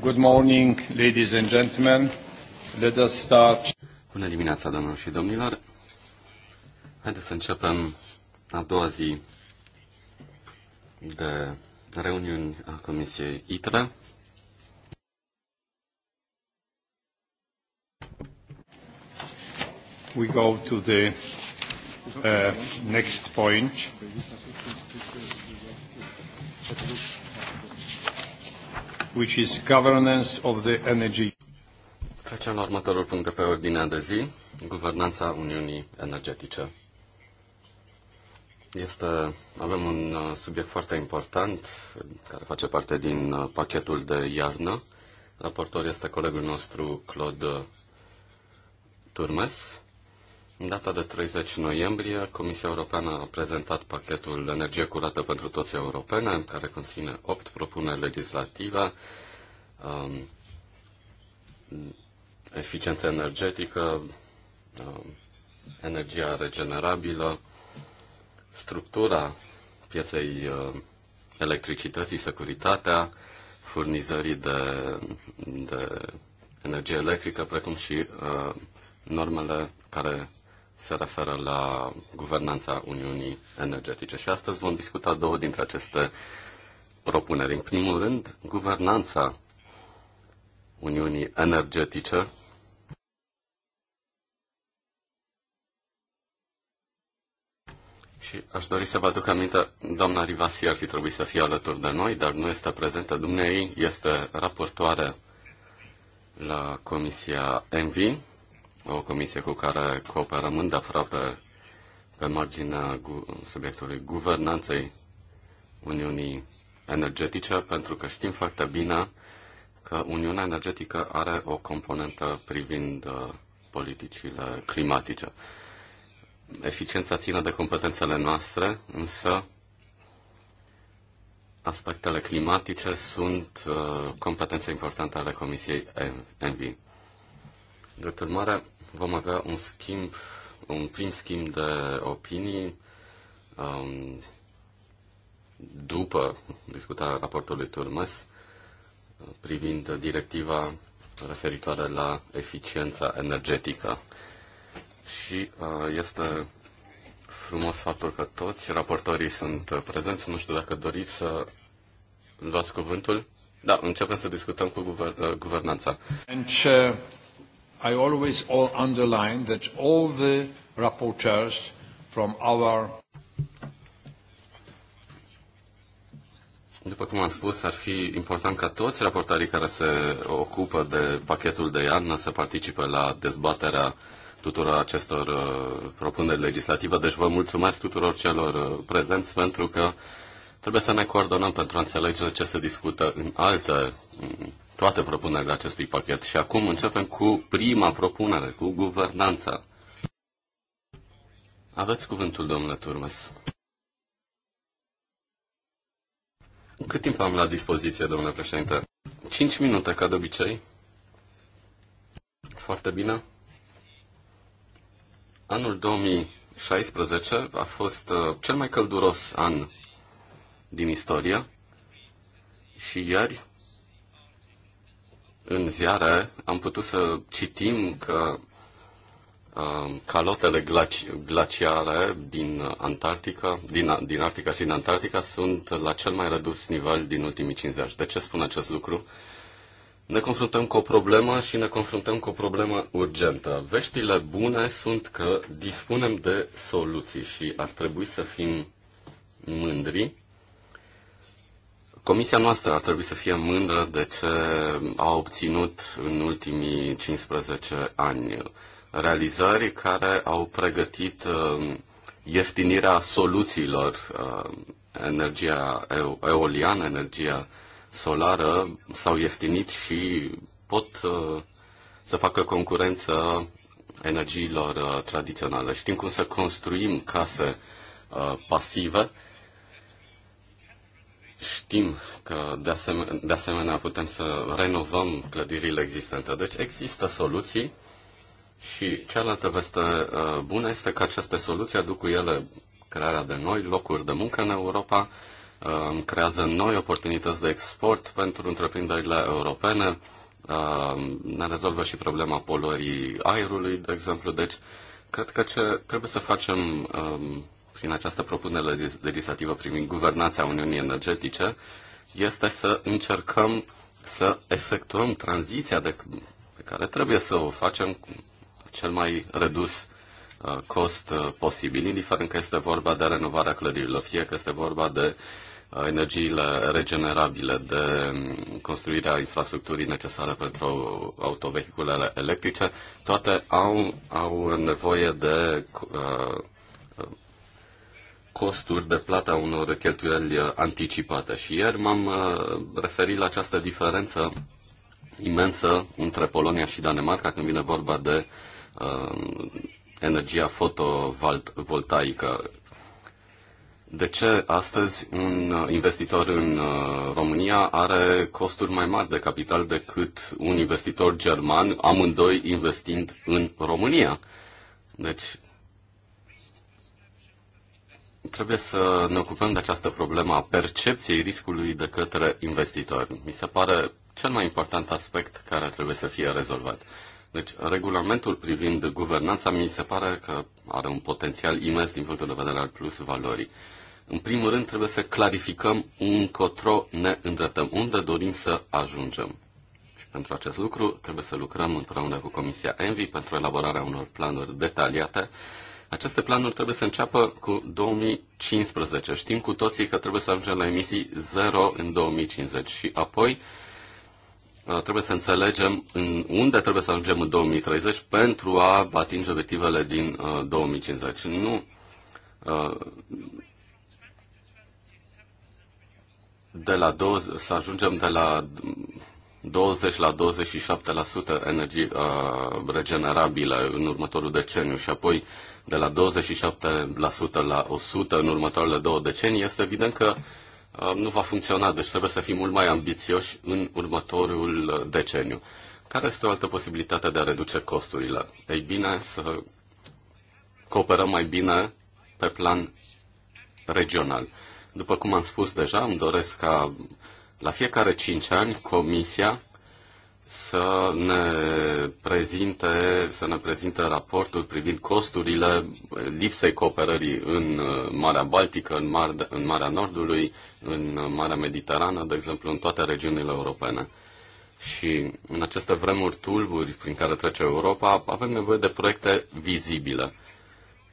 Good morning, ladies and gentlemen. Let us start. Bună dimineața, domnilor și domnilor. Haideți să începem a doua zi de reuniuni a Comisiei ITRE. We go to the uh, next point which is governance of the energy. Trecem la următorul punct de pe ordinea de zi, guvernanța Uniunii Energetice. Este, avem un uh, subiect foarte important care face parte din uh, pachetul de iarnă. Raportor este colegul nostru Claude Turmes. În data de 30 noiembrie, Comisia Europeană a prezentat pachetul Energie curată pentru toți europene, care conține 8 propuneri legislative, um, eficiență energetică, um, energia regenerabilă, structura pieței uh, electricității, securitatea, furnizării de, de energie electrică, precum și uh, normele care se referă la guvernanța Uniunii Energetice. Și astăzi vom discuta două dintre aceste propuneri. În primul rând, guvernanța Uniunii Energetice. Și aș dori să vă aduc aminte, doamna Rivasi ar fi trebuit să fie alături de noi, dar nu este prezentă. Dumnezeu este raportoare la Comisia Envi o comisie cu care cooperăm îndeaproape pe marginea gu- subiectului guvernanței Uniunii Energetice, pentru că știm foarte bine că Uniunea Energetică are o componentă privind uh, politicile climatice. Eficiența ține de competențele noastre, însă aspectele climatice sunt uh, competențe importante ale Comisiei ENVI. Drept urmare, vom avea un schimb, un prim schimb de opinii um, după discutarea raportului Turmes uh, privind directiva referitoare la eficiența energetică. Și uh, este frumos faptul că toți raportorii sunt uh, prezenți. Nu știu dacă doriți să luați cuvântul. Da, începem să discutăm cu guver- uh, guvernanța. And, uh... I always all underline that all the rapporteurs from our După cum am spus, ar fi important ca toți raportarii care se ocupă de pachetul de iarnă să participe la dezbaterea tuturor acestor uh, propuneri legislative. Deci vă mulțumesc tuturor celor uh, prezenți pentru că trebuie să ne coordonăm pentru a înțelege ce se discută în alte mm, toate propunerile acestui pachet. Și acum începem cu prima propunere, cu guvernanța. Aveți cuvântul, domnule Turmes. Cât timp am la dispoziție, domnule președinte? Cinci minute, ca de obicei. Foarte bine. Anul 2016 a fost uh, cel mai călduros an din istorie și ieri în ziare am putut să citim că uh, calotele glaci- glaciare din Antarctica, din, din Arctica și din Antarctica sunt la cel mai redus nivel din ultimii 50. De ce spun acest lucru? Ne confruntăm cu o problemă și ne confruntăm cu o problemă urgentă. Veștile bune sunt că dispunem de soluții și ar trebui să fim mândri Comisia noastră ar trebui să fie mândră de ce a obținut în ultimii 15 ani realizări care au pregătit uh, ieftinirea soluțiilor, uh, energia eoliană, energia solară, s-au ieftinit și pot uh, să facă concurență energiilor tradiționale. Știm cum să construim case pasive, Știm că de asemenea, de asemenea putem să renovăm clădirile existente. Deci există soluții și cealaltă veste uh, bună este că aceste soluții aduc cu ele crearea de noi locuri de muncă în Europa, uh, creează noi oportunități de export pentru întreprinderile europene, uh, ne rezolvă și problema poluării aerului, de exemplu. Deci, cred că ce trebuie să facem um, prin această propunere legislativă privind guvernanța Uniunii Energetice este să încercăm să efectuăm tranziția de, pe care trebuie să o facem cu cel mai redus uh, cost uh, posibil, indiferent că este vorba de renovarea clădirilor, fie că este vorba de uh, energiile regenerabile, de um, construirea infrastructurii necesare pentru autovehiculele electrice, toate au, au nevoie de uh, costuri de plata unor cheltuieli uh, anticipate. Și ieri m-am uh, referit la această diferență imensă între Polonia și Danemarca când vine vorba de uh, energia fotovoltaică. De ce astăzi un uh, investitor în România are costuri mai mari de capital decât un investitor german, amândoi investind în România? Deci Trebuie să ne ocupăm de această problemă a percepției riscului de către investitori. Mi se pare cel mai important aspect care trebuie să fie rezolvat. Deci, regulamentul privind guvernanța mi se pare că are un potențial imens din punctul de vedere al plus valorii. În primul rând, trebuie să clarificăm cotro ne îndreptăm, unde dorim să ajungem. Și pentru acest lucru, trebuie să lucrăm împreună cu Comisia Envi pentru elaborarea unor planuri detaliate aceste planuri trebuie să înceapă cu 2015. Știm cu toții că trebuie să ajungem la emisii zero în 2050 și apoi uh, trebuie să înțelegem în unde trebuie să ajungem în 2030 pentru a atinge obiectivele din 2050. Uh, nu uh, de la 20, să ajungem de la 20 la 27% energie uh, regenerabilă în următorul deceniu și apoi de la 27% la 100% în următoarele două decenii, este evident că uh, nu va funcționa, deci trebuie să fim mult mai ambițioși în următorul deceniu. Care este o altă posibilitate de a reduce costurile? Ei bine, să cooperăm mai bine pe plan regional. După cum am spus deja, îmi doresc ca la fiecare 5 ani Comisia să ne prezinte, să ne prezinte raportul privind costurile lipsei cooperării în uh, Marea Baltică, în, Mar- în Marea Nordului, în uh, Marea Mediterană, de exemplu, în toate regiunile europene. Și în aceste vremuri tulburi prin care trece Europa, avem nevoie de proiecte vizibile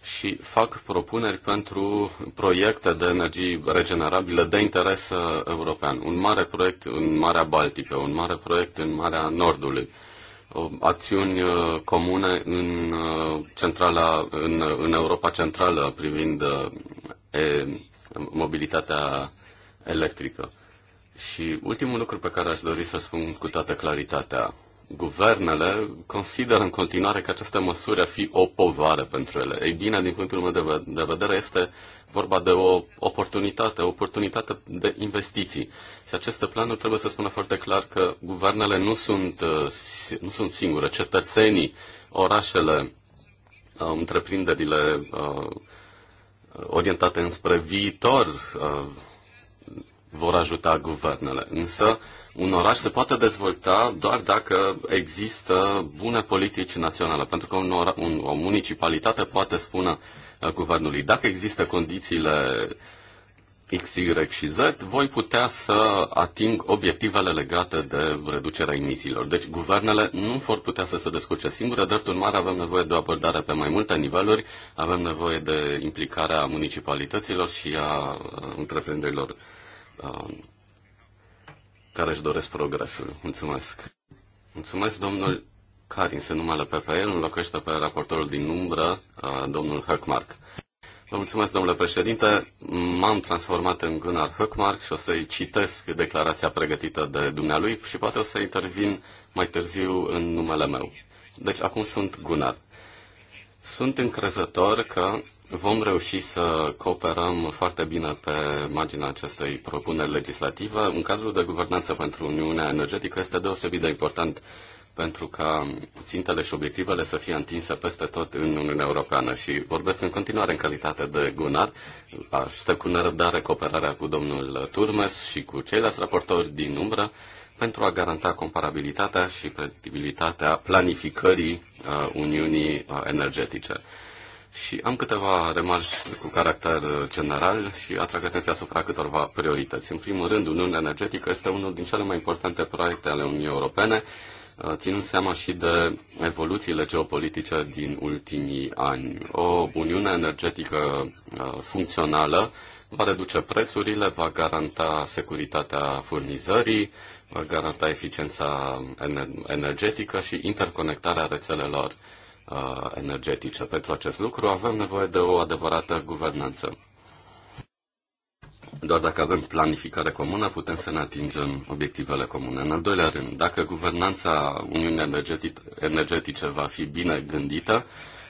și fac propuneri pentru proiecte de energii regenerabile de interes uh, european. Un mare proiect în Marea Baltică, un mare proiect în Marea Nordului, acțiuni uh, comune în, uh, centrala, în, în Europa Centrală privind e, mobilitatea electrică. Și ultimul lucru pe care aș dori să spun cu toată claritatea, guvernele consideră în continuare că aceste măsuri ar fi o povară pentru ele. Ei bine, din punctul meu de vedere, este vorba de o oportunitate, o oportunitate de investiții. Și aceste planuri trebuie să spună foarte clar că guvernele nu sunt, uh, nu sunt singure. Cetățenii, orașele, uh, întreprinderile uh, orientate înspre viitor vor ajuta guvernele. Însă, un oraș se poate dezvolta doar dacă există bune politici naționale, pentru că un ora, un, o municipalitate poate spune uh, guvernului, dacă există condițiile X, Y și Z, voi putea să ating obiectivele legate de reducerea emisiilor. Deci guvernele nu vor putea să se descurce singure, drept urmare avem nevoie de o abordare pe mai multe niveluri, avem nevoie de implicarea municipalităților și a uh, întreprinderilor uh, care își doresc progresul. Mulțumesc. Mulțumesc, domnul Karin, se numele PPE, înlocuiește pe raportorul din umbră, domnul Höckmark. Vă mulțumesc, domnule președinte. M-am transformat în Gunnar Höckmark și o să-i citesc declarația pregătită de dumnealui și poate o să intervin mai târziu în numele meu. Deci acum sunt Gunnar. Sunt încrezător că Vom reuși să cooperăm foarte bine pe marginea acestei propuneri legislative. Un cadru de guvernanță pentru Uniunea Energetică este deosebit de important pentru ca țintele și obiectivele să fie întinse peste tot în Uniunea Europeană și vorbesc în continuare în calitate de gunar. Aștept cu nerăbdare cooperarea cu domnul Turmes și cu ceilalți raportori din umbră pentru a garanta comparabilitatea și predictibilitatea planificării uh, Uniunii uh, Energetice. Și am câteva remarci cu caracter general și atrag atenția asupra câtorva priorități. În primul rând, Uniunea Energetică este unul din cele mai importante proiecte ale Uniunii Europene, uh, ținând seama și de evoluțiile geopolitice din ultimii ani. O Uniune Energetică uh, funcțională va reduce prețurile, va garanta securitatea furnizării, va garanta eficiența energetică și interconectarea rețelelor uh, energetice. Pentru acest lucru avem nevoie de o adevărată guvernanță. Doar dacă avem planificare comună, putem să ne atingem obiectivele comune. În al doilea rând, dacă guvernanța Uniunii Energetice va fi bine gândită,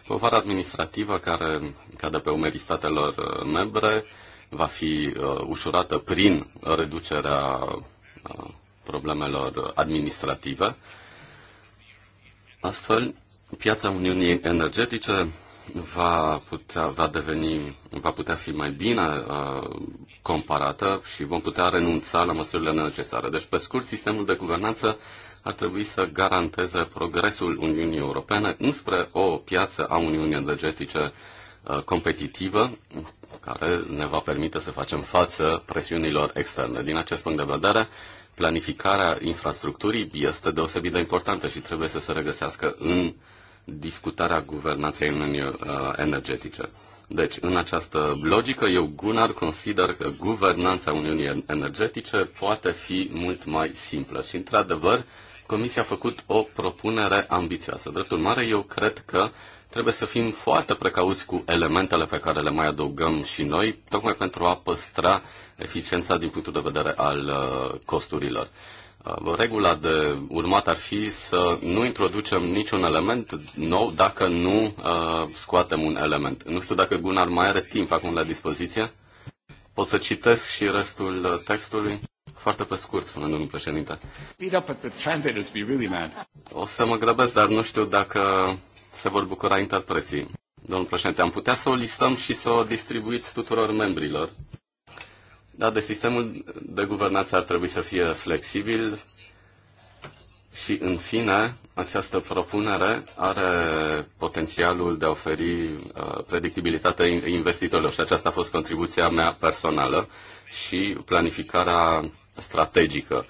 povara administrativă care cade pe umerii statelor uh, membre va fi uh, ușurată prin reducerea uh, problemelor administrative. Astfel, piața Uniunii Energetice va putea, va deveni, va putea fi mai bine uh, comparată și vom putea renunța la măsurile necesare. Deci, pe scurt, sistemul de guvernanță ar trebui să garanteze progresul Uniunii Europene înspre o piață a Uniunii Energetice uh, competitivă, care ne va permite să facem față presiunilor externe. Din acest punct de vedere, planificarea infrastructurii este deosebit de importantă și trebuie să se regăsească în uh, discutarea guvernanței Uniunii uh, Energetice. Deci, în această logică, eu, Gunnar, consider că guvernanța Uniunii Energetice poate fi mult mai simplă și, într-adevăr, Comisia a făcut o propunere ambițioasă. Drept urmare, eu cred că trebuie să fim foarte precauți cu elementele pe care le mai adăugăm și noi, tocmai pentru a păstra eficiența din punctul de vedere al uh, costurilor regula de urmat ar fi să nu introducem niciun element nou dacă nu uh, scoatem un element. Nu știu dacă Gunnar mai are timp acum la dispoziție. Pot să citesc și restul uh, textului? Foarte pe scurt, spune domnul președinte. O să mă grăbesc, dar nu știu dacă se vor bucura interpreții. Domnul președinte, am putea să o listăm și să o distribuiți tuturor membrilor. Da, de sistemul de guvernanță ar trebui să fie flexibil și, în fine, această propunere are potențialul de a oferi uh, predictibilitate investitorilor și aceasta a fost contribuția mea personală și planificarea strategică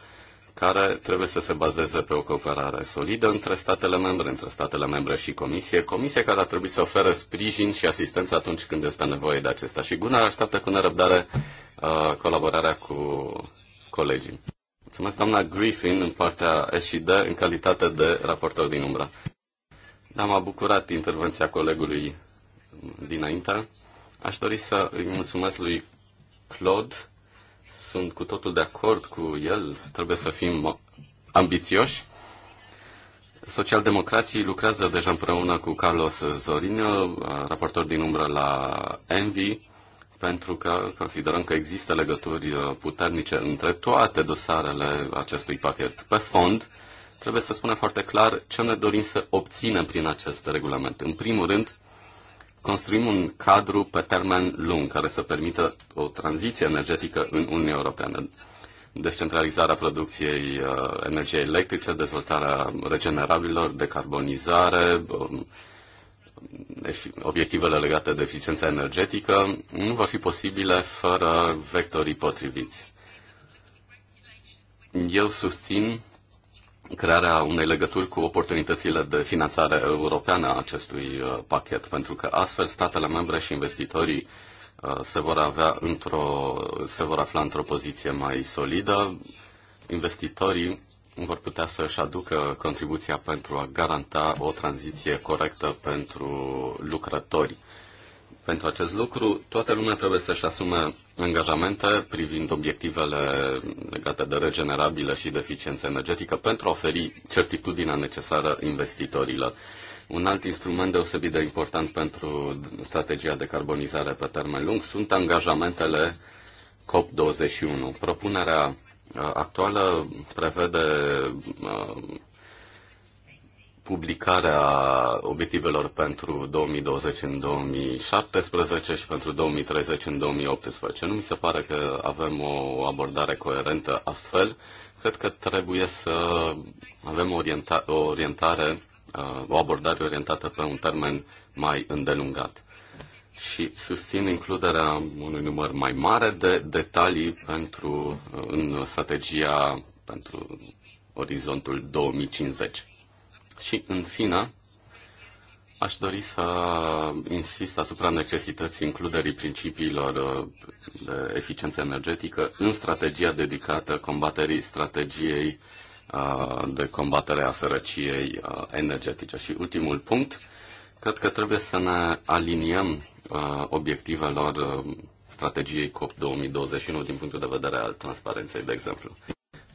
care trebuie să se bazeze pe o cooperare solidă între statele membre, între statele membre și Comisie, Comisie care ar trebui să ofere sprijin și asistență atunci când este nevoie de acesta. Și Gunnar așteaptă cu nerăbdare uh, colaborarea cu colegii. Mulțumesc, doamna Griffin, în partea SID, în calitate de raportor din umbra. Da, m-a bucurat intervenția colegului dinainte. Aș dori să îi mulțumesc lui Claude sunt cu totul de acord cu el, trebuie să fim ambițioși. Socialdemocrații lucrează deja împreună cu Carlos Zorin, raportor din umbră la Envy, pentru că considerăm că există legături puternice între toate dosarele acestui pachet. Pe fond, trebuie să spunem foarte clar ce ne dorim să obținem prin acest regulament. În primul rând, construim un cadru pe termen lung care să permită o tranziție energetică în Uniunea Europeană. Descentralizarea producției uh, energiei electrice, dezvoltarea regenerabilor, decarbonizare, um, obiectivele legate de eficiența energetică nu vor fi posibile fără vectorii potriviți. Eu susțin crearea unei legături cu oportunitățile de finanțare europeană a acestui uh, pachet, pentru că astfel statele membre și investitorii uh, se vor, avea într-o, se vor afla într-o poziție mai solidă. Investitorii vor putea să-și aducă contribuția pentru a garanta o tranziție corectă pentru lucrători pentru acest lucru, toată lumea trebuie să-și asume angajamente privind obiectivele legate de regenerabile și de eficiență energetică pentru a oferi certitudinea necesară investitorilor. Un alt instrument deosebit de important pentru strategia de carbonizare pe termen lung sunt angajamentele COP21. Propunerea uh, actuală prevede uh, publicarea obiectivelor pentru 2020 în 2017 și pentru 2030 în 2018. Nu mi se pare că avem o abordare coerentă astfel. Cred că trebuie să avem orienta- o orientare, uh, o abordare orientată pe un termen mai îndelungat. Și susțin includerea unui număr mai mare de detalii pentru, uh, în strategia pentru orizontul 2050. Și, în fine, aș dori să insist asupra necesității includerii principiilor uh, de eficiență energetică în strategia dedicată combaterii strategiei uh, de combatere a sărăciei uh, energetice. Și ultimul punct, cred că trebuie să ne aliniem obiectivelor strategiei COP 2021 din punctul de vedere al transparenței, de exemplu.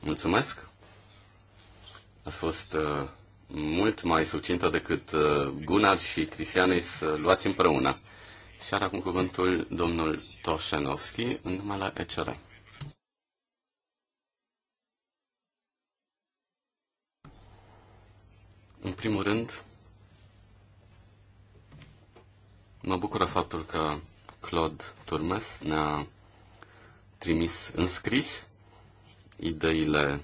Mulțumesc! a fost mult mai succintă decât uh, Gunnar și Cristianis uh, luați împreună. Și are acum cuvântul domnul Toșenovski în la ECR. În primul rând, mă bucură faptul că Claude Turmes ne-a trimis înscris ideile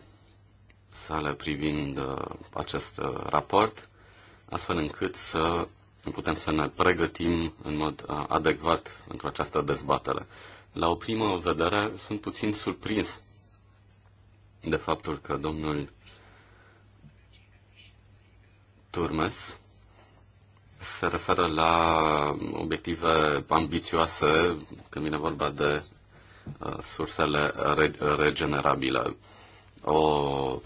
sale privind uh, acest uh, raport, astfel încât să putem să ne pregătim în mod uh, adecvat pentru această dezbatere. La o primă vedere, sunt puțin surprins de faptul că domnul Turmes se referă la obiective ambițioase când vine vorba de sursele regenerabile. O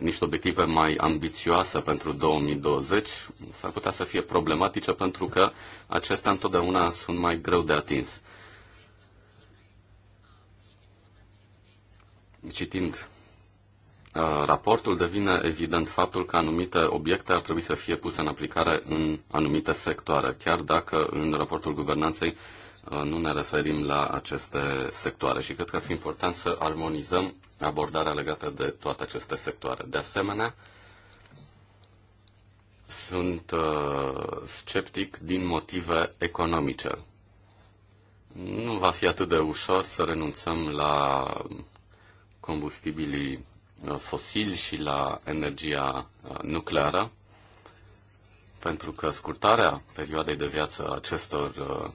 niște obiective mai ambițioase pentru 2020 s-ar putea să fie problematice pentru că acestea întotdeauna sunt mai greu de atins. Citind uh, raportul, devine evident faptul că anumite obiecte ar trebui să fie puse în aplicare în anumite sectoare, chiar dacă în raportul guvernanței uh, nu ne referim la aceste sectoare și cred că ar fi important să armonizăm abordarea legată de toate aceste sectoare. De asemenea, sunt uh, sceptic din motive economice. Nu va fi atât de ușor să renunțăm la combustibilii uh, fosili și la energia uh, nucleară, pentru că scurtarea perioadei de viață acestor uh,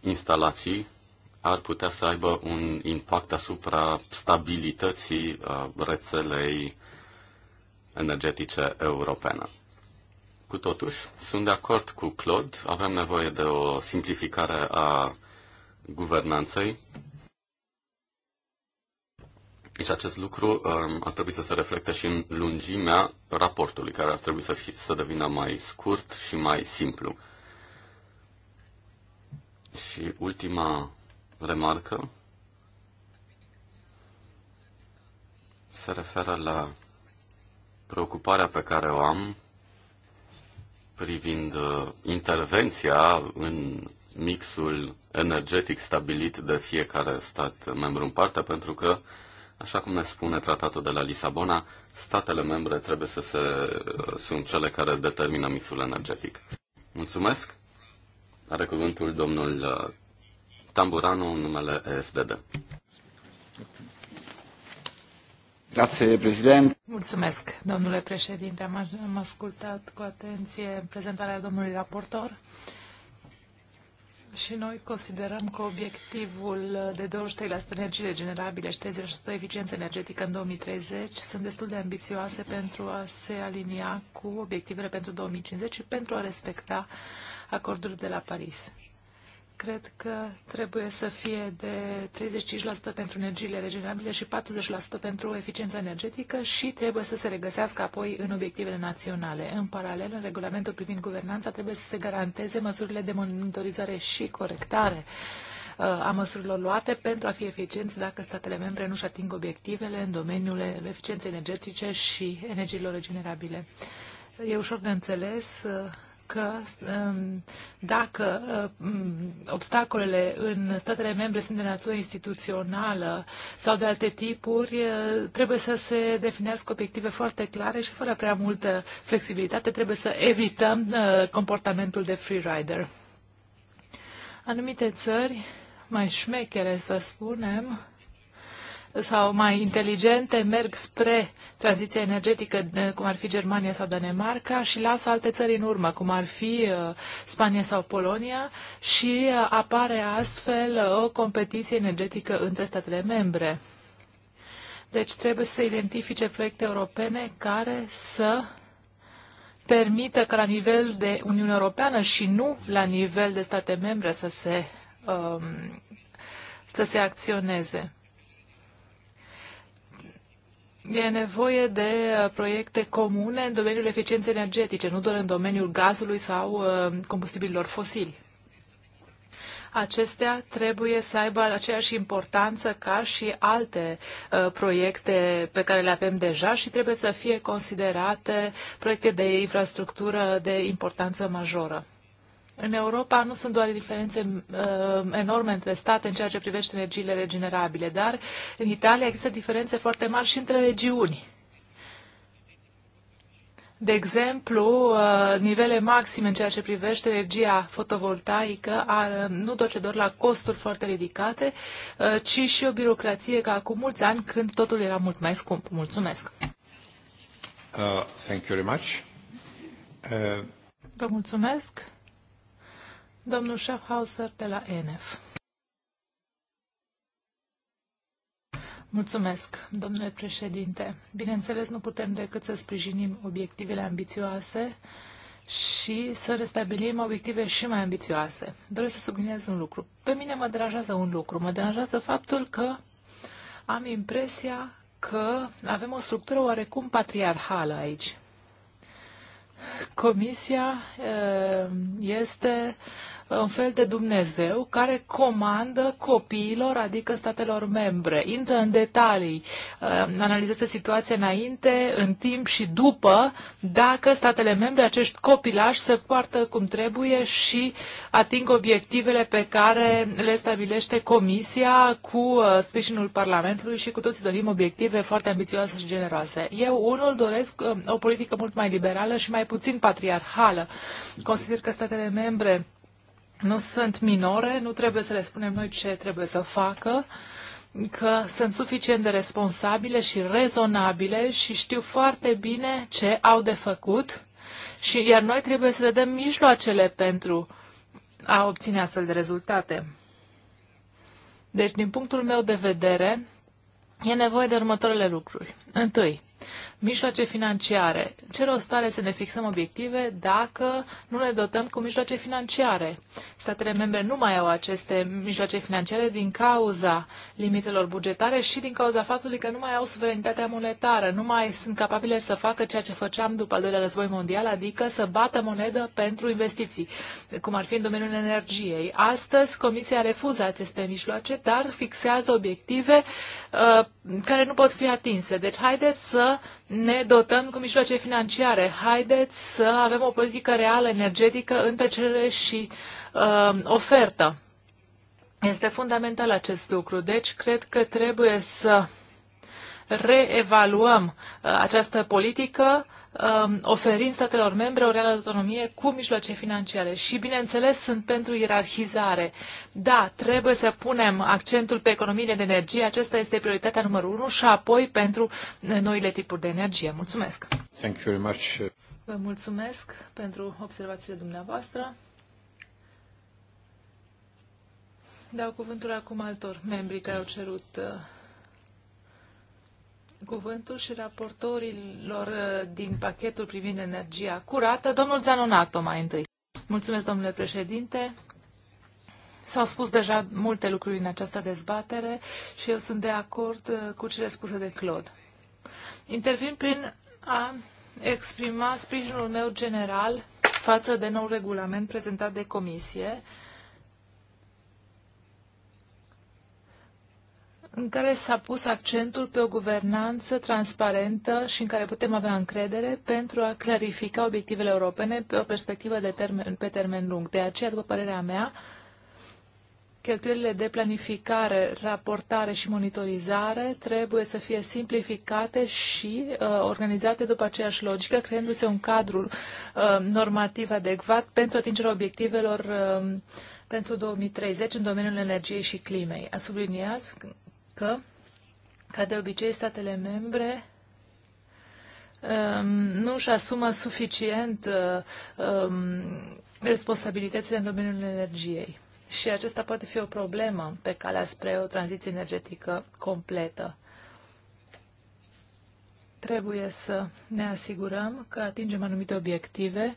instalații ar putea să aibă un impact asupra stabilității uh, rețelei energetice europene. Cu totuși, sunt de acord cu Claude, avem nevoie de o simplificare a guvernanței și deci acest lucru um, ar trebui să se reflecte și în lungimea raportului, care ar trebui să, fi, să devină mai scurt și mai simplu. Și ultima remarcă se referă la preocuparea pe care o am privind uh, intervenția în mixul energetic stabilit de fiecare stat membru în parte, pentru că, așa cum ne spune tratatul de la Lisabona, statele membre trebuie să se, uh, sunt cele care determină mixul energetic. Mulțumesc! Are cuvântul domnul uh, Tamburano în numele FDD. Grazie, Presidente. Mulțumesc, domnule președinte. Am, am ascultat cu atenție prezentarea domnului raportor și noi considerăm că obiectivul de 23% energie regenerabile și 30% eficiență energetică în 2030 sunt destul de ambițioase pentru a se alinia cu obiectivele pentru 2050 și pentru a respecta acordul de la Paris cred că trebuie să fie de 35% pentru energiile regenerabile și 40% pentru eficiența energetică și trebuie să se regăsească apoi în obiectivele naționale. În paralel, în regulamentul privind guvernanța trebuie să se garanteze măsurile de monitorizare și corectare uh, a măsurilor luate pentru a fi eficienți dacă statele membre nu-și ating obiectivele în domeniul eficienței energetice și energiilor regenerabile. E ușor de înțeles uh, că um, dacă um, obstacolele în statele membre sunt de natură instituțională sau de alte tipuri, uh, trebuie să se definească obiective foarte clare și fără prea multă flexibilitate trebuie să evităm uh, comportamentul de freerider. Anumite țări mai șmechere, să spunem, sau mai inteligente merg spre tranziția energetică, cum ar fi Germania sau Danemarca, și lasă alte țări în urmă, cum ar fi uh, Spania sau Polonia, și uh, apare astfel uh, o competiție energetică între statele membre. Deci trebuie să identifice proiecte europene care să permită că la nivel de Uniune Europeană și nu la nivel de state membre să se, um, să se acționeze. E nevoie de uh, proiecte comune în domeniul eficienței energetice, nu doar în domeniul gazului sau uh, combustibililor fosili. Acestea trebuie să aibă aceeași importanță ca și alte uh, proiecte pe care le avem deja și trebuie să fie considerate proiecte de infrastructură de importanță majoră. În Europa nu sunt doar diferențe uh, enorme între state în ceea ce privește energiile regenerabile, dar în Italia există diferențe foarte mari și între regiuni. De exemplu, uh, nivele maxime în ceea ce privește energia fotovoltaică uh, nu duce doar la costuri foarte ridicate, uh, ci și o birocrație ca acum mulți ani când totul era mult mai scump. Mulțumesc! Uh, thank you very much. Uh... Vă mulțumesc! domnul Schaffhauser de la ENF. Mulțumesc, domnule președinte. Bineînțeles, nu putem decât să sprijinim obiectivele ambițioase și să restabilim obiective și mai ambițioase. Doresc să subliniez un lucru. Pe mine mă deranjează un lucru. Mă deranjează faptul că am impresia că avem o structură oarecum patriarhală aici. Comisia eh, este un fel de Dumnezeu care comandă copiilor, adică statelor membre. Intră în detalii, uh, analizează situația înainte, în timp și după, dacă statele membre, acești copilași, se poartă cum trebuie și ating obiectivele pe care le stabilește Comisia cu uh, sprijinul Parlamentului și cu toții dorim obiective foarte ambițioase și generoase. Eu, unul, doresc uh, o politică mult mai liberală și mai puțin patriarhală. Consider că statele membre nu sunt minore, nu trebuie să le spunem noi ce trebuie să facă, că sunt suficient de responsabile și rezonabile și știu foarte bine ce au de făcut, și, iar noi trebuie să le dăm mijloacele pentru a obține astfel de rezultate. Deci, din punctul meu de vedere, e nevoie de următoarele lucruri. Întâi, mijloace financiare. Ce rost are să ne fixăm obiective dacă nu ne dotăm cu mijloace financiare? Statele membre nu mai au aceste mijloace financiare din cauza limitelor bugetare și din cauza faptului că nu mai au suveranitatea monetară, nu mai sunt capabile să facă ceea ce făceam după al doilea război mondial, adică să bată monedă pentru investiții, cum ar fi în domeniul energiei. Astăzi, Comisia refuză aceste mijloace, dar fixează obiective Uh, care nu pot fi atinse. Deci haideți să ne dotăm cu mijloace financiare, haideți să avem o politică reală energetică între cerere și uh, ofertă. Este fundamental acest lucru. Deci cred că trebuie să reevaluăm uh, această politică Um, oferind statelor membre o reală autonomie cu mijloace financiare. Și, bineînțeles, sunt pentru ierarhizare. Da, trebuie să punem accentul pe economiile de energie. Acesta este prioritatea numărul 1 și apoi pentru noile tipuri de energie. Mulțumesc! Thank you very much. Vă mulțumesc pentru observațiile dumneavoastră. Dau cuvântul acum altor membri care au cerut uh, cuvântul și raportorilor uh, din pachetul privind energia curată. Domnul Zanonato mai întâi. Mulțumesc, domnule președinte. S-au spus deja multe lucruri în această dezbatere și eu sunt de acord uh, cu cele spuse de Claude. Intervin prin a exprima sprijinul meu general față de nou regulament prezentat de comisie, în care s-a pus accentul pe o guvernanță transparentă și în care putem avea încredere pentru a clarifica obiectivele europene pe o perspectivă de termen, pe termen lung. De aceea, după părerea mea, cheltuielile de planificare, raportare și monitorizare trebuie să fie simplificate și uh, organizate după aceeași logică, creându-se un cadru uh, normativ adecvat pentru atingerea obiectivelor uh, pentru 2030 în domeniul energiei și climei. A subliniat că, ca de obicei, statele membre um, nu își asumă suficient uh, um, responsabilitățile în domeniul energiei. Și acesta poate fi o problemă pe calea spre o tranziție energetică completă trebuie să ne asigurăm că atingem anumite obiective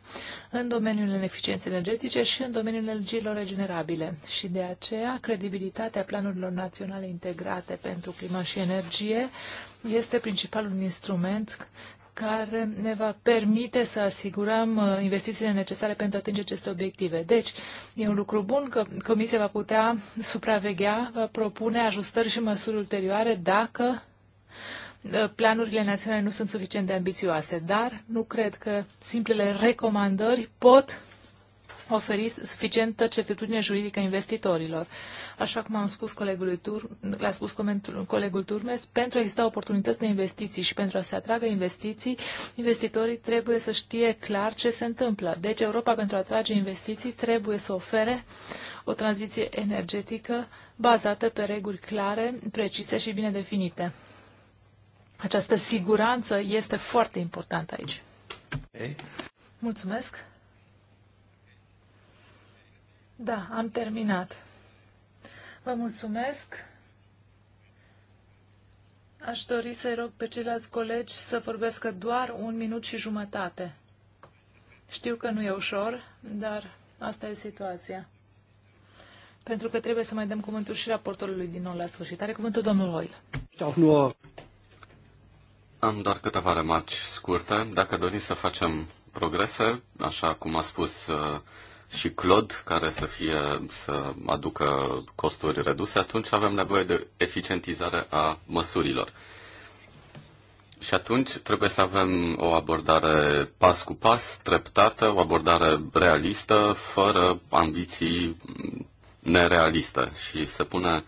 în domeniul eficienței energetice și în domeniul energiilor regenerabile. Și de aceea, credibilitatea planurilor naționale integrate pentru climă și energie este principalul instrument care ne va permite să asigurăm uh, investițiile necesare pentru a atinge aceste obiective. Deci, e un lucru bun că Comisia va putea supraveghea, va uh, propune ajustări și măsuri ulterioare dacă Ă, planurile naționale nu sunt suficient de ambițioase, dar nu cred că simplele recomandări pot oferi suficientă certitudine juridică investitorilor. Așa cum am spus colegului Tur, l-a spus colegul Turmes, pentru a exista oportunități de investiții și pentru a se atragă investiții, investitorii trebuie să știe clar ce se întâmplă. Deci Europa pentru a atrage investiții trebuie să ofere o tranziție energetică bazată pe reguli clare, precise și bine definite. Această siguranță este foarte importantă aici. Mulțumesc. Da, am terminat. Vă mulțumesc. Aș dori să-i rog pe ceilalți colegi să vorbească doar un minut și jumătate. Știu că nu e ușor, dar asta e situația. Pentru că trebuie să mai dăm cuvântul și raportorului din nou la sfârșit. Are cuvântul domnul Hoil. Am doar câteva remarci scurte. Dacă doriți să facem progrese, așa cum a spus uh, și Claude, care să fie să aducă costuri reduse, atunci avem nevoie de eficientizare a măsurilor. Și atunci trebuie să avem o abordare pas cu pas, treptată, o abordare realistă, fără ambiții nerealiste. Și să pune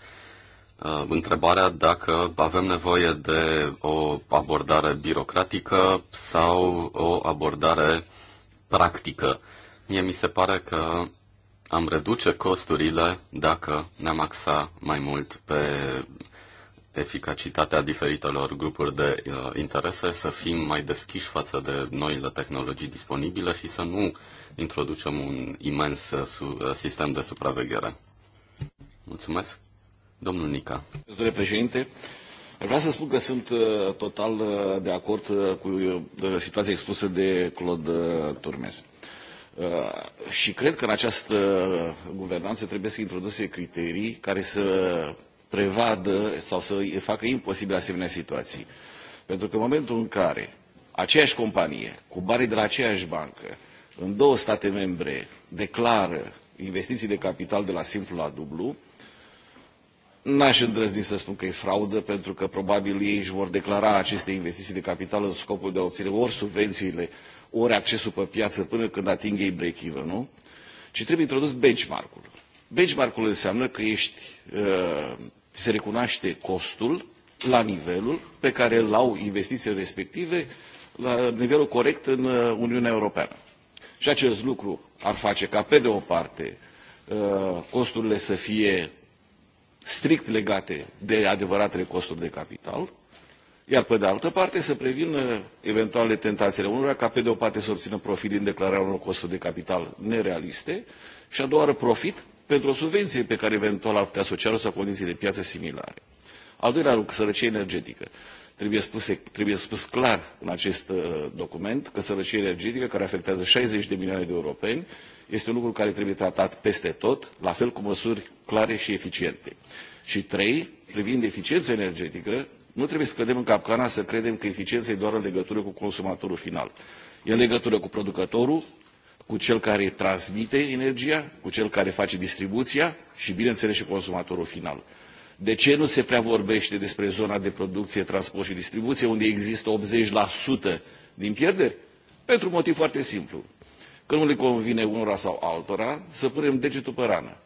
Uh, întrebarea dacă avem nevoie de o abordare birocratică sau o abordare practică. Mie mi se pare că am reduce costurile dacă ne-am axa mai mult pe eficacitatea diferitelor grupuri de uh, interese, să fim mai deschiși față de noile tehnologii disponibile și să nu introducem un imens uh, uh sistem de supraveghere. Mulțumesc! Domnul Nica. Domnule președinte, vreau să spun că sunt uh, total uh, de acord uh, cu situația expusă de Claude Turmes. Și cred că în această guvernanță trebuie să introduse criterii care să prevadă sau să facă imposibil asemenea situații. Pentru că în momentul în care aceeași companie, cu banii de la aceeași bancă, în două state membre declară investiții de capital de la simplu la dublu, N-aș îndrăzni să spun că e fraudă, pentru că probabil ei își vor declara aceste investiții de capital în scopul de a obține ori subvențiile, ori accesul pe piață până când ating ei break-even, nu? Ci trebuie introdus benchmark-ul. Benchmark-ul înseamnă că ești, uh, se recunoaște costul la nivelul pe care îl au investițiile respective, la nivelul corect în uh, Uniunea Europeană. Și acest lucru ar face ca, pe de o parte, uh, costurile să fie strict legate de adevăratele costuri de capital, iar pe de altă parte să prevină eventuale tentațiile unora ca pe de o parte să obțină profit din declararea unor costuri de capital nerealiste și a doua oară profit pentru o subvenție pe care eventual ar putea să sau condiții de piață similare. Al doilea lucru, sărăcie energetică. Trebuie, trebuie spus clar în acest uh, document că sărăcie energetică care afectează 60 de milioane de europeni este un lucru care trebuie tratat peste tot, la fel cu măsuri clare și eficiente. Și trei, privind eficiența energetică, nu trebuie să cădem în capcana să credem că eficiența e doar în legătură cu consumatorul final. E în legătură cu producătorul, cu cel care transmite energia, cu cel care face distribuția și, bineînțeles, și consumatorul final. De ce nu se prea vorbește despre zona de producție, transport și distribuție, unde există 80% din pierderi? Pentru un motiv foarte simplu că nu le convine unora sau altora, să punem degetul pe rană.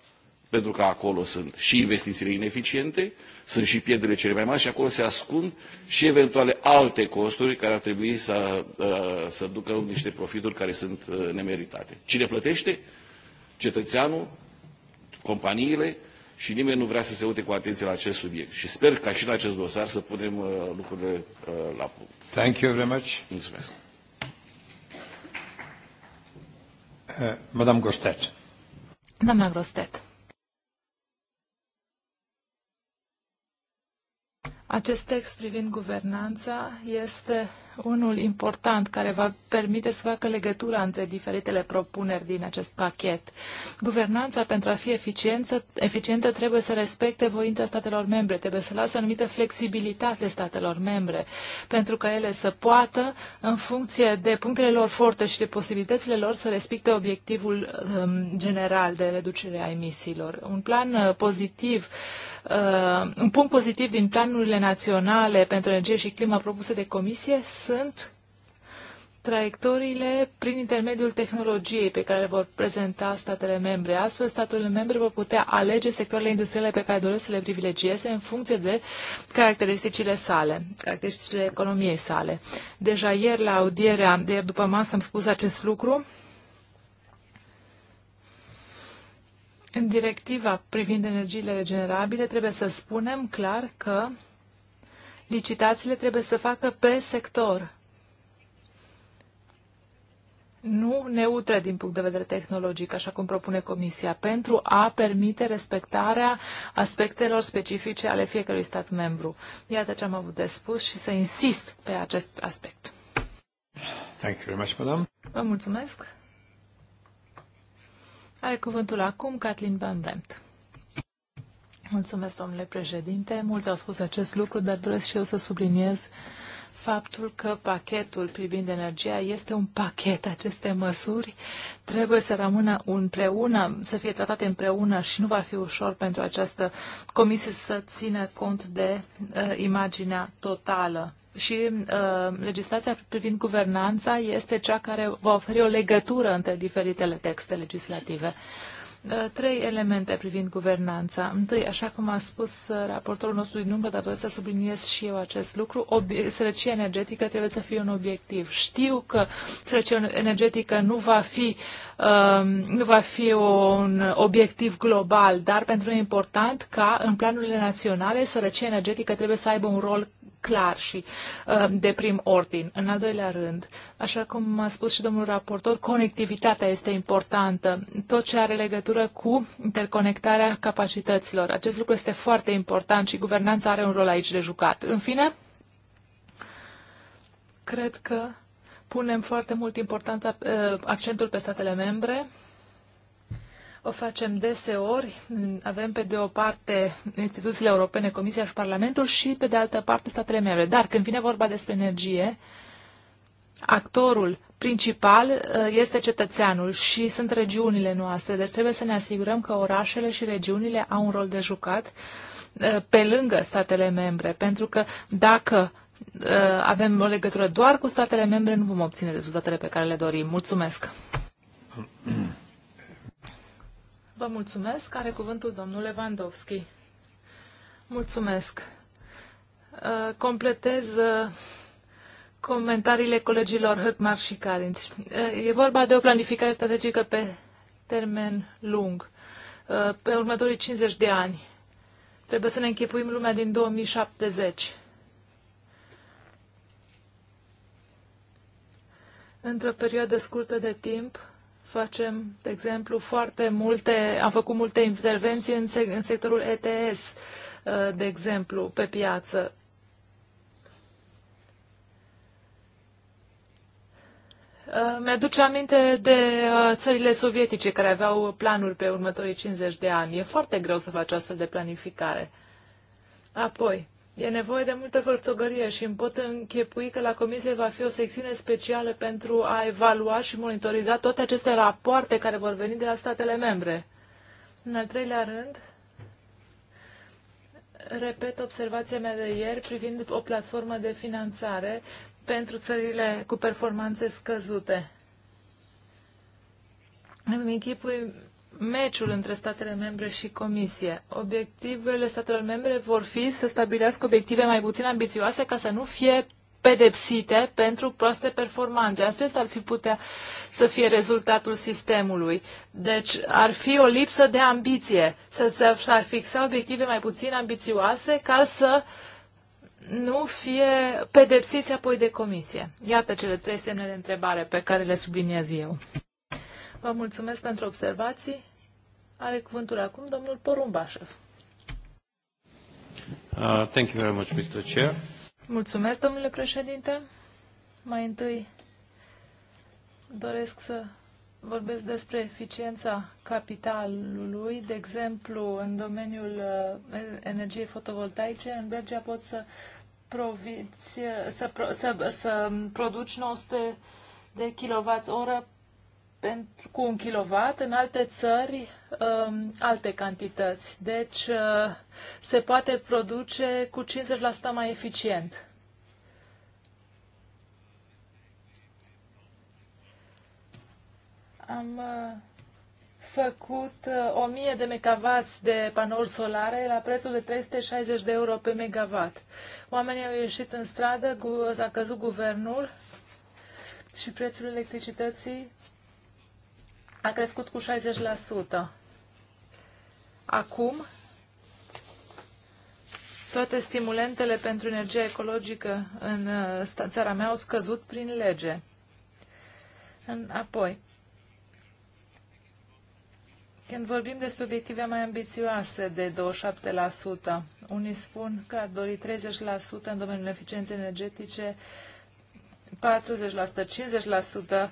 Pentru că acolo sunt și investițiile ineficiente, sunt și pierderile cele mai mari și acolo se ascund și eventuale alte costuri care ar trebui să, uh, să ducă niște profituri care sunt uh, nemeritate. Cine plătește? Cetățeanul, companiile și nimeni nu vrea să se uite cu atenție la acest subiect. Și sper ca și la acest dosar să punem uh, lucrurile la punct. Thank you very much. Mulțumesc. Eh, Madame Grostet. Doamna Grostet. Acest text privind guvernanța este unul important care va permite să facă legătura între diferitele propuneri din acest pachet. Guvernanța, pentru a fi eficientă, trebuie să respecte voința statelor membre, trebuie să lasă anumită flexibilitate statelor membre, pentru că ele să poată, în funcție de punctele lor forte și de posibilitățile lor, să respecte obiectivul um, general de reducere a emisiilor. Un plan uh, pozitiv uh, uh, un punct pozitiv din planurile naționale pentru energie și clima propuse de comisie sunt traiectoriile prin intermediul tehnologiei pe care le vor prezenta statele membre. Astfel, statele membre vor putea alege sectoarele industriale pe care doresc să le privilegieze în funcție de caracteristicile sale, caracteristicile economiei sale. Deja ieri, la audierea de ieri după masă, am spus acest lucru În directiva privind energiile regenerabile trebuie să spunem clar că licitațiile trebuie să facă pe sector, nu neutre din punct de vedere tehnologic, așa cum propune Comisia, pentru a permite respectarea aspectelor specifice ale fiecărui stat membru. Iată ce am avut de spus și să insist pe acest aspect. Thank you very much, madam. Vă mulțumesc. Are cuvântul acum Kathleen Van Brent. Mulțumesc, domnule președinte. Mulți au spus acest lucru, dar doresc și eu să subliniez uh, faptul că pachetul privind energia este un pachet. Aceste măsuri trebuie să rămână împreună, să fie tratate împreună și nu va fi ușor pentru această comisie să țină cont de uh, imaginea totală. Și uh, legislația privind guvernanța este cea care va oferi o legătură între diferitele texte legislative. Uh, Uh, trei elemente privind guvernanța. Întâi, așa cum a spus uh, raportorul nostru din umbră, dar doresc să subliniez și eu acest lucru, sărăcia energetică trebuie să fie un obiectiv. Știu că sărăcia energetică nu va fi, um, nu va fi un obiectiv global, dar pentru noi e important ca în planurile naționale sărăcia energetică trebuie să aibă un rol clar și uh, de prim ordin. În al doilea rând, așa cum a spus și domnul raportor, conectivitatea este importantă. Tot ce are legătură cu interconectarea capacităților. Acest lucru este foarte important și guvernanța are un rol aici de jucat. În fine, cred că punem foarte mult important uh, accentul pe statele membre o facem deseori. Avem pe de o parte instituțiile europene, Comisia și Parlamentul și pe de altă parte statele membre. Dar când vine vorba despre energie, actorul principal uh, este cetățeanul și sunt regiunile noastre. Deci trebuie să ne asigurăm că orașele și regiunile au un rol de jucat uh, pe lângă statele membre, pentru că dacă uh, avem o legătură doar cu statele membre, nu vom obține rezultatele pe care le dorim. Mulțumesc! Vă mulțumesc. Are cuvântul domnul Lewandowski. Mulțumesc. Uh, completez uh, comentariile colegilor Höckmark și Carinț. Uh, e vorba de o planificare strategică pe termen lung, pe următorii 50 de ani. Trebuie să ne închipuim lumea din 2070. Într-o perioadă scurtă de timp, Facem, de exemplu, foarte multe, am făcut multe intervenții în, se, în sectorul ETS, uh, de exemplu, pe piață. Uh, mi-aduce aminte de uh, țările sovietice care aveau planuri pe următorii 50 de ani. E foarte greu să faci astfel de planificare. Apoi, E nevoie de multă hărțogărie și îmi pot închepui că la comisie va fi o secțiune specială pentru a evalua și monitoriza toate aceste rapoarte care vor veni de la statele membre. În al treilea rând, repet observația mea de ieri privind o platformă de finanțare pentru țările cu performanțe scăzute. Îmi închipui meciul între statele membre și Comisie. Obiectivele statelor membre vor fi să stabilească obiective mai puțin ambițioase ca să nu fie pedepsite pentru proaste performanțe. Astfel ar fi putea să fie rezultatul sistemului. Deci ar fi o lipsă de ambiție, să se ar fixa obiective mai puțin ambițioase ca să nu fie pedepsiți apoi de comisie. Iată cele trei semne de întrebare pe care le subliniez eu. Vă mulțumesc pentru observații. Are cuvântul acum domnul Porumbașev. Uh, thank you very much, Mr. Chair. Mulțumesc, domnule președinte. Mai întâi doresc să vorbesc despre eficiența capitalului. De exemplu, în domeniul uh, energiei fotovoltaice, în Belgia pot să, proviți, să, să, să produci 900 de kWh pentru, cu un kilowatt, în alte țări um, alte cantități. Deci uh, se poate produce cu 50% mai eficient. Am uh, făcut uh, 1000 de megawatts de panouri solare la prețul de 360 de euro pe megawatt. Oamenii au ieșit în stradă, a căzut guvernul și prețul electricității a crescut cu 60%. Acum, toate stimulentele pentru energia ecologică în uh, țara mea au scăzut prin lege. Apoi, când vorbim despre obiective mai ambițioase de 27%, unii spun că ar dori 30% în domeniul eficienței energetice, 40%, 50%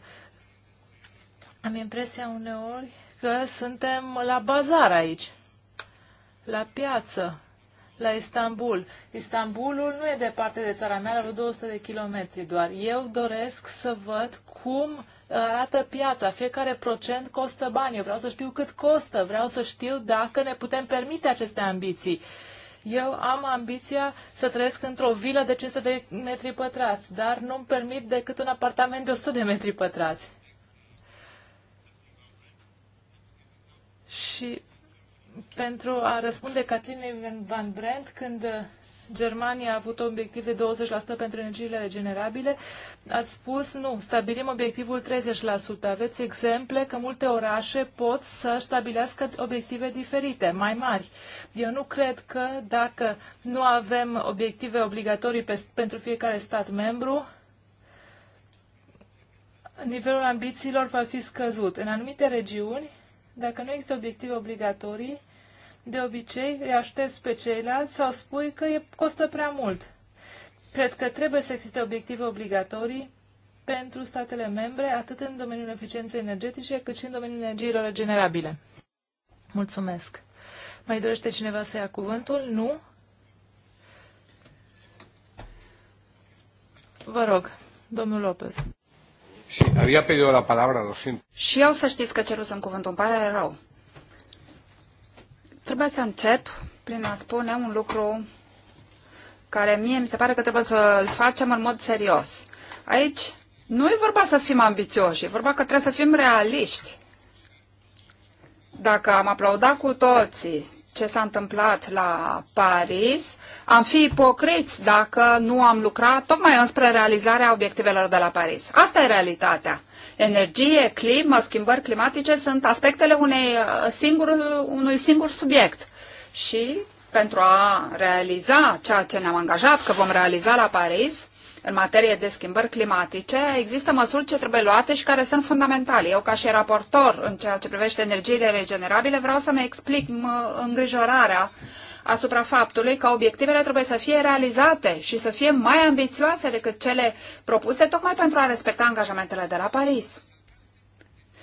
am impresia uneori că suntem la bazar aici, la piață, la Istanbul. Istanbulul nu e departe de țara mea, la vreo 200 de kilometri doar. Eu doresc să văd cum arată piața. Fiecare procent costă bani. Eu vreau să știu cât costă. Vreau să știu dacă ne putem permite aceste ambiții. Eu am ambiția să trăiesc într-o vilă de 500 de metri pătrați, dar nu-mi permit decât un apartament de 100 de metri pătrați. Și pentru a răspunde Catlinei Van Brent, când Germania a avut un obiectiv de 20% pentru energiile regenerabile, ați spus nu, stabilim obiectivul 30%. Aveți exemple că multe orașe pot să stabilească obiective diferite, mai mari. Eu nu cred că dacă nu avem obiective obligatorii pe, pentru fiecare stat membru, nivelul ambițiilor va fi scăzut. În anumite regiuni, dacă nu există obiective obligatorii, de obicei îi aștepți pe ceilalți sau spui că e, costă prea mult. Cred că trebuie să existe obiective obligatorii pentru statele membre, atât în domeniul eficienței energetice, cât și în domeniul energiilor regenerabile. Mulțumesc. Mai dorește cineva să ia cuvântul? Nu? Vă rog, domnul Lopez. Sí, había pedido la palabra, lo siento. Și eu să știți că în cuvântul, îmi pare rău. Trebuie să încep prin a spune un lucru care mie mi se pare că trebuie să-l facem în mod serios. Aici nu e vorba să fim ambițioși, e vorba că trebuie să fim realiști. Dacă am aplaudat cu toții ce s-a întâmplat la Paris, am fi ipocriți dacă nu am lucrat tocmai înspre realizarea obiectivelor de la Paris. Asta e realitatea. Energie, climă, schimbări climatice sunt aspectele unei uh, singur, unui singur subiect. Și pentru a realiza ceea ce ne-am angajat că vom realiza la Paris, în materie de schimbări climatice, există măsuri ce trebuie luate și care sunt fundamentale. Eu, ca și raportor în ceea ce privește energiile regenerabile, vreau să-mi explic îngrijorarea asupra faptului că obiectivele trebuie să fie realizate și să fie mai ambițioase decât cele propuse, tocmai pentru a respecta angajamentele de la Paris.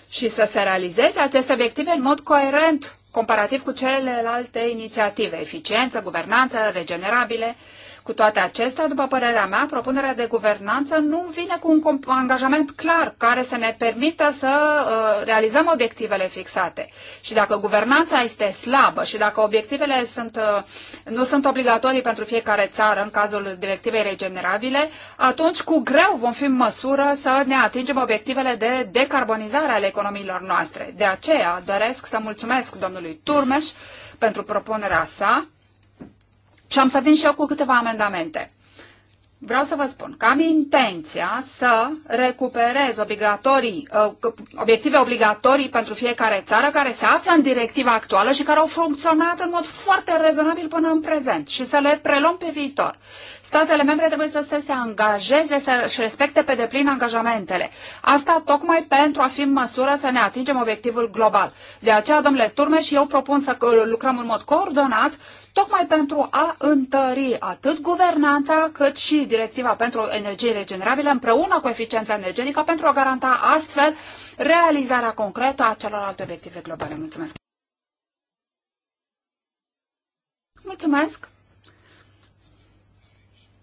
Și să se realizeze aceste obiective în mod coerent, comparativ cu celelalte inițiative, eficiență, guvernanță, regenerabile cu toate acestea, după părerea mea, propunerea de guvernanță nu vine cu un angajament clar care să ne permită să uh, realizăm obiectivele fixate. Și dacă guvernanța este slabă și dacă obiectivele sunt, uh, nu sunt obligatorii pentru fiecare țară în cazul directivei regenerabile, atunci cu greu vom fi în măsură să ne atingem obiectivele de decarbonizare ale economiilor noastre. De aceea doresc să mulțumesc domnului Turmeș pentru propunerea sa și am să vin și eu cu câteva amendamente. Vreau să vă spun că am intenția să recuperez obligatorii, uh, obiective obligatorii pentru fiecare țară care se află în directiva actuală și care au funcționat în mod foarte rezonabil până în prezent și să le preluăm pe viitor. Statele membre trebuie să se, angajeze, să-și respecte pe deplin angajamentele. Asta tocmai pentru a fi în măsură să ne atingem obiectivul global. De aceea, domnule Turme, și eu propun să lucrăm în mod coordonat tocmai pentru a întări atât guvernanța cât și directiva pentru energie regenerabile împreună cu eficiența energetică pentru a garanta astfel realizarea concretă a celorlalte obiective globale. Mulțumesc! Mulțumesc!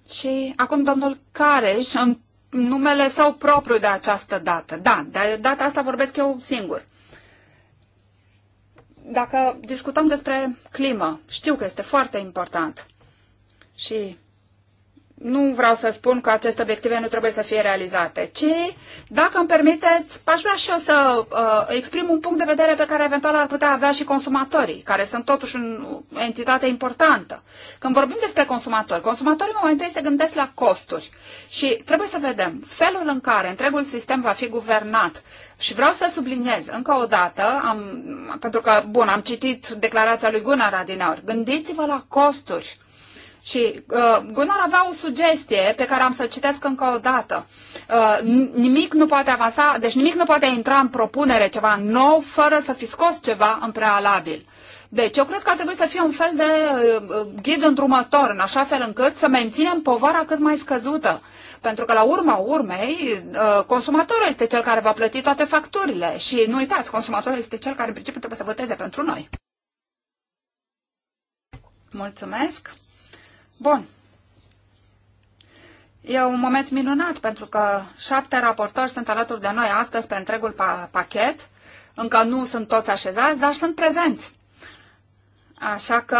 Și acum domnul Careș, în numele său propriu de această dată. Da, de data asta vorbesc eu singur. Dacă discutăm despre climă, știu că este foarte important și nu vreau să spun că aceste obiective nu trebuie să fie realizate, ci, dacă îmi permiteți, aș vrea și eu să uh, exprim un punct de vedere pe care eventual ar putea avea și consumatorii, care sunt totuși un, o entitate importantă. Când vorbim despre consumatori, consumatorii mai întâi se gândesc la costuri și trebuie să vedem felul în care întregul sistem va fi guvernat. Și vreau să subliniez încă o dată, am, pentru că, bun, am citit declarația lui Gunnar Adineaur, gândiți-vă la costuri și uh, Gunnar avea o sugestie pe care am să citesc încă o dată. Uh, nimic nu poate avansa, deci nimic nu poate intra în propunere ceva nou fără să fi scos ceva în prealabil. Deci eu cred că ar trebui să fie un fel de uh, uh, ghid îndrumător, în așa fel încât să menținem povara cât mai scăzută. Pentru că la urma urmei, uh, consumatorul este cel care va plăti toate facturile și nu uitați, consumatorul este cel care în principiu trebuie să voteze pentru noi. Mulțumesc! Bun. E un moment minunat pentru că șapte raportori sunt alături de noi astăzi pe întregul pa- pachet. Încă nu sunt toți așezați, dar sunt prezenți. Așa că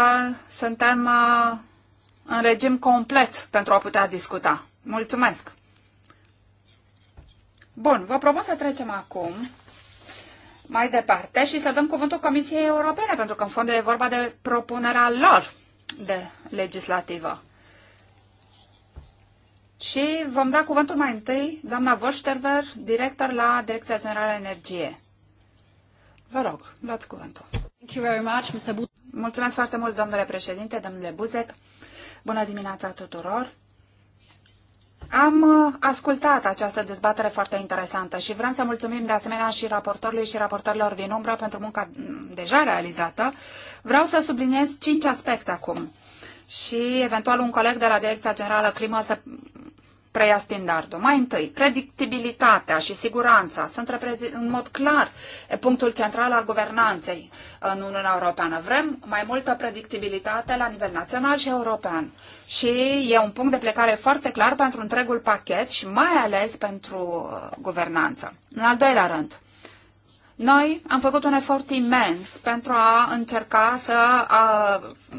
suntem uh, în regim complet pentru a putea discuta. Mulțumesc! Bun, vă propun să trecem acum mai departe și să dăm cuvântul Comisiei Europene, pentru că în fond e vorba de propunerea lor de legislativă. Și vom da cuvântul mai întâi doamna Voșterver, director la Direcția Generală Energie. Vă rog, luați cuvântul. Thank you very much, Mr. Mulțumesc foarte mult, domnule președinte, domnule Buzek. Bună dimineața tuturor. Am uh, ascultat această dezbatere foarte interesantă și vrem să mulțumim de asemenea și raportorului și raportorilor din umbră pentru munca mm, deja realizată. Vreau să subliniez cinci aspecte acum și eventual un coleg de la Direcția Generală Climă să preia standardul. Mai întâi, predictibilitatea și siguranța sunt în mod clar punctul central al guvernanței în Uniunea Europeană. Vrem mai multă predictibilitate la nivel național și european. Și e un punct de plecare foarte clar pentru întregul pachet și mai ales pentru uh, guvernanță. În al doilea rând, noi am făcut un efort imens pentru a încerca să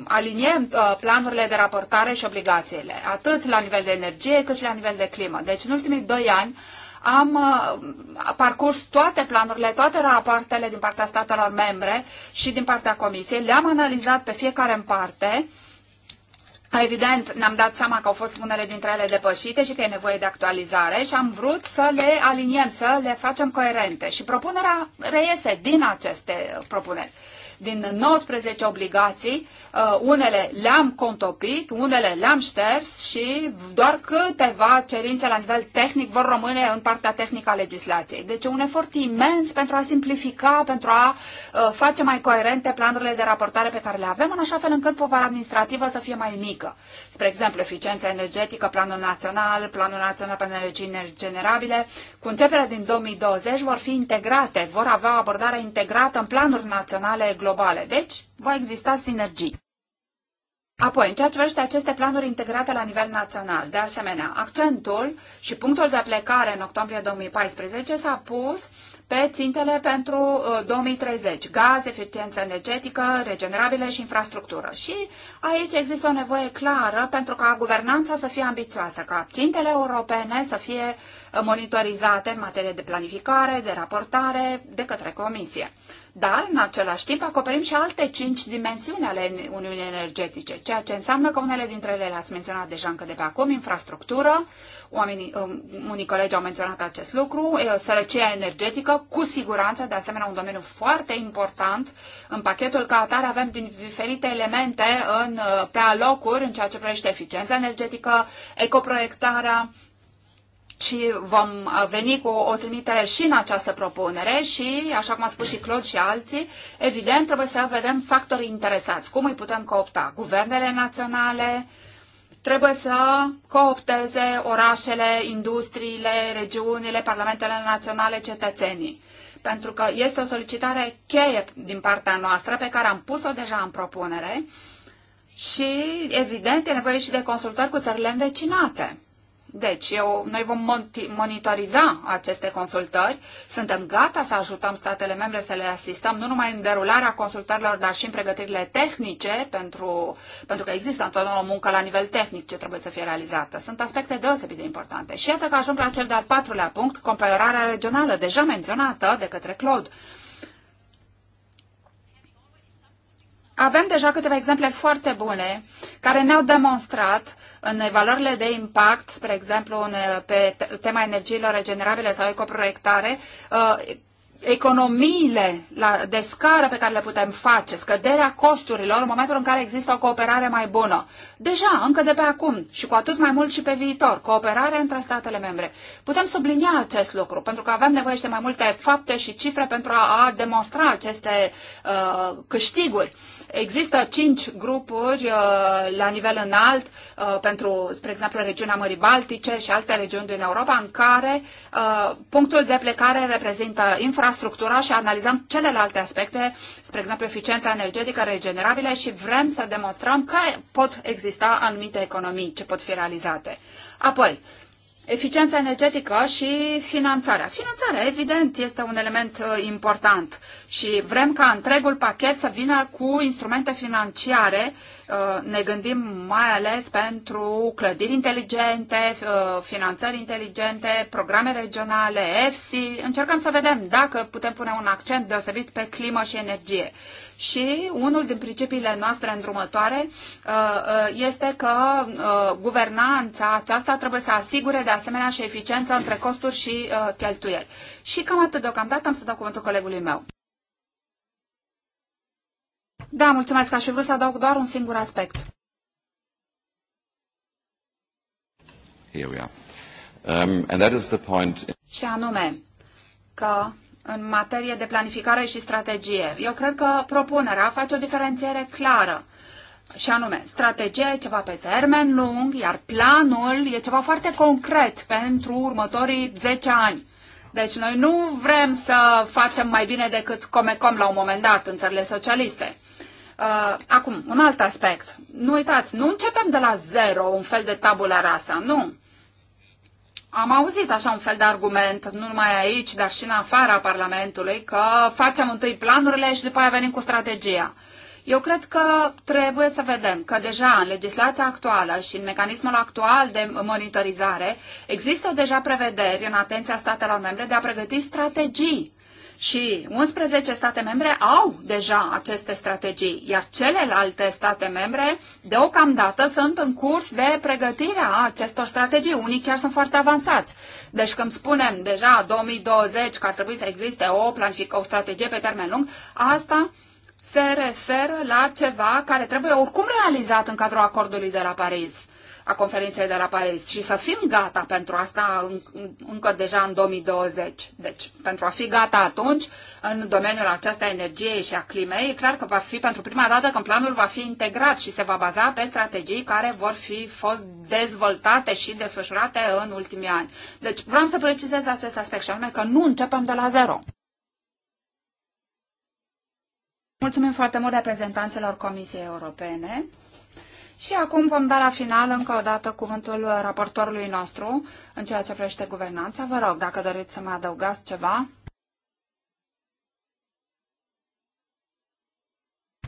aliniem planurile de raportare și obligațiile, atât la nivel de energie cât și la nivel de climă. Deci în ultimii doi ani am parcurs toate planurile, toate rapoartele din partea statelor membre și din partea Comisiei, le-am analizat pe fiecare în parte Evident, ne-am dat seama că au fost unele dintre ele depășite și că e nevoie de actualizare și am vrut să le aliniem, să le facem coerente. Și propunerea reiese din aceste propuneri. Din 19 obligații, uh, unele le-am contopit, unele le-am șters și doar câteva cerințe la nivel tehnic vor rămâne în partea tehnică a legislației. Deci un efort imens pentru a simplifica, pentru a uh, face mai coerente planurile de raportare pe care le avem, în așa fel încât povara administrativă să fie mai mică. Spre exemplu, eficiența energetică, planul național, planul național pentru energii generabile cu începerea din 2020 vor fi integrate, vor avea o abordare integrată în planuri naționale globale globale. Deci, va exista sinergii. Apoi, în ceea ce vrește aceste planuri integrate la nivel național, de asemenea, accentul și punctul de plecare în octombrie 2014 s-a pus pe țintele pentru 2030, uh, gaz, eficiență energetică, regenerabile și infrastructură. Și aici există o nevoie clară pentru ca guvernanța să fie ambițioasă, ca țintele europene să fie uh, monitorizate în materie de planificare, de raportare de către Comisie dar în același timp acoperim și alte cinci dimensiuni ale Uniunii Energetice, ceea ce înseamnă că unele dintre ele le-ați menționat deja încă de pe acum, infrastructură, oamenii, um, unii colegi au menționat acest lucru, sărăcia energetică, cu siguranță, de asemenea, un domeniu foarte important. În pachetul ca atare avem din diferite elemente în, uh, pe alocuri în ceea ce privește eficiența energetică, ecoproiectarea, și vom uh, veni cu o trimitere și în această propunere și, așa cum a spus și Claude și alții, evident trebuie să vedem factorii interesați. Cum îi putem coopta? Guvernele naționale trebuie să coopteze orașele, industriile, regiunile, parlamentele naționale, cetățenii. Pentru că este o solicitare cheie din partea noastră pe care am pus-o deja în propunere și, evident, e nevoie și de consultări cu țările învecinate deci, eu, noi vom monitoriza aceste consultări. Suntem gata să ajutăm statele membre să le asistăm, nu numai în derularea consultărilor, dar și în pregătirile tehnice, pentru, pentru că există întotdeauna o muncă la nivel tehnic ce trebuie să fie realizată. Sunt aspecte deosebit de importante. Și iată că ajung la cel de-al patrulea punct, compararea regională, deja menționată de către Claude. Avem deja câteva exemple foarte bune care ne-au demonstrat în evaluările de impact, spre exemplu în, pe tema energiilor regenerabile sau ecoproiectare, uh, economiile la, de scară pe care le putem face, scăderea costurilor în momentul în care există o cooperare mai bună. Deja, încă de pe acum și cu atât mai mult și pe viitor, cooperarea între statele membre. Putem sublinia acest lucru, pentru că avem nevoie de mai multe fapte și cifre pentru a, a demonstra aceste uh, câștiguri. Uh, Există cinci grupuri uh, la nivel înalt, uh, pentru, spre exemplu, regiunea Mării Baltice și alte regiuni din Europa, în care uh, punctul de plecare reprezintă infrastructura și analizăm celelalte aspecte, spre exemplu, eficiența energetică regenerabilă și vrem să demonstrăm că pot exista anumite economii ce pot fi realizate. Apoi, eficiența energetică și finanțarea. Finanțarea, evident, este un element uh, important și vrem ca întregul pachet să vină cu instrumente financiare Uh, ne gândim mai ales pentru clădiri inteligente, uh, finanțări inteligente, programe regionale, EFSI. Încercăm să vedem dacă putem pune un accent deosebit pe climă și energie. Și unul din principiile noastre îndrumătoare uh, este că guvernanța aceasta trebuie să asigure de asemenea și eficiență între costuri și cheltuieli. Și cam atât deocamdată am să dau cuvântul colegului meu. Da, mulțumesc. Aș fi vrut să adaug doar un singur aspect. Here we are. Um, and that is the point... Și anume că în materie de planificare și strategie. Eu cred că propunerea face o diferențiere clară. Și anume, strategia e ceva pe termen lung, iar planul e ceva foarte concret pentru următorii 10 ani. Deci noi nu vrem să facem mai bine decât Comecom la un moment dat în țările socialiste. Uh, acum, un alt aspect. Nu uitați, nu începem de la zero un fel de tabula rasa, nu. Am auzit așa un fel de argument, nu numai aici, dar și în afara Parlamentului, că facem întâi planurile și după aia venim cu strategia. Eu cred că trebuie să vedem că deja în legislația actuală și în mecanismul actual de monitorizare există deja prevederi în atenția statelor membre de a pregăti strategii și 11 state membre au deja aceste strategii, iar celelalte state membre deocamdată sunt în curs de pregătire a acestor strategii. Unii chiar sunt foarte avansați. Deci când spunem deja 2020 că ar trebui să existe o, planifică o strategie pe termen lung, asta se referă la ceva care trebuie oricum realizat în cadrul acordului de la Paris a conferinței de la Paris și să fim gata pentru asta în, încă deja în 2020. Deci, pentru a fi gata atunci, în domeniul acesta energiei și a climei, e clar că va fi pentru prima dată când planul va fi integrat și se va baza pe strategii care vor fi fost dezvoltate și desfășurate în ultimii ani. Deci, vreau să precizez acest aspect și anume că nu începem de la zero. Mulțumim foarte mult reprezentanțelor Comisiei Europene. Și acum vom da la final încă o dată cuvântul raportorului nostru în ceea ce privește guvernanța. Vă rog, dacă doriți să mai adăugați ceva.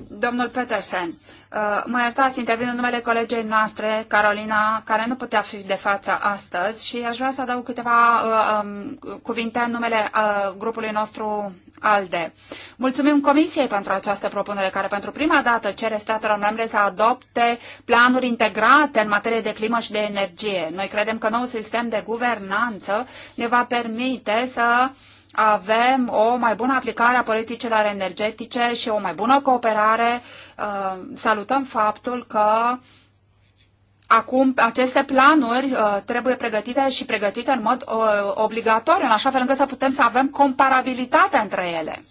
Domnul Petersen, uh, mă iertați, intervin în numele colegei noastre, Carolina, care nu putea fi de față astăzi și aș vrea să adaug câteva uh, um, cuvinte în numele uh, grupului nostru ALDE. Mulțumim Comisiei pentru această propunere care pentru prima dată cere statelor membre să adopte planuri integrate în materie de climă și de energie. Noi credem că noul sistem de guvernanță ne va permite să avem o mai bună aplicare a politicilor energetice și o mai bună cooperare. Uh, salutăm faptul că Acum, aceste planuri uh, trebuie pregătite și pregătite în mod uh, obligatoriu, în așa fel încât să putem să avem comparabilitate între ele.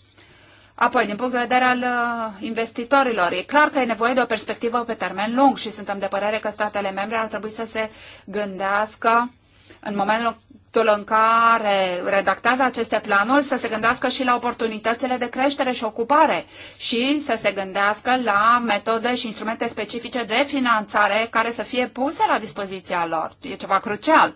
Apoi, din punct de vedere al uh, investitorilor, e clar că e nevoie de o perspectivă pe termen lung și suntem de părere că statele membre ar trebui să se gândească în momentul momentul în care redactează aceste planuri să se gândească și la oportunitățile de creștere și ocupare și să se gândească la metode și instrumente specifice de finanțare care să fie puse la dispoziția lor. E ceva crucial.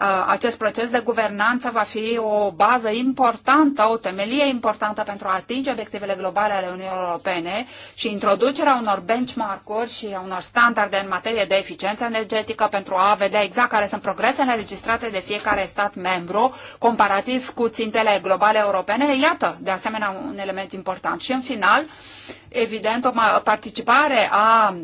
Uh, acest proces de guvernanță va fi o bază importantă, o temelie importantă pentru a atinge obiectivele globale ale Uniunii Europene și introducerea unor benchmark-uri și a unor standarde în materie de eficiență energetică pentru a vedea exact care sunt progresele înregistrate de fiecare stat membru comparativ cu țintele globale europene. Iată, de asemenea, un element important. Și în final, evident, o participare a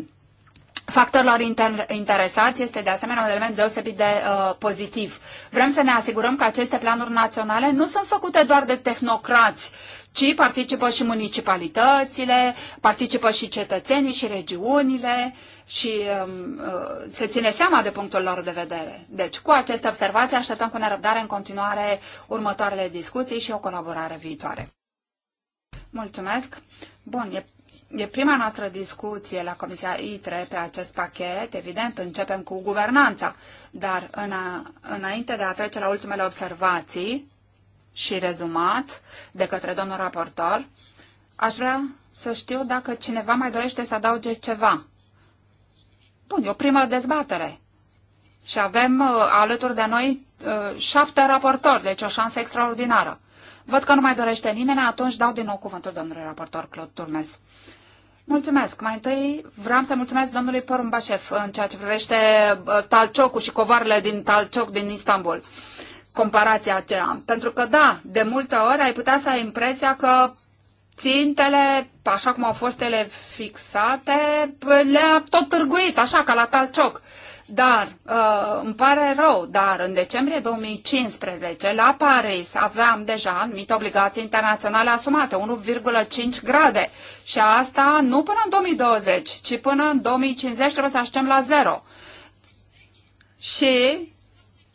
factorilor interesați este de asemenea un element deosebit de uh, pozitiv. Vrem să ne asigurăm că aceste planuri naționale nu sunt făcute doar de tehnocrați, ci participă și municipalitățile, participă și cetățenii și regiunile și um, uh, se ține seama de punctul lor de vedere. Deci, cu aceste observații așteptăm cu nerăbdare în continuare următoarele discuții și o colaborare viitoare. Mulțumesc! Bun, e E prima noastră discuție la Comisia ITRE pe acest pachet. Evident, începem cu guvernanța, dar în a, înainte de a trece la ultimele observații și rezumat de către domnul raportor, aș vrea să știu dacă cineva mai dorește să adauge ceva. Bun, e o primă dezbatere. Și avem uh, alături de noi uh, șapte raportori, deci o șansă extraordinară. Văd că nu mai dorește nimeni, atunci dau din nou cuvântul domnului raportor Claude Turmes. Mulțumesc. Mai întâi vreau să mulțumesc domnului Porumbașev în ceea ce privește talciocul și covarele din talcioc din Istanbul. Comparația aceea. Pentru că, da, de multe ori ai putea să ai impresia că țintele, așa cum au fost ele fixate, le-a tot târguit, așa, ca la talcioc. Dar uh, îmi pare rău, dar în decembrie 2015 la Paris aveam deja anumite obligații internaționale asumate, 1,5 grade. Și asta nu până în 2020, ci până în 2050 trebuie să ajungem la zero. Și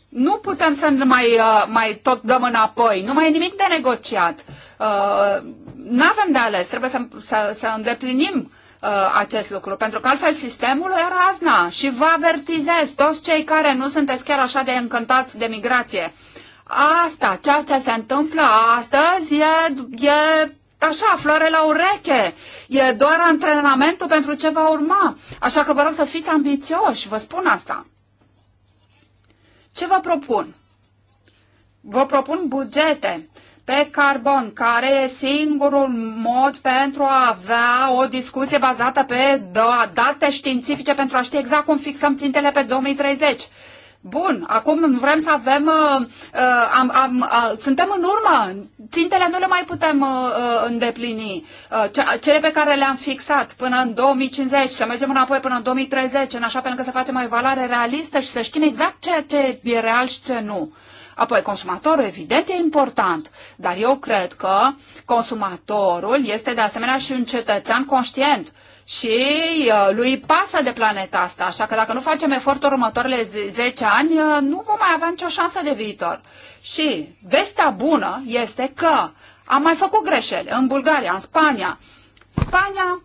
nu putem să mai, uh, mai tot dăm înapoi. Nu mai e nimic de negociat. Uh, nu avem de ales. Trebuie să, să, să îndeplinim uh, Uh, acest lucru, pentru că altfel sistemul e razna și vă avertizez toți cei care nu sunteți chiar așa de încântați de migrație. Asta, ceea ce se întâmplă astăzi e, e așa, floare la ureche, e doar antrenamentul pentru ce va urma, așa că vă rog să fiți ambițioși, vă spun asta. Ce vă propun? Vă propun bugete pe carbon, care e singurul mod pentru a avea o discuție bazată pe date științifice pentru a ști exact cum fixăm țintele pe 2030. Bun, acum vrem să avem, uh, uh, am, am, uh, suntem în urmă, țintele nu le mai putem uh, uh îndeplini. Uh, ce, cele pe care le-am fixat până în 2050, să mergem înapoi până în 2030, în așa fel încât să facem o evaluare realistă și să știm exact ceea ce e real și ce nu. Uh, Apoi, consumatorul, evident, e important, dar eu cred că consumatorul este de asemenea și un cetățean conștient și uh, lui pasă de planeta asta, așa că dacă nu facem efortul următoarele 10 ani, uh, nu vom mai avea nicio șansă de viitor. Și vestea bună este că am mai făcut greșeli în Bulgaria, în Spania. Spania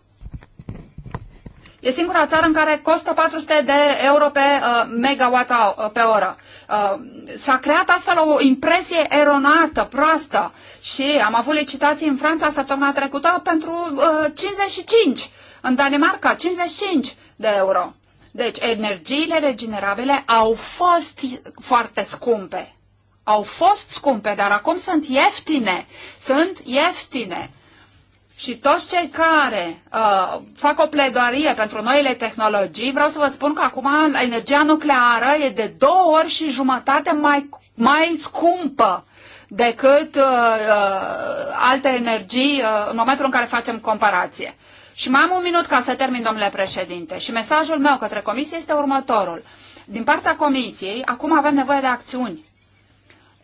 E singura țară în care costă 400 de euro pe uh, megawatt uh, pe oră. Uh, s-a creat astfel o impresie eronată, proastă și am avut licitații în Franța săptămâna trecută pentru uh, 55, în Danemarca 55 de euro. Deci energiile regenerabile au fost foarte scumpe. Au fost scumpe, dar acum sunt ieftine. Sunt ieftine. Și toți cei care uh, fac o pledoarie pentru noile tehnologii, vreau să vă spun că acum energia nucleară e de două ori și jumătate mai, mai scumpă decât uh, uh, alte energii uh, în momentul în care facem comparație. Și mai am un minut ca să termin, domnule președinte. Și mesajul meu către comisie este următorul. Din partea comisiei, acum avem nevoie de acțiuni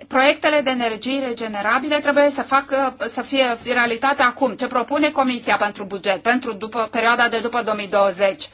proiectele de energie regenerabile trebuie să facă, să fie realitate acum. Ce propune Comisia pentru buget, pentru după, perioada de după 2020?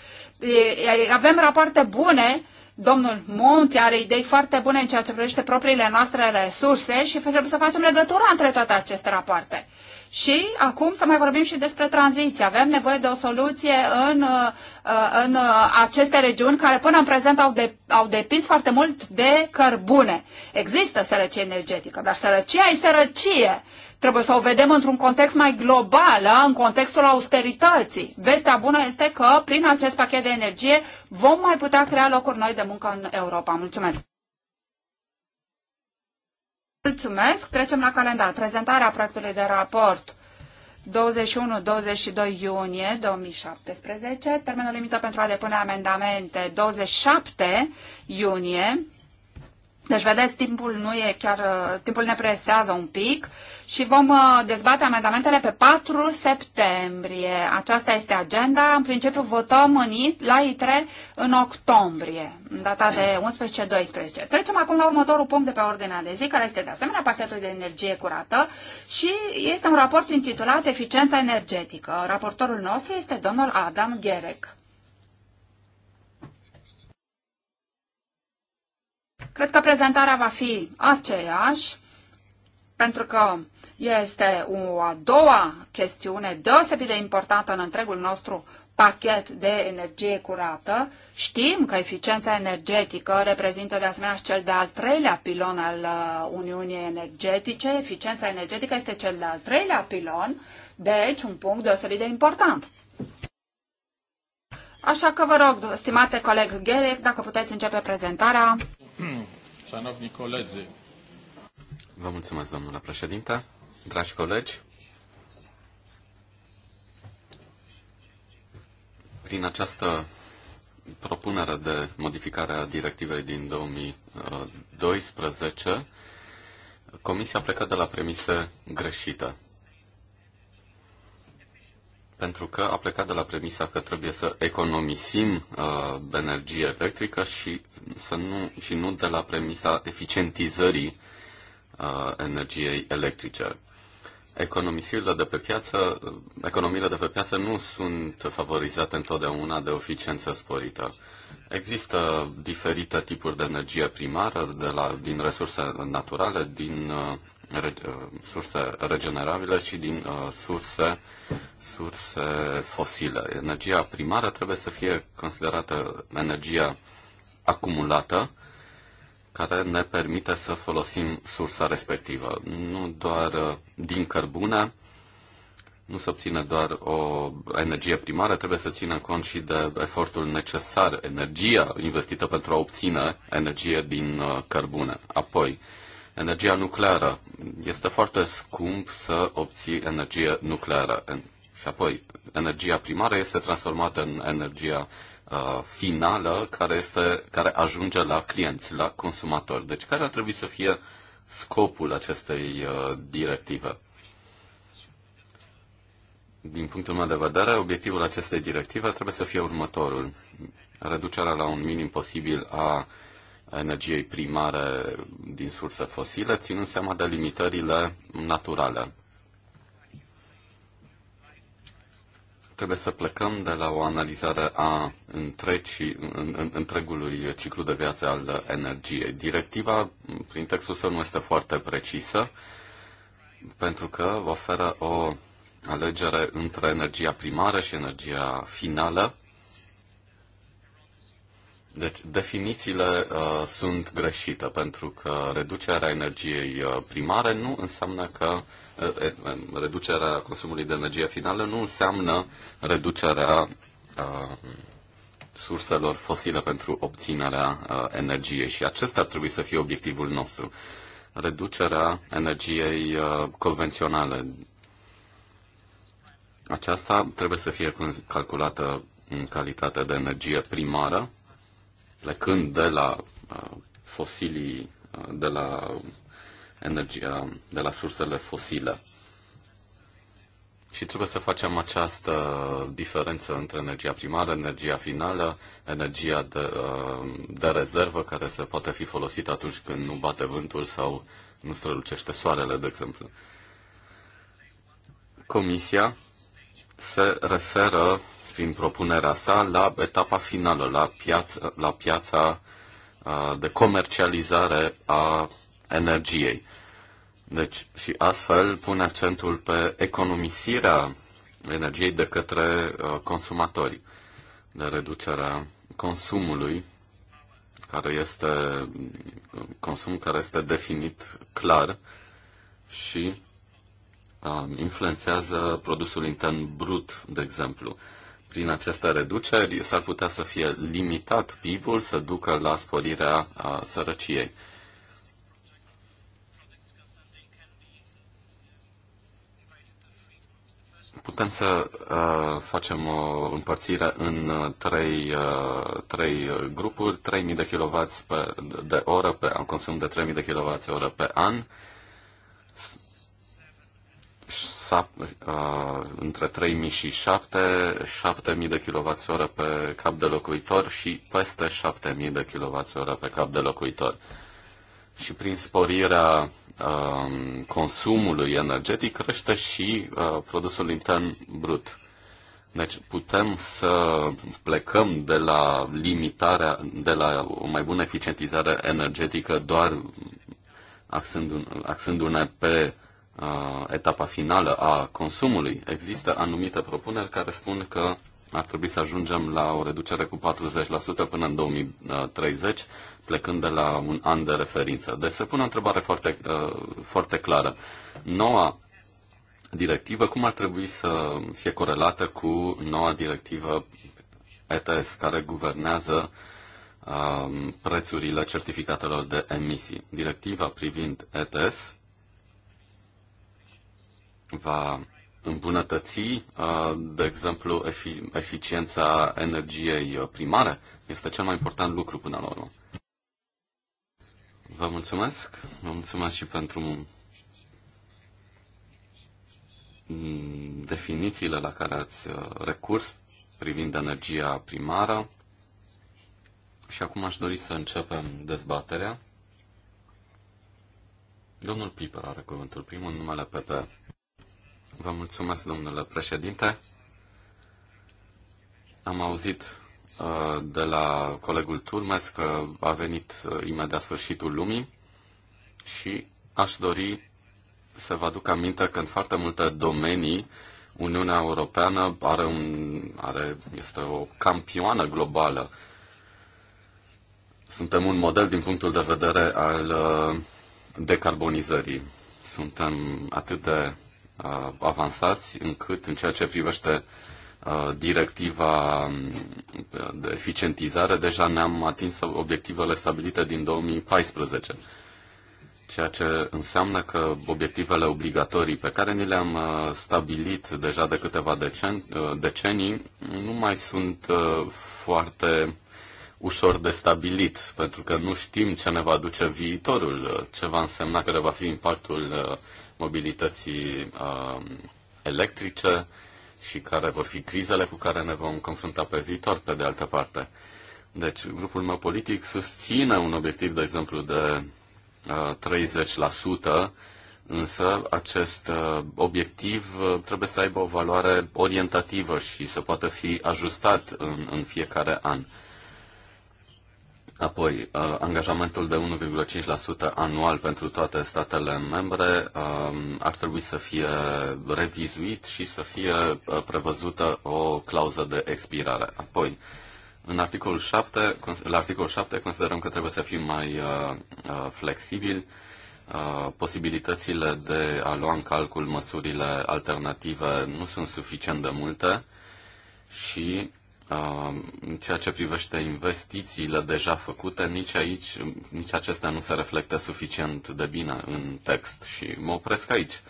Avem rapoarte bune, domnul Monti are idei foarte bune în ceea ce privește propriile noastre resurse și trebuie să facem legătura între toate aceste rapoarte. Și acum să mai vorbim și despre tranziție. Avem nevoie de o soluție în, uh, în uh, aceste regiuni care până în prezent au, de, au depins foarte mult de cărbune. Există sărăcie energetică, dar sărăcia e sărăcie. Trebuie să o vedem într-un context mai global, uh, în contextul austerității. Vestea bună este că prin acest pachet de energie vom mai putea crea locuri noi de muncă în Europa. Mulțumesc! Mulțumesc. Trecem la calendar. Prezentarea proiectului de raport 21-22 iunie 2017. Termenul limită pentru a depune amendamente 27 iunie deci, vedeți, timpul nu e chiar, uh, timpul ne presează un pic și vom uh, dezbate amendamentele pe 4 septembrie. Aceasta este agenda. În principiu votăm în IT, la ITRE în octombrie, în data de 11-12. Trecem acum la următorul punct de pe ordinea de zi, care este de asemenea pachetul de energie curată și este un raport intitulat Eficiența energetică. Raportorul nostru este domnul Adam Gherec. Cred că prezentarea va fi aceeași, pentru că este o a doua chestiune deosebit de importantă în întregul nostru pachet de energie curată. Știm că eficiența energetică reprezintă de asemenea cel de-al treilea pilon al uh, Uniunii Energetice. Eficiența energetică este cel de-al treilea pilon, deci un punct deosebit de important. Așa că vă rog, stimate coleg Gerec, dacă puteți începe prezentarea. Szanowni koledzy. Vă mulțumesc, domnule președinte. Dragi colegi, prin această propunere de modificare a directivei din 2012, Comisia a plecat de la premise greșită pentru că a plecat de la premisa că trebuie să economisim uh, energie electrică și, să nu, și nu de la premisa eficientizării uh, energiei electrice. Economisirile de pe piață, uh, economiile de pe piață nu sunt favorizate întotdeauna de eficiență sporită. Există diferite tipuri de energie primară de la, din resurse naturale, din uh, Uh, surse regenerabile, și din uh, surse, surse fosile. Energia primară trebuie să fie considerată energia acumulată, care ne permite să folosim sursa respectivă. Nu doar uh, din cărbune, nu se obține doar o energie primară, trebuie să țină cont și de efortul necesar, energia investită pentru a obține energie din cărbune. Apoi, energia nucleară. Este foarte scump să obții energie nucleară. Și apoi, energia primară este transformată în energia uh, finală care, este, care ajunge la clienți, la consumatori. Deci care ar trebui să fie scopul acestei uh, directive? Din punctul meu de vedere, obiectivul acestei directive trebuie să fie următorul. Reducerea la un minim posibil a uh, energiei primare din surse fosile, ținând seama de limitările naturale. Trebuie să plecăm de la o analizare a întregii, în, în, întregului ciclu de viață al energiei. Directiva, prin textul său, nu este foarte precisă, pentru că oferă o alegere între energia primară și energia finală, deci, definițiile uh, sunt greșite, pentru că reducerea energiei uh, primare nu înseamnă că uh, um, reducerea consumului de energie finală nu înseamnă reducerea uh, surselor fosile pentru obținerea uh, energiei și acesta ar trebui să fie obiectivul nostru. Reducerea energiei uh, convenționale. Aceasta trebuie să fie calculată în calitate de energie primară plecând de la uh, fosilii, uh, de la energia, de la sursele fosile. Și trebuie să facem această diferență între energia primară, energia finală, energia de, uh, de rezervă care se poate fi folosită atunci când nu bate vântul sau nu strălucește soarele, de exemplu. Comisia se referă prin propunerea sa la etapa finală, la piața, la piața de comercializare a energiei. Deci, și astfel pune accentul pe economisirea energiei de către consumatori, de reducerea consumului, care este consum care este definit clar și influențează produsul intern brut, de exemplu prin aceste reduceri s-ar putea să fie limitat PIB-ul să ducă la sporirea a sărăciei. Putem să uh, facem o împărțire în trei, uh, trei grupuri, 3.000 de kW pe, de oră pe an, consum de 3.000 de kWh pe an, uh, uh, între 3000 și 7, 7000 de kWh pe cap de locuitor și peste 7000 de kWh pe cap de locuitor. Și prin sporirea uh, consumului energetic crește și uh, produsul intern brut. Deci putem să plecăm de la limitarea, de la o mai bună eficientizare energetică doar axându-ne pe uh, etapa finală a consumului, există anumite propuneri care spun că ar trebui să ajungem la o reducere cu 40% până în 2030, plecând de la un an de referință. Deci se pune o întrebare foarte, foarte clară. Noua directivă, cum ar trebui să fie corelată cu noua directivă ETS, care guvernează prețurile certificatelor de emisii. Directiva privind ETS va îmbunătăți, de exemplu, eficiența energiei primare? Este cel mai important lucru până la urmă. Vă mulțumesc. Vă mulțumesc și pentru mm, definițiile la care ați recurs privind energia primară. Și acum aș dori să începem dezbaterea. Domnul Piper are cuvântul primul în numele PP. Vă mulțumesc, domnule președinte. Am auzit uh, de la colegul Turmes că a venit uh, imediat sfârșitul lumii și aș dori să vă aduc aminte că în foarte multe domenii Uniunea Europeană are un, are, este o campioană globală. Suntem un model din punctul de vedere al uh, decarbonizării. Suntem atât de avansați încât în ceea ce privește directiva de eficientizare, deja ne-am atins obiectivele stabilite din 2014 ceea ce înseamnă că obiectivele obligatorii pe care ni le-am stabilit deja de câteva decenii nu mai sunt foarte ușor de stabilit, pentru că nu știm ce ne va duce viitorul, ce va însemna care va fi impactul mobilității uh, electrice și care vor fi crizele cu care ne vom confrunta pe viitor, pe de altă parte. Deci, grupul meu politic susține un obiectiv, de exemplu, de uh, 30%, însă acest uh, obiectiv uh, trebuie să aibă o valoare orientativă și să poată fi ajustat în, în fiecare an. Apoi, uh, angajamentul de 1,5% anual pentru toate statele membre um, ar trebui să fie revizuit și să fie uh, prevăzută o clauză de expirare. Apoi, în articolul 7, la articolul 7 considerăm că trebuie să fim mai uh, flexibili posibilitățile de a lua în calcul măsurile alternative nu sunt suficient de multe și în ceea ce privește investițiile deja făcute, nici aici, nici acestea nu se reflectă suficient de bine în text și mă opresc aici,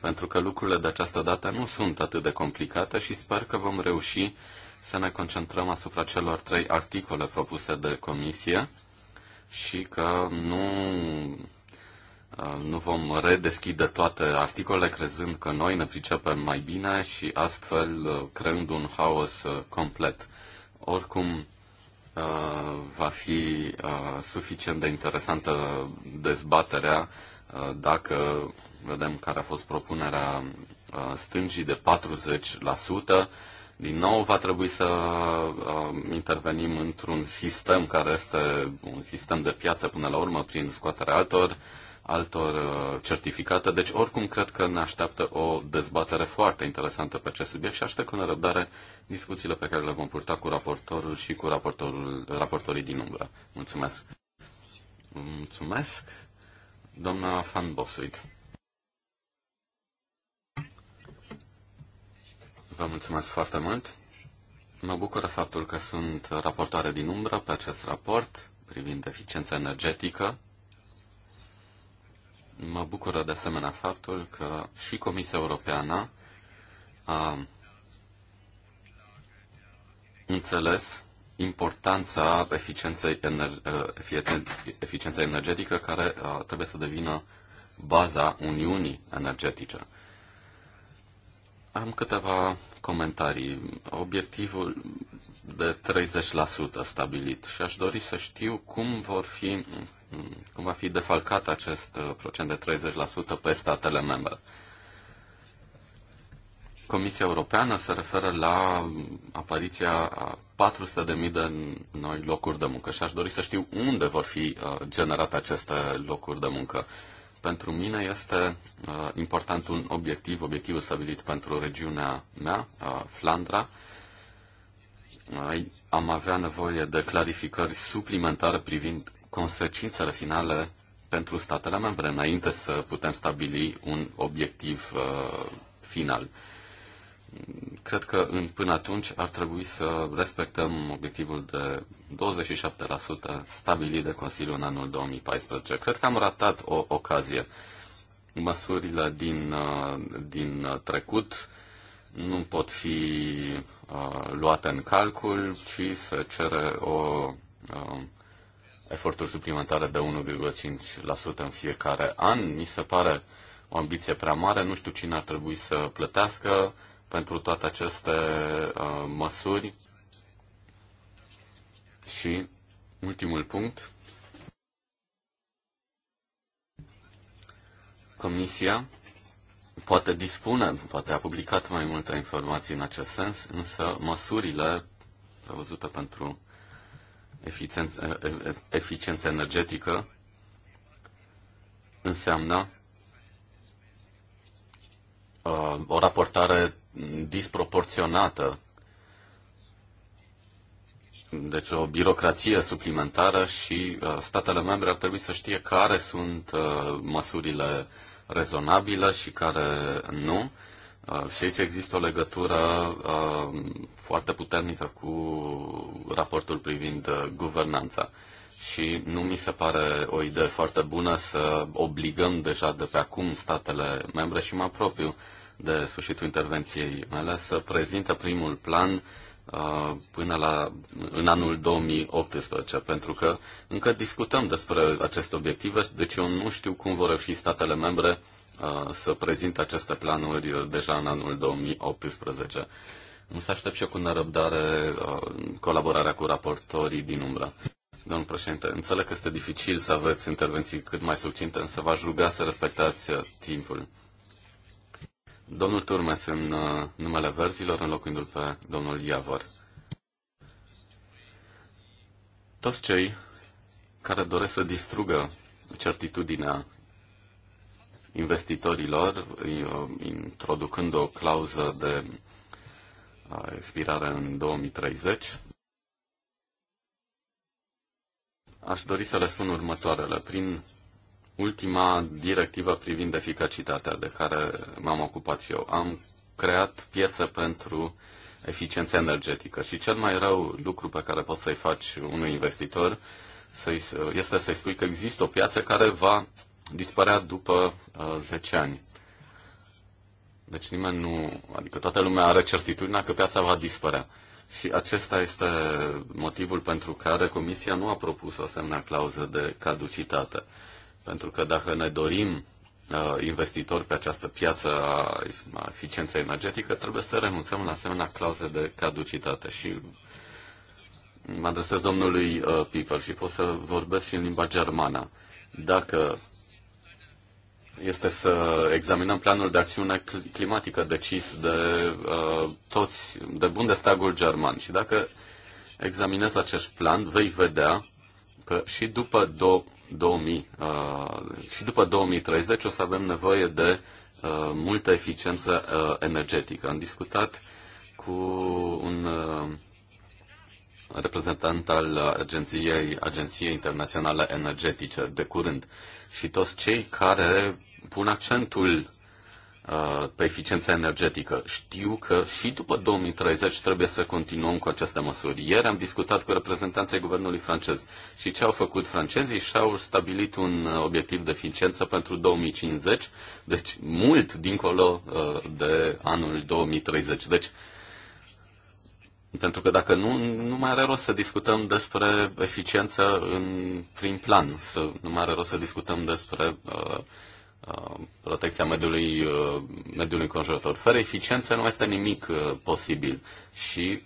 pentru că lucrurile de această dată nu sunt atât de complicate și sper că vom reuși să ne concentrăm asupra celor trei articole propuse de comisie și că nu Uh, nu vom redeschide toate articolele crezând că noi ne pricepem mai bine și astfel uh, creând un haos uh, complet. Oricum, va fi suficient de interesantă dezbaterea dacă vedem care a fost propunerea stângii de 40%. Din nou va trebui să intervenim într-un sistem care este un sistem de piață până la urmă prin scoaterea altor altor uh, certificate. Deci, oricum, cred că ne așteaptă o dezbatere foarte interesantă pe acest subiect și aștept cu nerăbdare discuțiile pe care le vom purta cu raportorul și cu raportorul, raportorii din umbră. Mulțumesc! Mulțumesc, doamna Fan Bosuit. Vă mulțumesc foarte mult. Mă bucură faptul că sunt raportoare din umbră pe acest raport privind eficiența energetică Mă bucură de asemenea faptul că și Comisia Europeană a înțeles importanța eficienței, ener- uh, eficienței energetică care uh, trebuie să devină baza Uniunii Energetice. Am câteva comentarii. Obiectivul, de 30% stabilit și aș dori să știu cum vor fi cum va fi defalcat acest uh, procent de 30% pe statele membre. Comisia Europeană se referă la apariția a 400.000 de noi locuri de muncă și aș dori să știu unde vor fi uh, generate aceste locuri de muncă. Pentru mine este uh, important un obiectiv, obiectivul stabilit pentru regiunea mea, Flandra, am avea nevoie de clarificări suplimentare privind consecințele finale pentru statele membre, înainte să putem stabili un obiectiv uh, final. Cred că în, până atunci ar trebui să respectăm obiectivul de 27% stabilit de Consiliul în anul 2014. Cred că am ratat o ocazie. Măsurile din, uh, din trecut nu pot fi Luată în calcul și se cere o uh, eforturi suplimentare de 1,5% în fiecare an. Mi se pare o ambiție prea mare, nu știu cine ar trebui să plătească pentru toate aceste uh, măsuri. Și ultimul punct. Comisia poate dispune, poate a publicat mai multe informații în acest sens, însă măsurile prevăzute pentru eficiență, eficiență energetică înseamnă uh, o raportare disproporționată, deci o birocrație suplimentară și uh, statele membre ar trebui să știe care sunt uh, măsurile rezonabilă și care nu. Uh, și aici există o legătură uh, foarte puternică cu raportul privind uh, guvernanța. Și nu mi se pare o idee foarte bună să obligăm deja de pe acum statele membre și mă apropiu de sfârșitul intervenției mele să prezintă primul plan Uh, până la, în anul 2018, pentru că încă discutăm despre aceste obiective, deci eu nu știu cum vor fi statele membre uh, să prezinte aceste planuri deja în anul 2018. Însă aștept și eu cu nerăbdare uh, colaborarea cu raportorii din umbră. Domnul președinte, înțeleg că este dificil să aveți intervenții cât mai succinte, însă v-aș ruga să respectați timpul. Domnul Turmes în uh, numele verzilor, înlocuindu-l pe domnul Iavor. Toți cei care doresc să distrugă certitudinea investitorilor, uh, introducând o clauză de uh, expirare în 2030, aș dori să le spun următoarele. Prin ultima directivă privind eficacitatea de care m-am ocupat și eu. Am creat piețe pentru eficiența energetică și cel mai rău lucru pe care poți să-i faci unui investitor să este să-i spui că există o piață care va dispărea după uh, 10 ani. Deci nimeni nu, adică toată lumea are certitudinea că piața va dispărea. Și acesta este motivul pentru care Comisia nu a propus o asemenea clauză de caducitate. Pentru că dacă ne dorim uh, investitori pe această piață a eficienței energetică, trebuie să renunțăm la asemenea clauze de caducitate. Și mă adresez domnului uh, Piper și pot să vorbesc și în limba germană. Dacă este să examinăm planul de acțiune climatică decis de uh, toți, de Bundestagul german și dacă examinezi acest plan, vei vedea că și după 2000 uh, și după 2030 o să avem nevoie de uh, multă eficiență uh, energetică. Am discutat cu un uh, reprezentant al Agenției, Agenției Internaționale Energetice de curând și toți cei care pun accentul Uh, pe eficiența energetică. Știu că și după 2030 trebuie să continuăm cu aceste măsuri. Ieri am discutat cu reprezentanții guvernului francez și ce au făcut francezii și-au stabilit un uh, obiectiv de eficiență pentru 2050, deci mult dincolo uh, de anul 2030. Deci pentru că dacă nu, nu mai are rost să discutăm despre eficiență în prim plan, să, nu mai are rost să discutăm despre uh, Uh, protecția mediului, uh, mediului conjurător. Fără eficiență nu este nimic uh, posibil și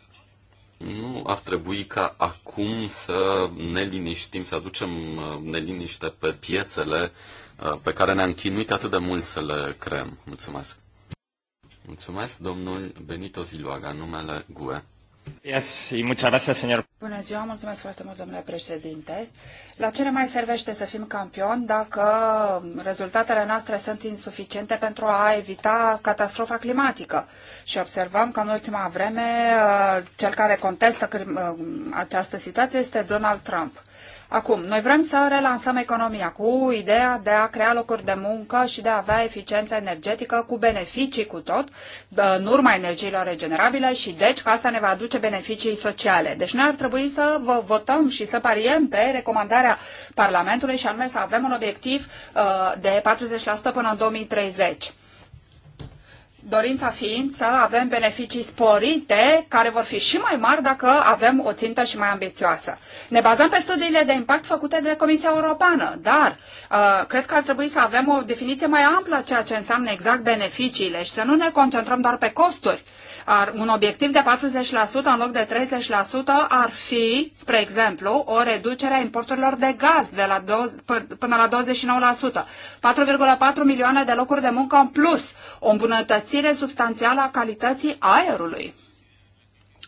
nu ar trebui ca acum să ne liniștim, să aducem neliniște pe piețele pe care ne-am chinuit atât de mult să le creăm. Mulțumesc! Mulțumesc, domnul Benito Ziluaga, numele GUE. Bună ziua, mulțumesc foarte mult, domnule președinte. La ce ne mai servește să fim campioni dacă rezultatele noastre sunt insuficiente pentru a evita catastrofa climatică? Și observăm că în ultima vreme uh, cel care contestă uh, această situație este Donald Trump. Acum, noi vrem să relansăm economia cu ideea de a crea locuri de muncă și de a avea eficiență energetică cu beneficii cu tot, în urma energiilor regenerabile și deci că asta ne va aduce beneficii sociale. Deci noi ar trebui să vă votăm și să pariem pe recomandarea Parlamentului și anume să avem un obiectiv uh, de 40% până în 2030 dorința fiind să avem beneficii sporite, care vor fi și mai mari dacă avem o țintă și mai ambițioasă. Ne bazăm pe studiile de impact făcute de Comisia Europeană, dar uh, cred că ar trebui să avem o definiție mai amplă a ceea ce înseamnă exact beneficiile și să nu ne concentrăm doar pe costuri, ar, un obiectiv de 40% în loc de 30% ar fi, spre exemplu, o reducere a importurilor de gaz de la do, până la 29%, 4,4 milioane de locuri de muncă în plus, o îmbunătățire substanțială a calității aerului.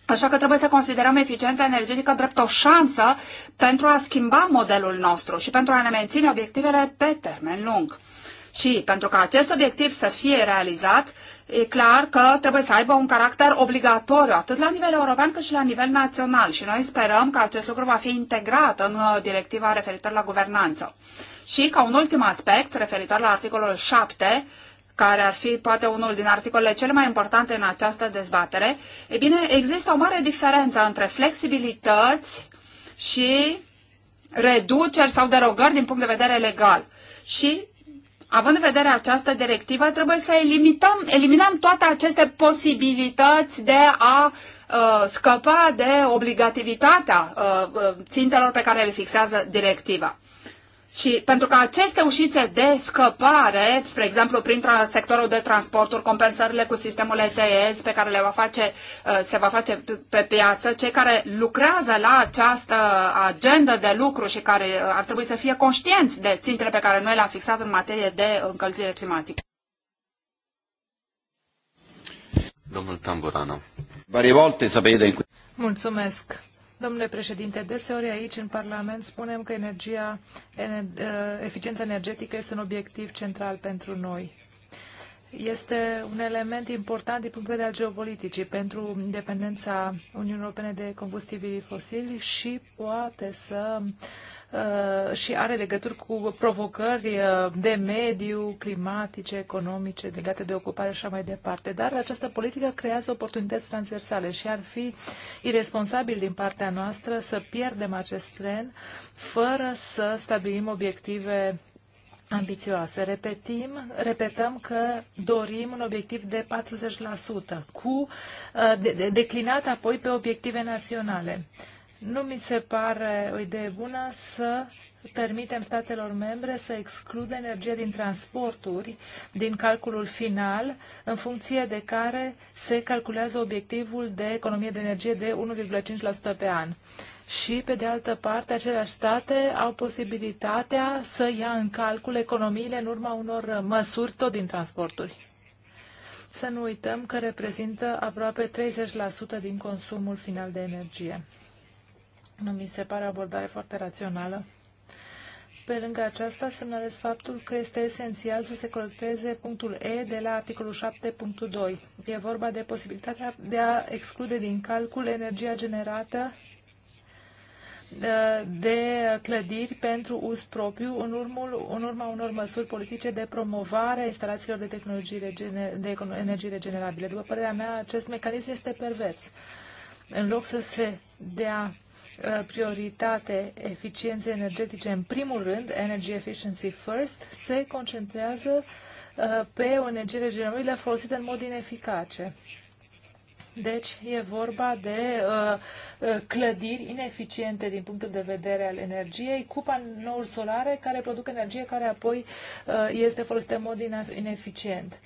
Așa că trebuie să considerăm eficiența energetică drept o șansă pentru a schimba modelul nostru și pentru a ne menține obiectivele pe termen lung. Și pentru ca acest obiectiv să fie realizat, e clar că trebuie să aibă un caracter obligatoriu, atât la nivel european cât și la nivel național. Și noi sperăm că acest lucru va fi integrat în uh, directiva referitor la guvernanță. Și ca un ultim aspect, referitor la articolul 7, care ar fi poate unul din articolele cele mai importante în această dezbatere, e bine, există o mare diferență între flexibilități și reduceri sau derogări din punct de vedere legal. Și având în vedere această directivă, trebuie să eliminăm, eliminăm toate aceste posibilități de a uh, scăpa de obligativitatea uh, uh țintelor pe care le fixează directiva. Și pentru că aceste ușițe de scăpare, spre exemplu prin sectorul de transporturi, compensările cu sistemul ETS pe care le va face, uh, se va face pe piață, cei care lucrează la această agendă de lucru și care uh, ar trebui să fie conștienți de țintele pe care noi le-am fixat în materie de încălzire climatică. Domnul Tamburano. Varie volte Mulțumesc. Domnule președinte, deseori aici în Parlament spunem că energia, uh, eficiența energetică este un obiectiv central pentru noi. Este un element important din punct de vedere al geopoliticii pentru independența Uniunii Europene de combustibilii fosili și poate să uh, Uh, și are legături cu provocări uh, de mediu, climatice, economice, legate de ocupare și așa mai departe. Dar această politică creează oportunități transversale și ar fi irresponsabil din partea noastră să pierdem acest tren fără să stabilim obiective ambițioase. Repetim, repetăm că dorim un obiectiv de 40%, cu uh, de, de, declinat apoi pe obiective naționale. Uh, nu mi se pare o idee bună să permitem statelor membre să exclude energie din transporturi din calculul final, în funcție de care se calculează obiectivul de economie de energie de 1,5% pe an. Și, pe de altă parte, aceleași state au posibilitatea să ia în calcul economiile în urma unor măsuri tot din transporturi. Să nu uităm că reprezintă aproape 30% din consumul final de energie. Nu mi se pare o abordare foarte rațională. Pe lângă aceasta, semnalez faptul că este esențial să se colecteze punctul E de la articolul 7.2. E vorba de posibilitatea de a exclude din calcul energia generată ă, de clădiri pentru uz propriu în, urmul, în urma unor măsuri politice de promovare a instalațiilor de, tehnologii regener, de energie regenerabile. După părerea mea, acest mecanism este pervers. În loc să se dea Uh, prioritate eficienței energetice în primul rând, Energy Efficiency First, se concentrează uh, pe o energie regenerabilă folosită în mod ineficace. Deci e vorba de uh, uh, clădiri ineficiente din punctul de vedere al energiei, cu panouri solare care produc energie care apoi uh, este folosită în mod ineficient.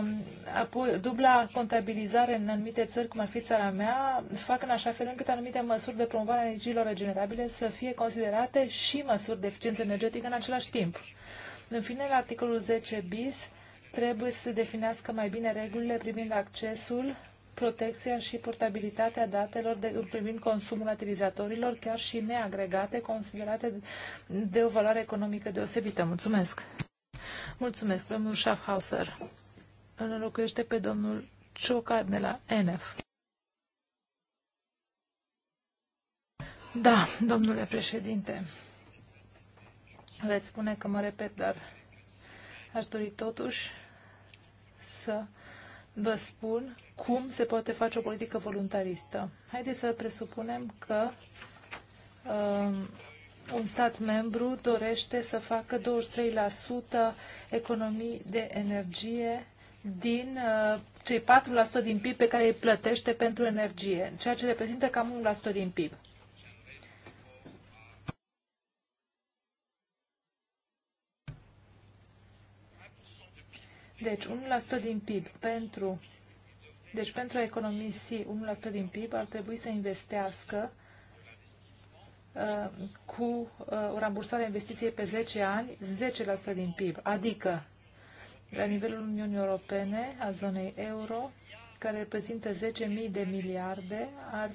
Um, apoi, dubla contabilizare în anumite țări, cum ar fi țara mea, fac în așa fel încât anumite măsuri de promovare a energiilor regenerabile să fie considerate și măsuri de eficiență energetică în același timp. În fine, la articolul 10 bis, trebuie să definească mai bine regulile privind accesul protecția și portabilitatea datelor de, privind consumul utilizatorilor, chiar și neagregate, considerate de o valoare economică deosebită. Mulțumesc! Mulțumesc, domnul Schaffhauser. Îl înlocuiește pe domnul Cioca de la NF. Da, domnule președinte, veți spune că mă repet, dar aș dori totuși să vă spun cum se poate face o politică voluntaristă. Haideți să presupunem că um, un stat membru dorește să facă 23% economii de energie din uh, cei 4% din PIB pe care îi plătește pentru energie, ceea ce reprezintă cam 1% din PIB. Deci 1% din PIB pentru deci pentru a economisi 1% din PIB ar trebui să investească uh, cu uh, o rambursare a investiției pe 10 ani, 10% din PIB, adică la nivelul Uniunii Europene, a zonei euro, care reprezintă 10.000 de miliarde, ar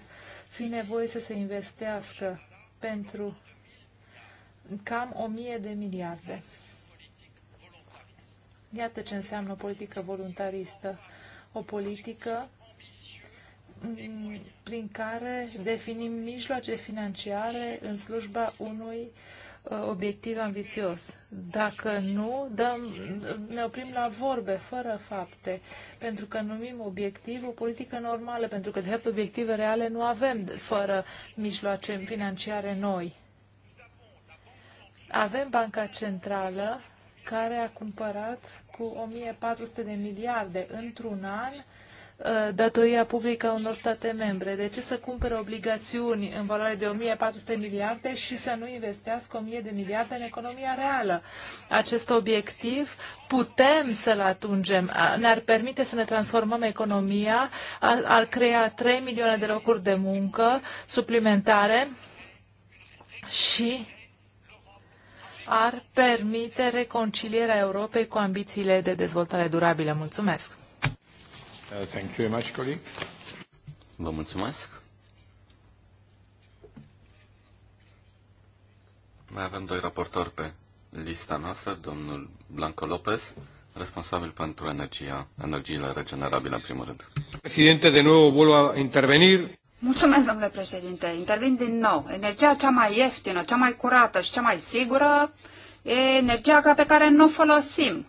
fi nevoie să se investească pentru cam 1.000 de miliarde. Iată ce înseamnă o politică voluntaristă o politică mm, prin care definim mijloace financiare în slujba unui uh, obiectiv ambițios. Dacă nu, dăm, ne oprim la vorbe, fără fapte, pentru că numim obiectiv o politică normală, pentru că, de fapt, obiective reale nu avem fără mijloace financiare noi. Avem Banca Centrală, care a cumpărat cu 1400 de miliarde într-un an ă, datoria publică a unor state membre. De ce să cumpere obligațiuni în valoare de 1400 de miliarde și să nu investească 1000 de miliarde în economia reală? Acest obiectiv putem să-l atungem. Ne-ar permite să ne transformăm economia, ar crea 3 milioane de locuri de muncă suplimentare și ar permite reconcilierea Europei cu ambițiile de dezvoltare durabilă. Mulțumesc! Uh, thank you very much, Vă mulțumesc! Mai avem doi raportori pe lista noastră, domnul Blanco Lopez, responsabil pentru energia, energiile regenerabile, în primul rând. Președinte, de nou vuelvo a intervenir. Mulțumesc, domnule președinte. Intervin din nou. Energia cea mai ieftină, cea mai curată și cea mai sigură e energia pe care nu o folosim,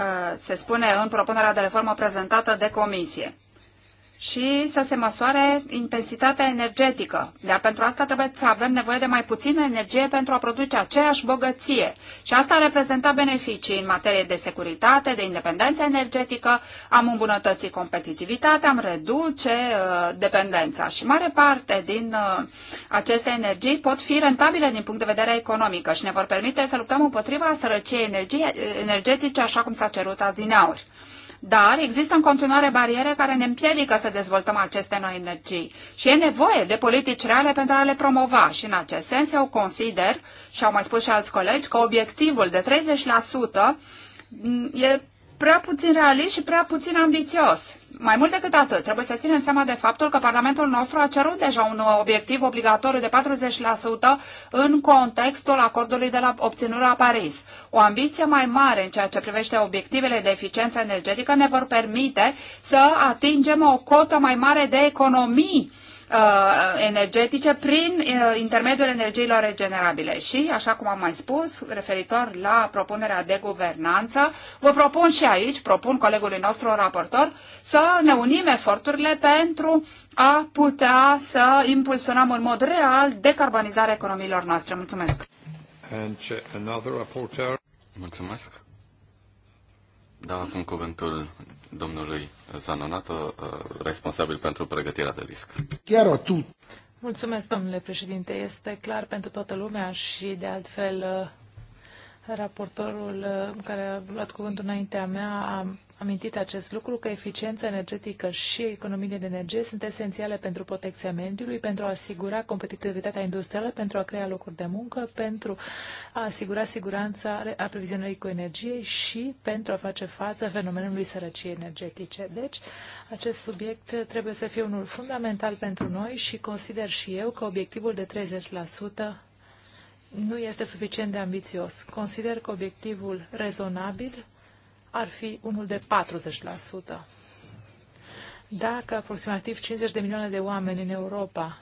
uh, se spune în propunerea de reformă prezentată de comisie și să se măsoare intensitatea energetică. Dar pentru asta trebuie să avem nevoie de mai puțină energie pentru a produce aceeași bogăție. Și asta a reprezentat beneficii în materie de securitate, de independență energetică, am îmbunătățit competitivitatea, am reduce uh, dependența. Și mare parte din uh, aceste energii pot fi rentabile din punct de vedere economică și ne vor permite să luptăm împotriva sărăciei energie, energetice, așa cum s-a cerut adineauri dar există în continuare bariere care ne împiedică să dezvoltăm aceste noi energii și e nevoie de politici reale pentru a le promova și în acest sens eu consider, și au mai spus și alți colegi, că obiectivul de 30% mm, e prea puțin realist și prea puțin ambițios. Mai mult decât atât, trebuie să ținem seama de faptul că Parlamentul nostru a cerut deja un obiectiv obligatoriu de 40% în contextul acordului de la obținut la Paris. O ambiție mai mare în ceea ce privește obiectivele de eficiență energetică ne vor permite să atingem o cotă mai mare de economii Uh, energetice prin uh, intermediul energiilor regenerabile. Și, așa cum am mai spus, referitor la propunerea de guvernanță, vă propun și aici, propun colegului nostru raportor, să ne unim eforturile pentru a putea să impulsionăm în mod real decarbonizarea economiilor noastre. Mulțumesc! And another reporter. Mulțumesc! Da, acum cuvântul domnului Zanonato, uh, responsabil pentru pregătirea de risc. Chiar tu. Mulțumesc, domnule președinte. Este clar pentru toată lumea și, de altfel, uh, raportorul uh, care a luat cuvântul înaintea mea a amintit acest lucru, că eficiența energetică și economiile de energie sunt esențiale pentru protecția mediului, pentru a asigura competitivitatea industrială, pentru a crea locuri de muncă, pentru a asigura siguranța aprovizionării cu energie și pentru a face față fenomenului sărăciei energetice. Deci, acest subiect trebuie să fie unul fundamental pentru noi și consider și eu că obiectivul de 30% nu este suficient de ambițios. Consider că obiectivul rezonabil ar fi unul de 40%. Dacă aproximativ 50 de milioane de oameni în Europa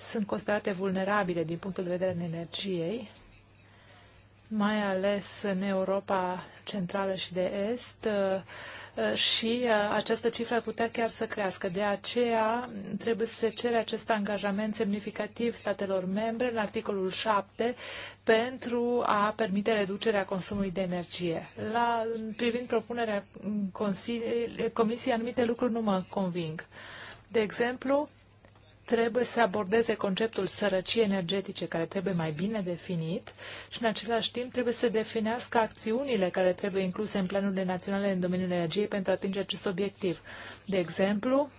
sunt considerate vulnerabile din punctul de vedere al energiei, mai ales în Europa centrală și de est, și uh, această cifră ar putea chiar să crească. De aceea trebuie să se cere acest angajament semnificativ statelor membre în articolul 7 pentru a permite reducerea consumului de energie. La, privind propunerea Comisiei, anumite lucruri nu mă conving. De exemplu, trebuie să abordeze conceptul sărăciei energetice, care trebuie mai bine definit și, în același timp, trebuie să definească acțiunile care trebuie incluse în planurile naționale în domeniul energiei pentru a atinge acest obiectiv. De exemplu,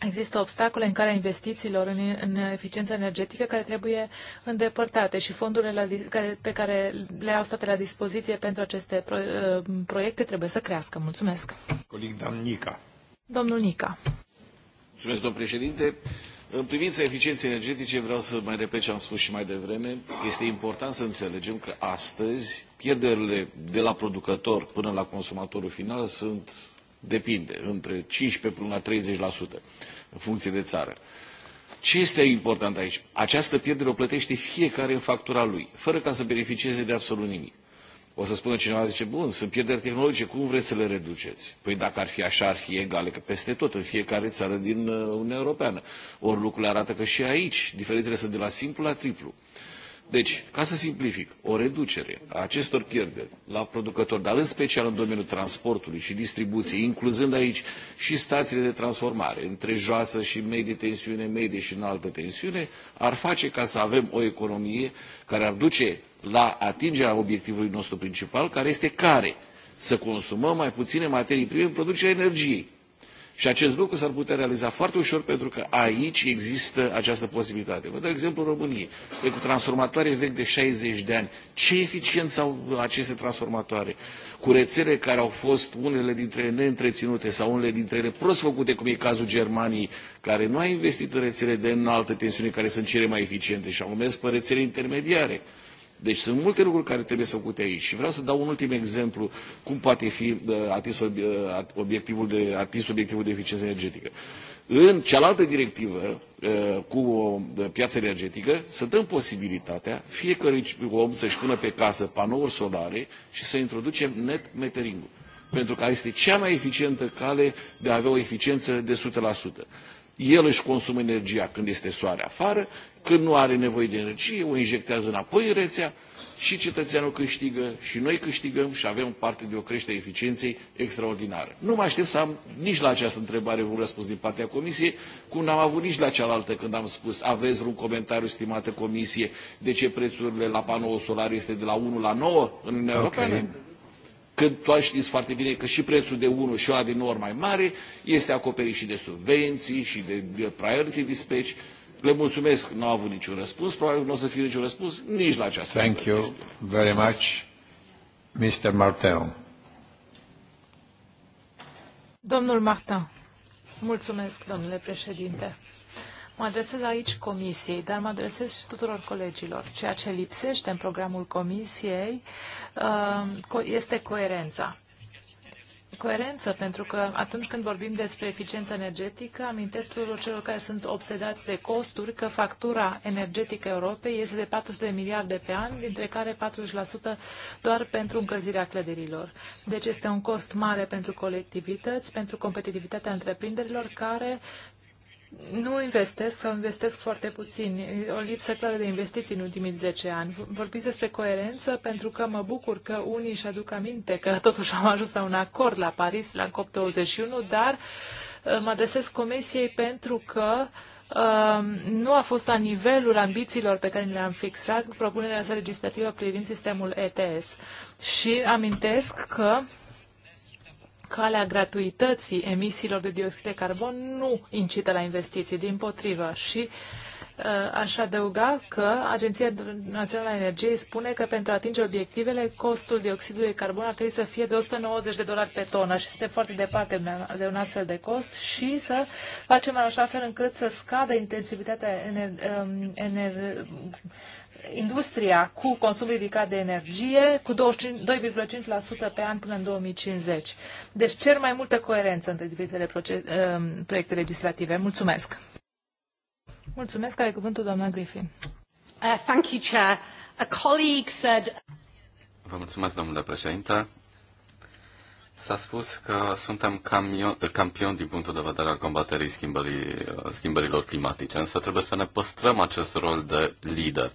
Există obstacole în care investițiilor în, în eficiență energetică care trebuie îndepărtate și fondurile la, care, pe care le au state la dispoziție pentru aceste pro, uh, proiecte trebuie să crească. Mulțumesc. Colic Domnul Nica președinte. În privința eficienței energetice vreau să mai repet ce am spus și mai devreme. Este important să înțelegem că astăzi pierderile de la producător până la consumatorul final sunt, depinde, între 15 până la 30% în funcție de țară. Ce este important aici? Această pierdere o plătește fiecare în factura lui, fără ca să beneficieze de absolut nimic. O să spună cineva, zice, bun, sunt pierderi tehnologice, cum vreți să le reduceți? Păi dacă ar fi așa, ar fi egale, că peste tot, în fiecare țară din uh, Uniunea Europeană. Ori lucrurile arată că și aici diferențele sunt de la simplu la triplu. Deci, ca să simplific, o reducere a acestor pierderi la producători, dar în special în domeniul transportului și distribuției, incluzând aici și stațiile de transformare, între joasă și medie tensiune, medie și înaltă tensiune, ar face ca să avem o economie care ar duce la atingerea obiectivului nostru principal, care este care? Să consumăm mai puține materii prime în producerea energiei și acest lucru s-ar putea realiza foarte ușor pentru că aici există această posibilitate. Vă dau exemplu României. E cu transformatoare vechi de 60 de ani. Ce eficiență au aceste transformatoare? Cu rețele care au fost unele dintre ele neîntreținute sau unele dintre ele prost făcute, cum e cazul Germaniei, care nu a investit în rețele de înaltă tensiune, care sunt cele mai eficiente și au mers pe rețele intermediare. Deci sunt multe lucruri care trebuie făcute aici și vreau să dau un ultim exemplu cum poate fi uh, atins uh, obiectivul de, atins obiectivul de eficiență energetică. În cealaltă directivă uh, cu o piață energetică să dăm posibilitatea fiecărui om să-și pună pe casă panouri solare și să introducem net metering-ul pentru că este cea mai eficientă cale de a avea o eficiență de 100%. El își consumă energia când este soare afară, când nu are nevoie de energie, o injectează înapoi în rețea și cetățeanul câștigă, și noi câștigăm și avem parte de o creștere a eficienței extraordinară. Nu mă aștept să am nici la această întrebare un răspuns din partea Comisiei, cum n-am avut nici la cealaltă când am spus aveți vreun comentariu, stimată Comisie, de ce prețurile la panoul solar este de la 1 la 9 în Uniunea okay. Europeană? Când tu știți foarte bine că și prețul de 1 și o de ori mai mare este acoperit și de subvenții și de priority dispatch le mulțumesc, nu au avut niciun răspuns, probabil nu o să fie niciun răspuns nici la această Thank you very much, Mr. Martin. Domnul Martin, mulțumesc, domnule președinte. Mă adresez aici comisiei, dar mă adresez și tuturor colegilor. Ceea ce lipsește în programul comisiei uh, este coerența coerență, pentru că atunci când vorbim despre eficiență energetică, amintesc tuturor celor care sunt obsedați de costuri că factura energetică Europei este de 400 de miliarde pe an, dintre care 40% doar pentru încălzirea clădirilor. Deci este un cost mare pentru colectivități, pentru competitivitatea întreprinderilor, care nu investesc sau investesc foarte puțin. O lipsă clară de investiții în ultimii 10 ani. Vorbiți despre coerență pentru că mă bucur că unii își aduc aminte că totuși am ajuns la un acord la Paris, la COP21, dar uh, mă adresez Comisiei pentru că uh, nu a fost la nivelul ambițiilor pe care le-am fixat propunerea sa legislativă privind sistemul ETS. Și amintesc că calea gratuității emisiilor de dioxid de carbon nu incită la investiții, din potrivă. Și uh, Aș adăuga că Agenția Națională a Energiei spune că pentru a atinge obiectivele, costul dioxidului de carbon ar trebui să fie de 190 de dolari pe tonă și suntem foarte departe de un astfel de cost și să facem în așa fel încât să scadă intensivitatea ener, um, ener, industria cu consum ridicat de energie cu 2,5% pe an până în 2050. Deci cer mai multă coerență între diferitele um, proiecte legislative. Mulțumesc! Mulțumesc, are cuvântul doamna Griffin. Uh, thank you, Chair. A colleague said... Vă mulțumesc, domnule președinte. S-a spus că suntem campion campioni din punctul de vedere al combaterii uh, schimbărilor climatice, însă trebuie să ne păstrăm acest rol de lider.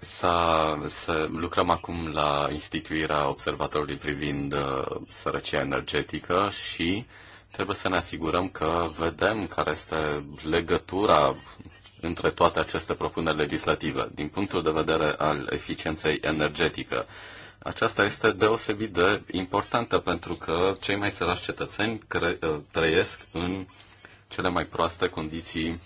Să, să lucrăm acum la instituirea observatorului privind uh, sărăcia energetică și trebuie să ne asigurăm că vedem care este legătura între toate aceste propuneri legislative din punctul de vedere al eficienței energetică. Aceasta este deosebit de importantă pentru că cei mai sărași cetățeni uh, trăiesc în cele mai proaste condiții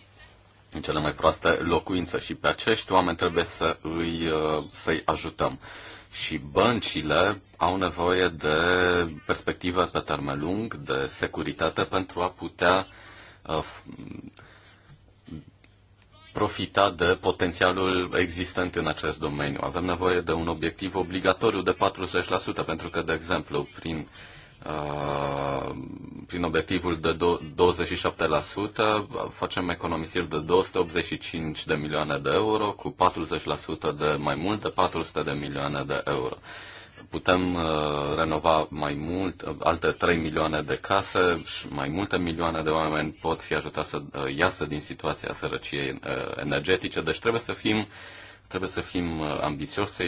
în cele mai proaste locuințe și pe acești oameni trebuie să îi, uh, să-i ajutăm. Și băncile au nevoie de perspective pe termen lung, de securitate pentru a putea uh, profita de potențialul existent în acest domeniu. Avem nevoie de un obiectiv obligatoriu de 40%, pentru că, de exemplu, prin uh, Uh, prin obiectivul de 27%, facem economisiri de 285 de milioane de euro cu 40% de mai mult de 400 de milioane de euro. Putem uh, renova mai mult, uh, alte 3 milioane de case și mai multe milioane de oameni pot fi ajutați să iasă din situația sărăciei energetice, deci trebuie să fim, trebuie să fim ambițioși, să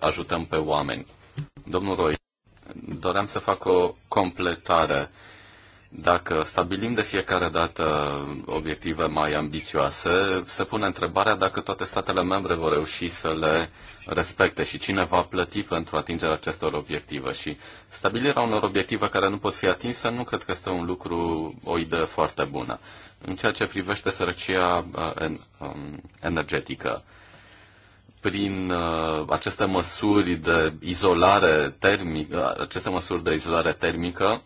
ajutăm pe oameni. Domnul Roy doream să fac o completare. Dacă stabilim de fiecare dată obiective mai ambițioase, se pune întrebarea dacă toate statele membre vor reuși să le respecte și cine va plăti pentru atingerea acestor obiective. Și stabilirea unor obiective care nu pot fi atinse nu cred că este un lucru, o idee foarte bună. În ceea ce privește sărăcia uh, um, energetică, prin uh, aceste măsuri de izolare termică, uh, aceste măsuri de izolare termică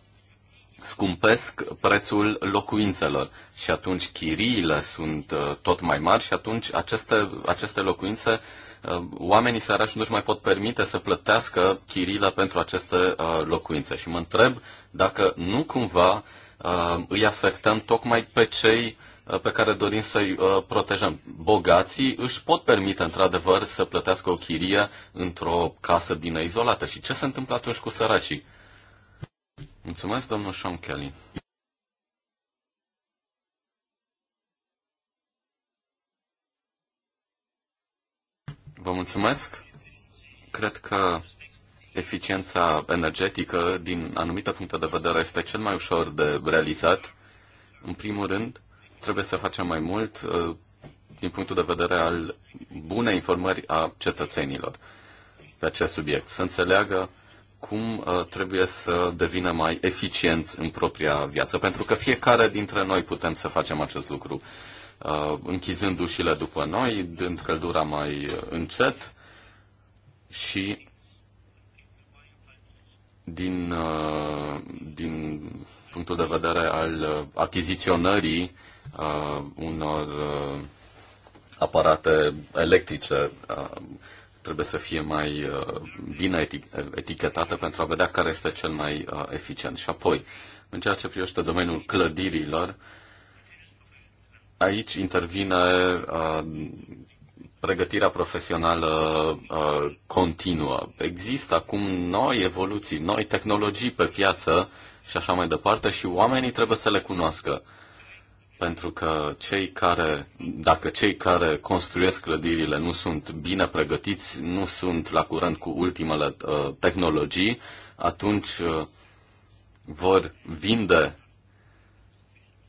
scumpesc prețul locuințelor și atunci chiriile sunt uh, tot mai mari și atunci aceste, aceste locuințe uh, oamenii sărași nu-și mai pot permite să plătească chiriile pentru aceste uh, locuințe. Și mă întreb dacă nu cumva uh, îi afectăm tocmai pe cei uh, pe care dorim să-i uh, protejăm. Bogații își pot permite, într-adevăr, să plătească o chirie într-o casă bine izolată. Și ce se întâmplă atunci cu săracii? Mulțumesc, domnul Sean Kelly. Vă mulțumesc. Cred că eficiența energetică, din anumite puncte de vedere, este cel mai ușor de realizat. În primul rând, Trebuie să facem mai mult uh, din punctul de vedere al bunei informări a cetățenilor pe acest subiect, să înțeleagă cum uh, trebuie să devină mai eficienți în propria viață, pentru că fiecare dintre noi putem să facem acest lucru uh, închizând ușile după noi, dând căldura mai încet și din, din punctul de vedere al achiziționării uh, unor uh, aparate electrice uh, trebuie să fie mai uh, bine etichetate etichetată pentru a vedea care este cel mai uh, eficient. Și apoi, în ceea ce privește domeniul clădirilor, aici intervine uh, pregătirea profesională uh, continuă. Există acum noi evoluții, noi tehnologii pe piață și așa mai departe și oamenii trebuie să le cunoască. Uh, pentru că cei care, dacă cei care construiesc clădirile nu sunt bine pregătiți, nu sunt la curent cu ultimele uh, tehnologii, atunci uh, vor vinde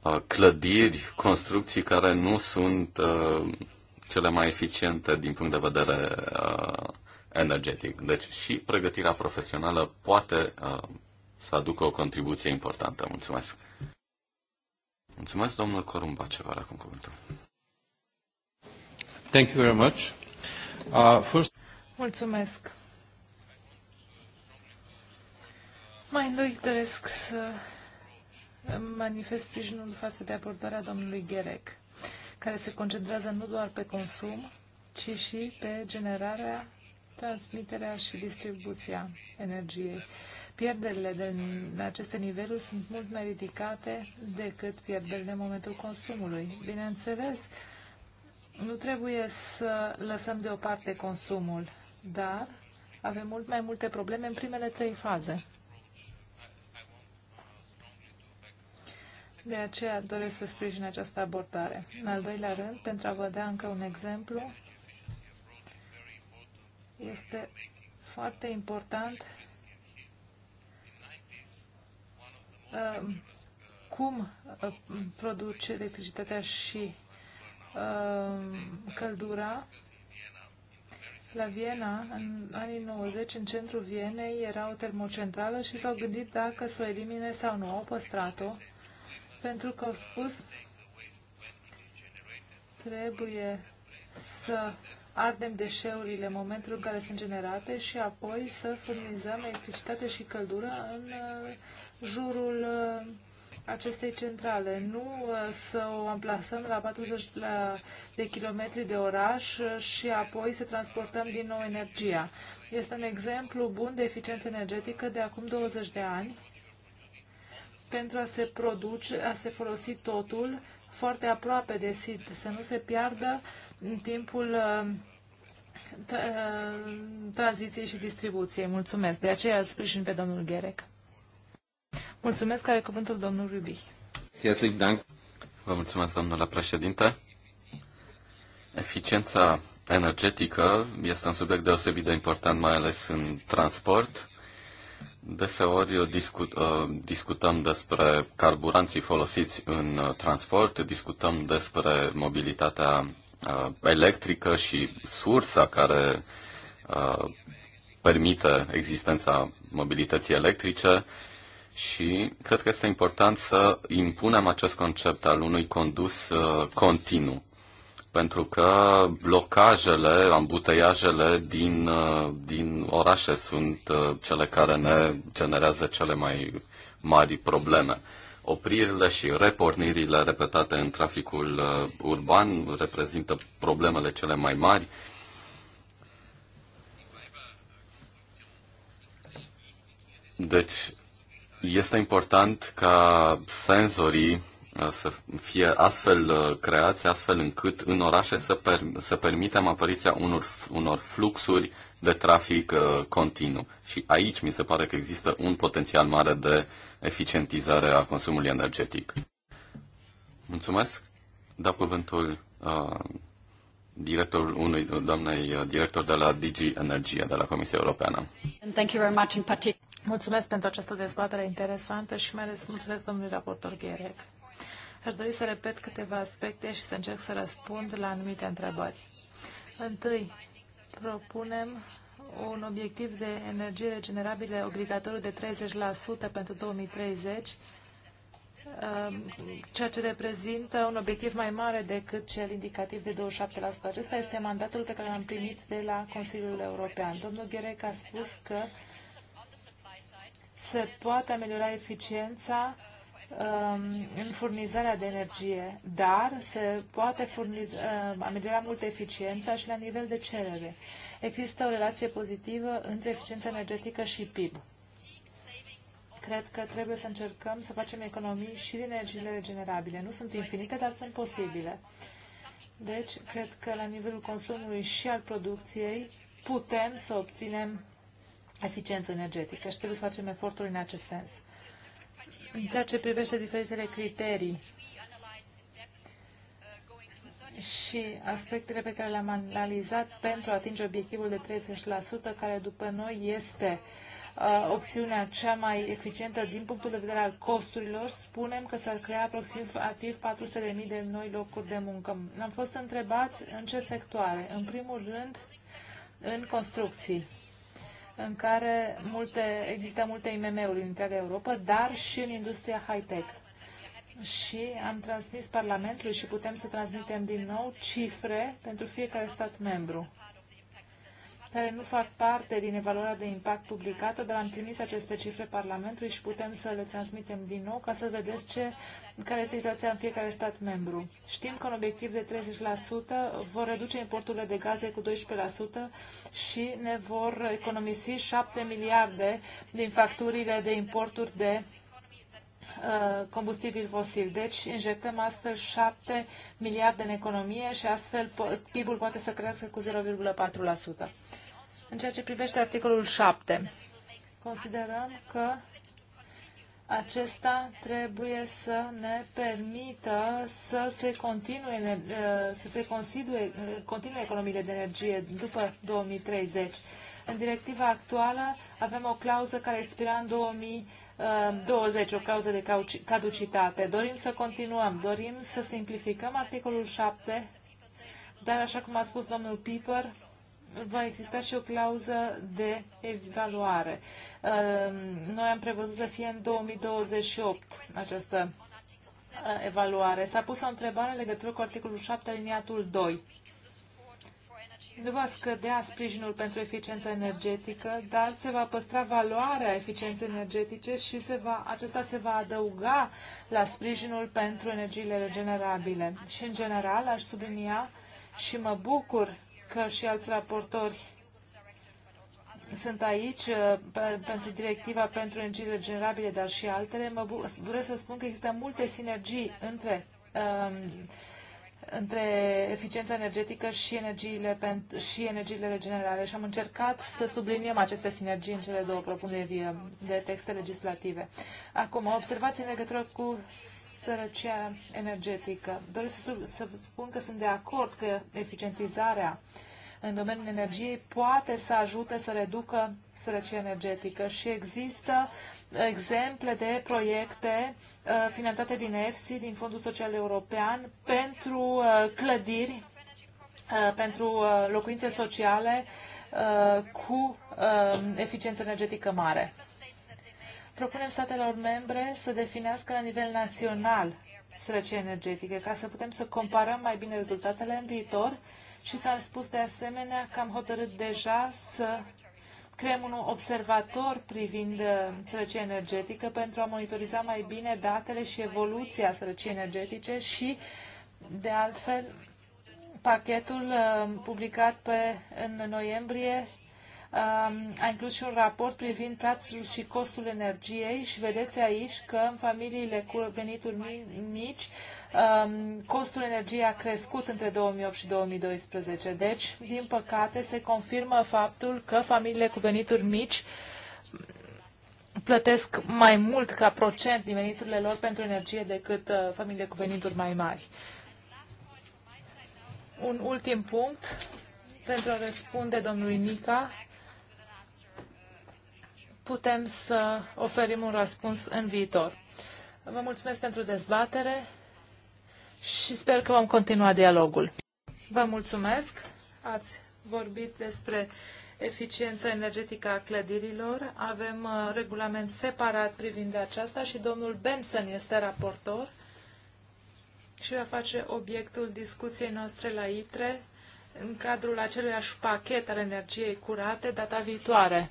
uh, clădiri, construcții care nu sunt uh, cele mai eficiente din punct de vedere uh, energetic. Deci și pregătirea profesională poate uh, să aducă o contribuție importantă. Mulțumesc! Mulțumesc, domnul Corumba, ce vă acum cuvântul. Thank you very much. Uh, first... Mulțumesc. Mai întâi doresc să manifest sprijinul față de abordarea domnului Gherec, care se concentrează nu doar pe consum, ci și pe generarea, transmiterea și distribuția energiei pierderile din aceste niveluri sunt mult mai ridicate decât pierderile în momentul consumului. Bineînțeles, nu trebuie să lăsăm deoparte consumul, dar avem mult mai multe probleme în primele trei faze. De aceea doresc să sprijin această abordare. În al doilea rând, pentru a vă da încă un exemplu, este foarte important Ehm, cum ehm, produce electricitatea și ehm, căldura. La Viena, în anii 90, în centrul Vienei, era o termocentrală și s-au gândit dacă să o elimine sau nu. Au păstrat-o pentru că au spus trebuie să ardem deșeurile în momentul în care sunt generate și apoi să furnizăm electricitate și căldură în uh, jurul uh, acestei centrale, nu uh, să o amplasăm la 40 de kilometri de oraș uh, și apoi să transportăm din nou energia. Este un exemplu bun de eficiență energetică de acum 20 de ani pentru a se produce, a se folosi totul foarte aproape de sit, să nu se piardă în timpul tranziției și distribuției. Mulțumesc. De aceea îl sprijin pe domnul Gherec. Mulțumesc, care cuvântul domnul Rubi. Vă mulțumesc, domnule președinte. Eficiența energetică este un subiect deosebit de important, mai ales în transport. Deseori discut, uh, discutăm despre carburanții folosiți în transport, discutăm despre mobilitatea uh, electrică și sursa care uh, permite existența mobilității electrice și cred că este important să impunem acest concept al unui condus uh, continuu pentru că blocajele, ambuteiajele din, uh, din orașe sunt uh, cele care ne generează cele mai mari probleme. Opririle și repornirile repetate în traficul urban reprezintă problemele cele mai mari. Deci, este important ca senzorii uh, să fie astfel uh, creați, astfel încât în orașe să, per, să permitem apariția unor, unor fluxuri de trafic uh, continuu. Și aici mi se pare că există un potențial mare de eficientizare a consumului energetic. Mulțumesc. Da cuvântul uh, director, unui, doamnei uh, director de la DG Energia, de la Comisia Europeană. Thank you very much in particular. Mulțumesc pentru această dezbatere interesantă și mai ales mulțumesc domnului raportor Gherec. Aș dori să repet câteva aspecte și să încerc să răspund la anumite întrebări. Întâi, propunem un obiectiv de energie regenerabile obligatoriu de 30% pentru 2030 Um, ceea ce reprezintă un obiectiv mai mare decât cel indicativ de 27%. Acesta este mandatul pe care l-am primit de la Consiliul European. Domnul Gherec a spus că se poate ameliora eficiența um, în furnizarea de energie, dar se poate furniza, um, ameliora mult eficiența și la nivel de cerere. Există o relație pozitivă între eficiența energetică și PIB cred că trebuie să încercăm să facem economii și din energiile regenerabile. Nu sunt infinite, dar sunt posibile. Deci, cred că la nivelul consumului și al producției putem să obținem eficiență energetică și trebuie să facem eforturi în acest sens. În ceea ce privește diferitele criterii și aspectele pe care le-am analizat pentru a atinge obiectivul de 30%, care după noi este uh, Uh, opțiunea cea mai eficientă din punctul de vedere al costurilor, spunem că s-ar crea aproximativ 400.000 de noi locuri de muncă. Am fost întrebați în ce sectoare. În primul rând, în construcții în care multe, există multe IMM-uri în întreaga Europa, dar și în industria high-tech. Și am transmis Parlamentului și putem să transmitem din nou cifre pentru fiecare stat membru care nu fac parte din evaluarea de impact publicată, dar am trimis aceste cifre Parlamentului și putem să le transmitem din nou ca să vedeți ce, care este situația în fiecare stat membru. Știm că un obiectiv de 30% vor reduce importurile de gaze cu 12% și ne vor economisi 7 miliarde din facturile de importuri de Uh, combustibili fosili. Deci injectăm astfel 7 miliarde în economie și astfel PIB-ul poate să crească cu 0,4%. În ceea ce privește articolul 7, considerăm că acesta trebuie să ne permită să se continue, uh, să se considue, uh, continue economiile de energie după 2030. În directiva actuală avem o clauză care expira în 2000 20, o cauză de caducitate. Dorim să continuăm, dorim să simplificăm articolul 7, dar așa cum a spus domnul Piper, va exista și o clauză de evaluare. Noi am prevăzut să fie în 2028 această evaluare. S-a pus o întrebare în legătură cu articolul 7, aliniatul 2. Nu va scădea sprijinul pentru eficiența energetică, dar se va păstra valoarea eficienței energetice și se va, acesta se va adăuga la sprijinul pentru energiile regenerabile. Și, în general, aș sublinia și mă bucur că și alți raportori sunt aici uh, pe, pentru directiva pentru energiile regenerabile, dar și altele. Mă doresc să spun că există multe sinergii între uh, între eficiența energetică și energiile, și energiile regenerabile și am încercat să subliniem aceste sinergii în cele două propuneri de texte legislative. Acum, observație în legătură cu sărăcia energetică. Doresc să, să spun că sunt de acord că eficientizarea în domeniul energiei poate să ajute să reducă sărăcia energetică și există exemple de proiecte uh, finanțate din EFSI, din Fondul Social European, pentru uh, clădiri, uh, pentru locuințe sociale cu eficiență energetică mare. Propunem statelor membre să definească la nivel național sărăcie energetică, ca să putem să comparăm mai bine rezultatele în viitor și s-a spus de asemenea că am hotărât deja să creăm un observator privind uh, sărăcia energetică pentru a monitoriza mai bine datele și evoluția sărăciei energetice și, de altfel, pachetul uh, publicat pe, în noiembrie um, a inclus și un raport privind prețul și costul energiei și vedeți aici că în familiile cu venituri mici Um, costul energiei a crescut între 2008 și 2012, deci, din păcate, se confirmă faptul că familiile cu venituri mici plătesc mai mult ca procent din veniturile lor pentru energie decât uh, familiile cu venituri mai mari. Un ultim punct pentru a răspunde domnului Nica. Putem să oferim un răspuns în viitor. Vă mulțumesc pentru dezbatere și sper că vom continua dialogul. Vă mulțumesc. Ați vorbit despre eficiența energetică a clădirilor. Avem uh, regulament separat privind aceasta și domnul Benson este raportor și va face obiectul discuției noastre la ITRE în cadrul aceluiași pachet al energiei curate data viitoare.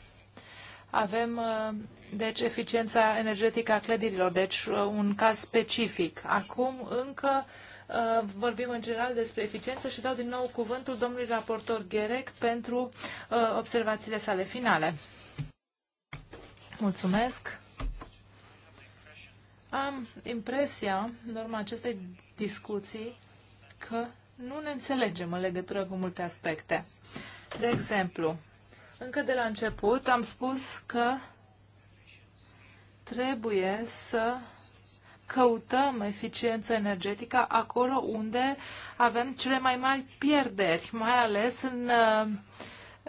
Avem, uh, deci, eficiența energetică a clădirilor, deci uh, un caz specific. Acum încă uh, vorbim în general despre eficiență și dau din nou cuvântul domnului raportor Gherec pentru observațiile sale finale. Mulțumesc. Am impresia, în urma acestei discuții, că nu ne înțelegem în legătură cu multe aspecte. De exemplu, încă de la început am spus că trebuie să căutăm eficiență energetică acolo unde avem cele mai mari pierderi, mai ales în uh,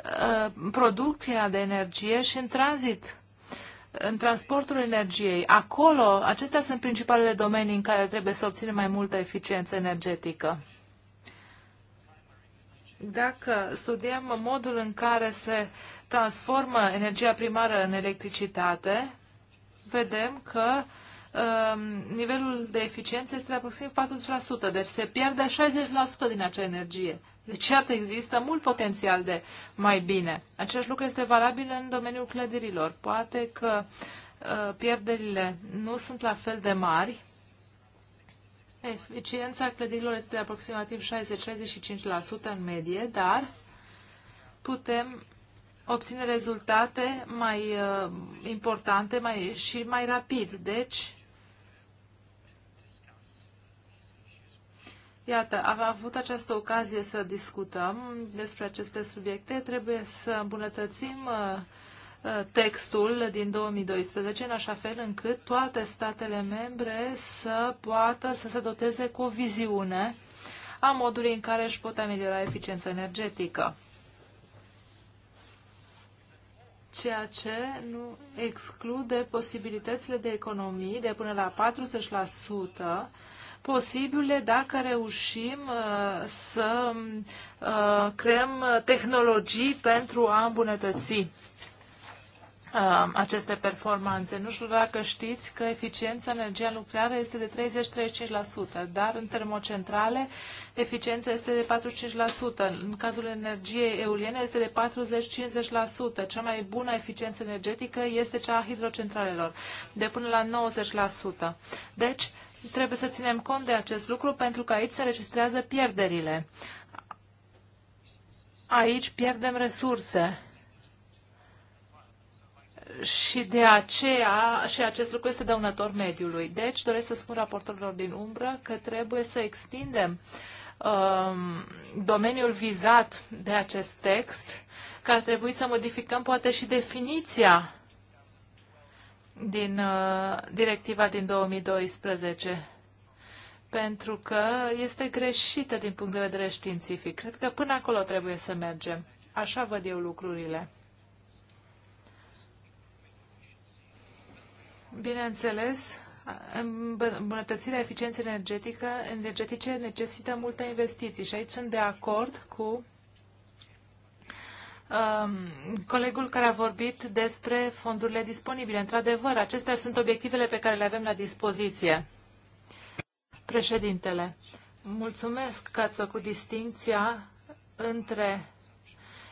uh, producția de energie și în tranzit, în transportul energiei. Acolo, acestea sunt principalele domenii în care trebuie să obținem mai multă eficiență energetică. Dacă studiem modul în care se transformă energia primară în electricitate, vedem că um, nivelul de eficiență este de aproximativ 40%, deci se pierde 60% din acea energie. Deci, iată, există mult potențial de mai bine. Același lucru este valabil în domeniul clădirilor. Poate că uh, pierderile nu sunt la fel de mari, eficiența clădirilor este de aproximativ 60-65% în medie, dar putem obține rezultate mai uh, importante mai, și mai rapid. Deci, Iată, am avut această ocazie să discutăm despre aceste subiecte. Trebuie să îmbunătățim uh, textul din 2012, în așa fel încât toate statele membre să poată să se doteze cu o viziune a modului în care își pot ameliora eficiența energetică. Ceea ce nu exclude posibilitățile de economii de până la 40% posibile dacă reușim uh, să uh, creăm tehnologii pentru a îmbunătăți Uh, aceste performanțe. Nu știu dacă știți că eficiența energia nucleară este de 30-35%, dar în termocentrale eficiența este de 45%, în cazul energiei eoliene este de 40-50%, cea mai bună eficiență energetică este cea a hidrocentralelor, de până la 90%. Deci, trebuie să ținem cont de acest lucru pentru că aici se registrează pierderile. Aici pierdem resurse și de aceea, și acest lucru este dăunător mediului. Deci, doresc să spun raportorilor din umbră că trebuie să extindem um, domeniul vizat de acest text, că ar trebui să modificăm poate și definiția din uh, directiva din 2012 pentru că este greșită din punct de vedere științific. Cred că până acolo trebuie să mergem. Așa văd eu lucrurile. Bineînțeles, îmbunătățirea eficienței energetică, energetice necesită multe investiții și aici sunt de acord cu um, colegul care a vorbit despre fondurile disponibile. Într-adevăr, acestea sunt obiectivele pe care le avem la dispoziție. Președintele, mulțumesc că ați făcut distinția între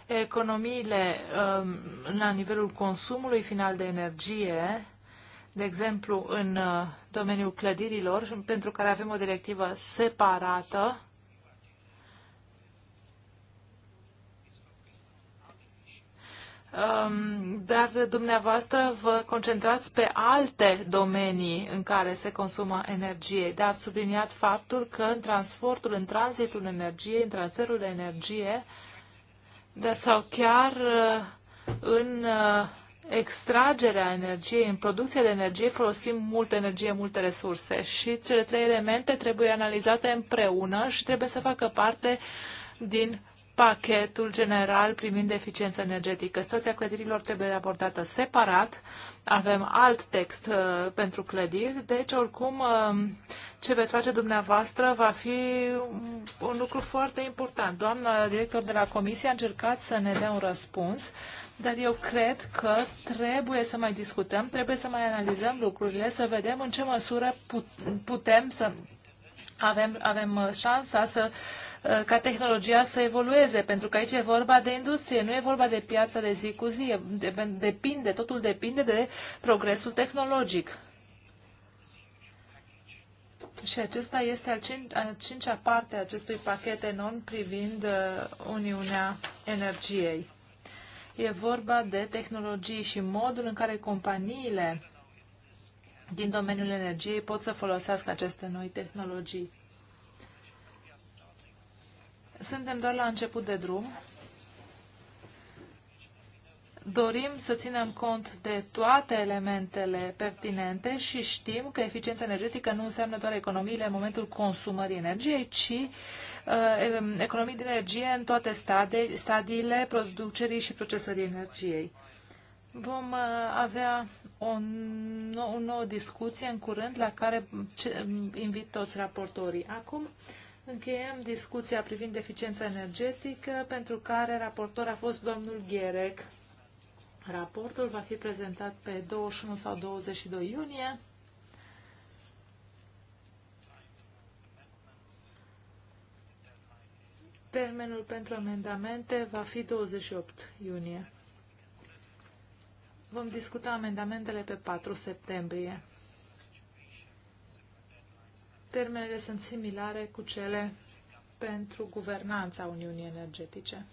economiile um, la nivelul consumului final de energie de exemplu, în uh, domeniul clădirilor, pentru care avem o directivă separată, um, dar dumneavoastră vă concentrați pe alte domenii în care se consumă energie, dar subliniat faptul că în transportul, în tranzitul energiei, în transferul de energie, dar sau chiar uh, în uh, extragerea energiei, în producția de energie folosim multă energie, multe resurse și cele trei elemente trebuie analizate împreună și trebuie să facă parte din pachetul general privind eficiența energetică. Situația clădirilor trebuie abordată separat. Avem alt text uh, pentru clădiri, deci oricum uh, ce veți face dumneavoastră va fi un lucru foarte important. Doamna director de la Comisie a încercat să ne dea un răspuns. Uh, dar eu cred că trebuie să mai discutăm, trebuie să mai analizăm lucrurile, să vedem în ce măsură putem să avem, avem uh, șansa să uh, ca tehnologia să evolueze, pentru că aici e vorba de industrie, nu e vorba de piața de zi cu zi, depinde, totul depinde de progresul tehnologic. Și acesta este al a cincea parte a acestui pachet enorm privind uh, Uniunea Energiei. E vorba de tehnologii și modul în care companiile din domeniul energiei pot să folosească aceste noi tehnologii. Suntem doar la început de drum. Dorim să ținem cont de toate elementele pertinente și știm că eficiența energetică nu înseamnă doar economiile în momentul consumării energiei, ci Uh, economii de energie în toate stadiile producerii și procesării energiei. Vom uh, avea o, o nouă discuție în curând la care invit toți raportorii. Acum încheiem discuția privind eficiența energetică, pentru care raportor a fost domnul Gherec. Raportul va fi prezentat pe 21 sau 22 iunie. Termenul pentru amendamente va fi 28 iunie. Vom discuta amendamentele pe 4 septembrie. Termenele sunt similare cu cele pentru guvernanța Uniunii Energetice.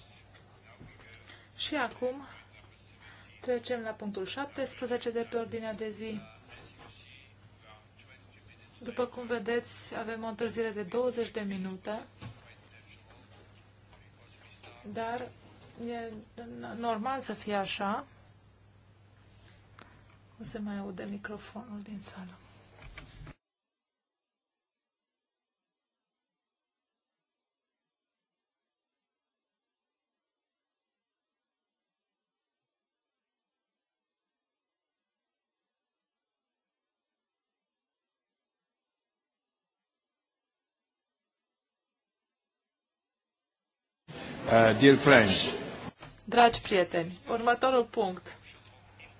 Și acum trecem la punctul 17 de pe ordinea de zi. După cum vedeți, avem o întârziere de 20 de minute dar e normal să fie așa. Nu se mai aude microfonul din sală. Uh, dear friends. Dragi prieteni, următorul punct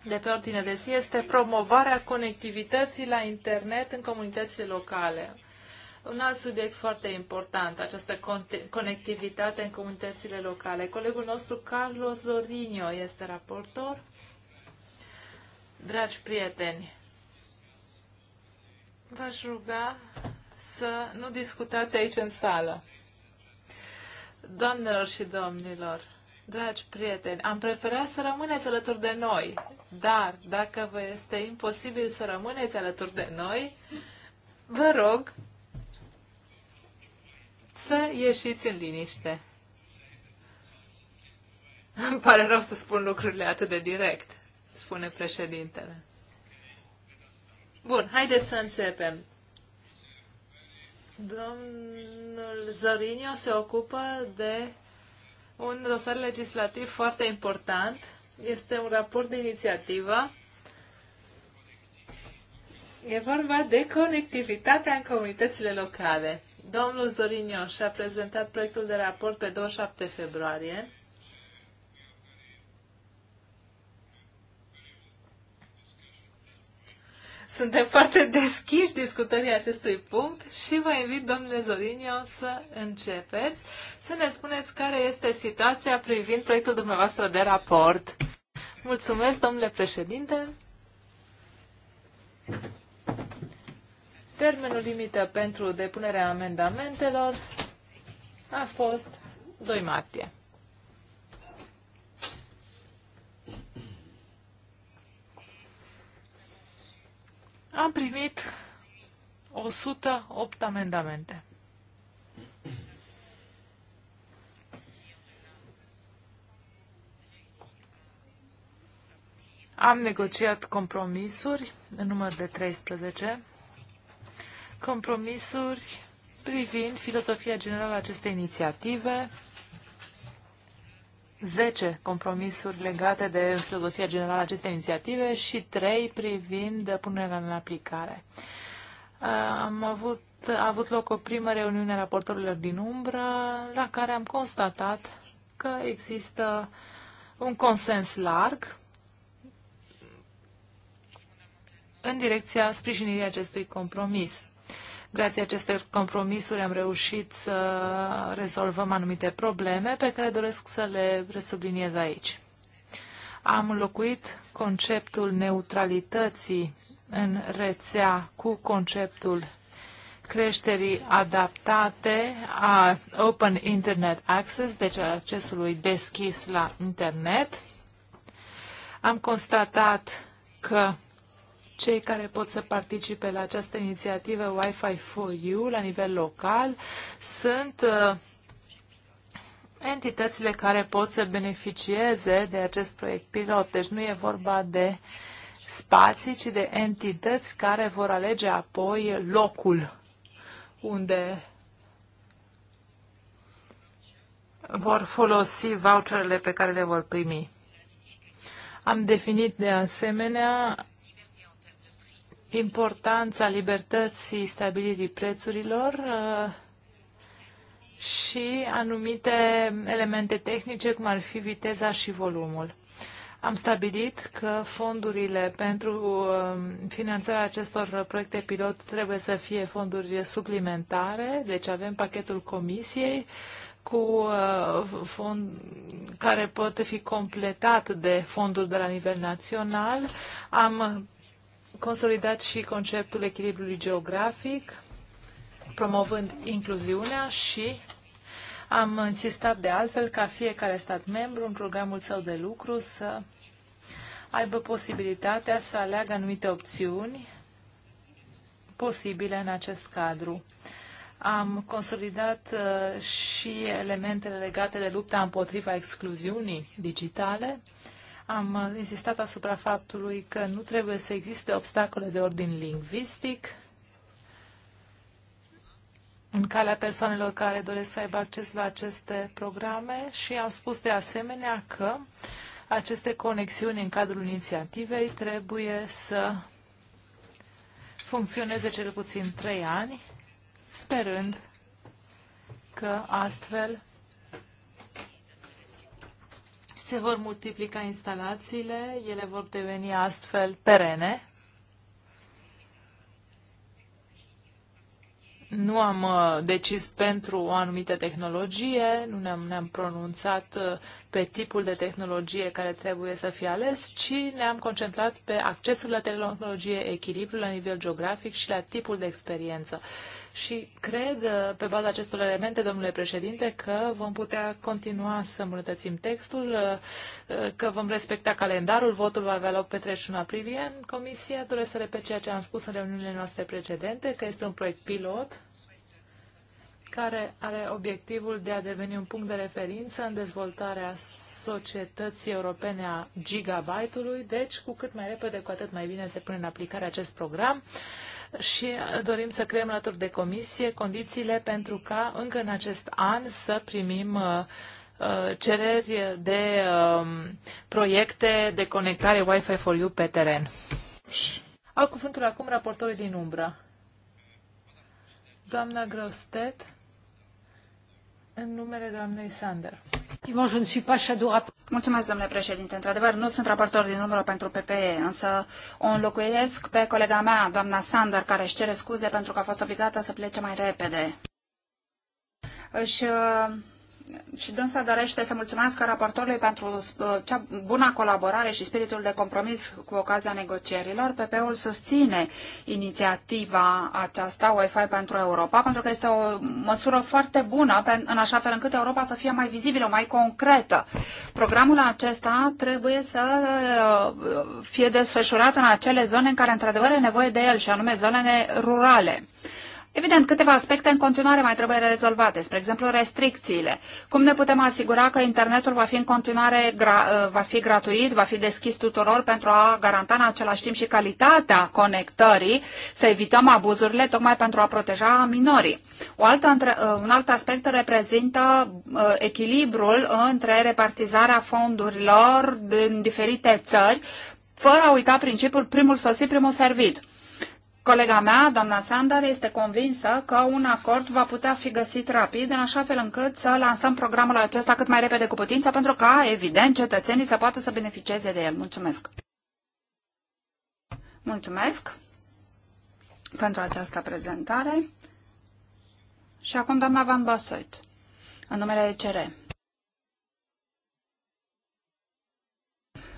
de pe ordine de zi este promovarea conectivității la internet în comunitățile locale. Un alt subiect foarte important, această conectivitate în comunitățile locale. Colegul nostru, Carlos Zorinio, este raportor. Dragi prieteni, v-aș ruga să nu discutați aici în sală. Doamnelor și domnilor, dragi prieteni, am preferat să rămâneți alături de noi, dar dacă vă este imposibil să rămâneți alături de noi, vă rog să ieșiți în liniște. Îmi pare rău să spun lucrurile atât de direct, spune președintele. Bun, haideți să începem. Domnul Zorinio se ocupă de un dosar legislativ foarte important. Este un raport de inițiativă. E vorba de conectivitatea în comunitățile locale. Domnul Zorinio și-a prezentat proiectul de raport pe 27 februarie. Suntem foarte deschiși discutării acestui punct și vă invit, domnule Zorinio, să începeți, să ne spuneți care este situația privind proiectul dumneavoastră de raport. Mulțumesc, domnule președinte. Termenul limită pentru depunerea amendamentelor a fost 2 martie. Am primit 108 amendamente. Am negociat compromisuri în număr de 13, compromisuri privind filozofia generală a acestei inițiative, 10 compromisuri legate de filozofia generală a acestei inițiative și 3 privind punerea în aplicare. Uh, am avut, a avut loc o primă reuniune a raportorilor din umbră, la care am constatat că există un consens larg în direcția sprijinirii acestui compromis. Grație acestor compromisuri am reușit să rezolvăm anumite probleme pe care doresc să le resubliniez aici. Am înlocuit conceptul neutralității în rețea cu conceptul creșterii adaptate a Open Internet Access, deci a accesului deschis la internet. Am constatat că cei care pot să participe la această inițiativă Wi-Fi for You la nivel local sunt uh, entitățile care pot să beneficieze de acest proiect pilot. Deci nu e vorba de spații, ci de entități care vor alege apoi locul unde vor folosi voucherele pe care le vor primi. Am definit de asemenea importanța libertății stabilirii prețurilor uh, și anumite elemente tehnice, cum ar fi viteza și volumul. Am stabilit că fondurile pentru uh, finanțarea acestor proiecte pilot trebuie să fie fonduri suplimentare, deci avem pachetul comisiei cu uh, fond care pot fi completat de fonduri de la nivel național. Am consolidat și conceptul echilibrului geografic, promovând incluziunea și am insistat de altfel ca fiecare stat membru în programul său de lucru să aibă posibilitatea să aleagă anumite opțiuni posibile în acest cadru. Am consolidat uh, și elementele legate de lupta împotriva excluziunii digitale am insistat asupra faptului că nu trebuie să existe obstacole de ordin lingvistic în calea persoanelor care doresc să aibă acces la aceste programe și am spus de asemenea că aceste conexiuni în cadrul inițiativei trebuie să funcționeze cel puțin trei ani, sperând că astfel se vor multiplica instalațiile, ele vor deveni astfel perene. Nu am uh, decis pentru o anumită tehnologie, nu ne-am, ne-am pronunțat uh, pe tipul de tehnologie care trebuie să fie ales, ci ne-am concentrat pe accesul la tehnologie, echilibru la nivel geografic și la tipul de experiență. Și cred, uh, pe baza acestor elemente, domnule președinte, că vom putea continua să îmbunătățim textul, uh, uh, că vom respecta calendarul, votul va avea loc pe 31 aprilie. Comisia doresc să repet ceea ce am spus în reuniunile noastre precedente, că este un proiect pilot care are obiectivul de a deveni un punct de referință în dezvoltarea societății europene a gigabyte-ului, deci cu cât mai repede, cu atât mai bine se pune în aplicare acest program și dorim să creăm alături de comisie condițiile pentru ca încă în acest an să primim uh, uh, cereri de um, proiecte de conectare Wi-Fi for You pe teren. Au cuvântul acum raportorul din umbră. Doamna Grostet în numele doamnei Sander. Mulțumesc, domnule președinte. Într-adevăr, nu sunt raportor din numără pentru PPE, însă o înlocuiesc pe colega mea, doamna Sander, care își cere scuze pentru că a fost obligată să plece mai repede. Își uh, și dânsa dorește să mulțumesc raportorului pentru uh, cea bună colaborare și spiritul de compromis cu ocazia negocierilor. PP-ul susține inițiativa aceasta Wi-Fi pentru Europa pentru că este o măsură foarte bună în așa fel încât Europa să fie mai vizibilă, mai concretă. Programul acesta trebuie să uh, fie desfășurat în acele zone în care într-adevăr e nevoie de el și anume zonele rurale. Evident, câteva aspecte în continuare mai trebuie rezolvate, spre exemplu restricțiile. Cum ne putem asigura că internetul va fi în continuare uh, va fi gratuit, va fi deschis tuturor pentru a garanta în același timp și calitatea conectării, să evităm abuzurile tocmai pentru a proteja minorii. O altă, uh, un alt aspect reprezintă uh, echilibrul între repartizarea fondurilor din diferite țări, fără a uita principiul primul sosit, primul servit. Colega mea, doamna Sander, este convinsă că un acord va putea fi găsit rapid, în așa fel încât să lansăm programul acesta cât mai repede cu putință, pentru ca, evident, cetățenii să poată să beneficieze de el. Mulțumesc! Mulțumesc pentru această prezentare. Și acum doamna Van Bosoit, în numele ECR.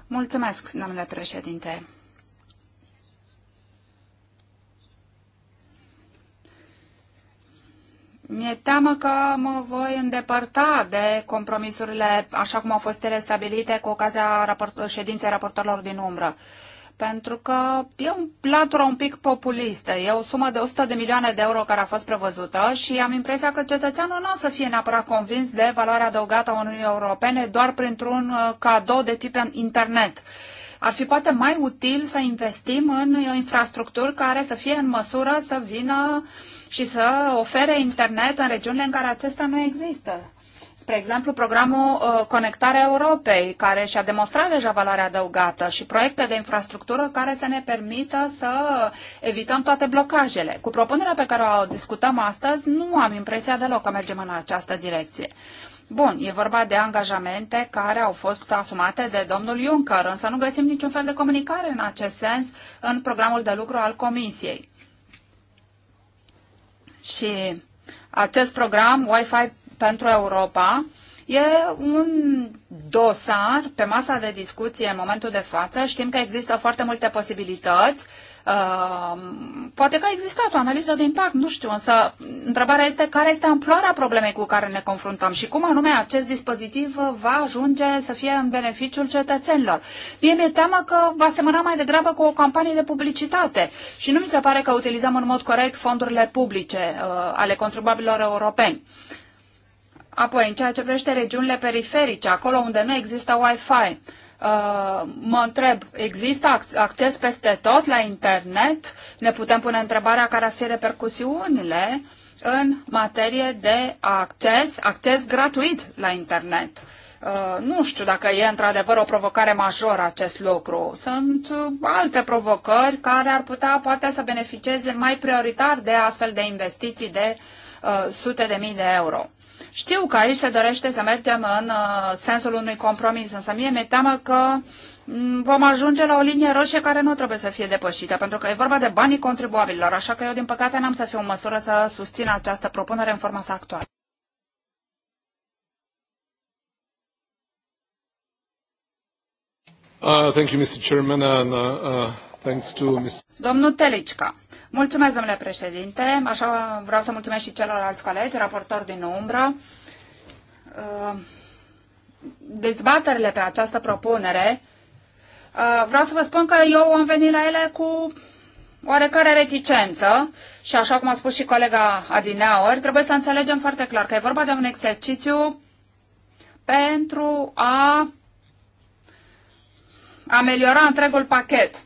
Mulțumesc, domnule președinte. Mi-e teamă că mă voi îndepărta de compromisurile așa cum au fost ele stabilite cu ocazia raport- ședinței raportorilor din umbră. Pentru că e un latura un pic populistă. E o sumă de 100 de milioane de euro care a fost prevăzută și am impresia că cetățeanul nu o să fie neapărat convins de valoarea adăugată a Uniunii Europene doar printr-un uh, cadou de tip internet ar fi poate mai util să investim în uh, infrastructuri care să fie în măsură să vină și să ofere internet în regiunile în care acesta nu există. Spre exemplu, programul uh, Conectarea Europei, care și-a demonstrat deja valoarea adăugată și proiecte de infrastructură care să ne permită să evităm toate blocajele. Cu propunerea pe care o discutăm astăzi, nu am impresia deloc că mergem în această direcție. Bun, e vorba de angajamente care au fost asumate de domnul Juncker, însă nu găsim niciun fel de comunicare în acest sens în programul de lucru al Comisiei. Și acest program Wi-Fi pentru Europa e un dosar pe masa de discuție în momentul de față. Știm că există foarte multe posibilități Uh, poate că a existat o analiză de impact, nu știu, însă întrebarea este care este amploarea problemei cu care ne confruntăm și cum anume acest dispozitiv va ajunge să fie în beneficiul cetățenilor. Mie mi-e teamă că va semăna mai degrabă cu o campanie de publicitate și nu mi se pare că utilizăm în mod corect fondurile publice uh, ale contribuabililor europeni. Uh, Apoi, în ceea ce privește regiunile periferice, acolo unde nu există Wi-Fi, Uh, mă întreb, există acces peste tot la internet? Ne putem pune întrebarea care ar fi repercusiunile în materie de acces, acces gratuit la internet. Uh, nu știu dacă e într-adevăr o provocare majoră acest lucru. Sunt uh, alte provocări care ar putea poate să beneficieze mai prioritar de astfel de investiții de uh, sute de mii de euro. Știu că aici se dorește să mergem în uh, sensul unui compromis, însă mie mi-e teamă că mm, vom ajunge la o linie roșie care nu trebuie să fie depășită, pentru că e vorba de banii contribuabililor, așa că eu, din păcate, n-am să fiu în măsură să susțin această propunere în forma sa actuală. Uh, thank you, Mr. Chairman, and uh, uh, thanks to Mr. Domnul Telicca. Mulțumesc, domnule președinte. Așa vreau să mulțumesc și celorlalți colegi, raportori din umbră. Uh, dezbaterile pe această propunere, uh, vreau să vă spun că eu am venit la ele cu oarecare reticență și așa cum a spus și colega Adinaur, trebuie să înțelegem foarte clar că e vorba de un exercițiu pentru a ameliora întregul pachet.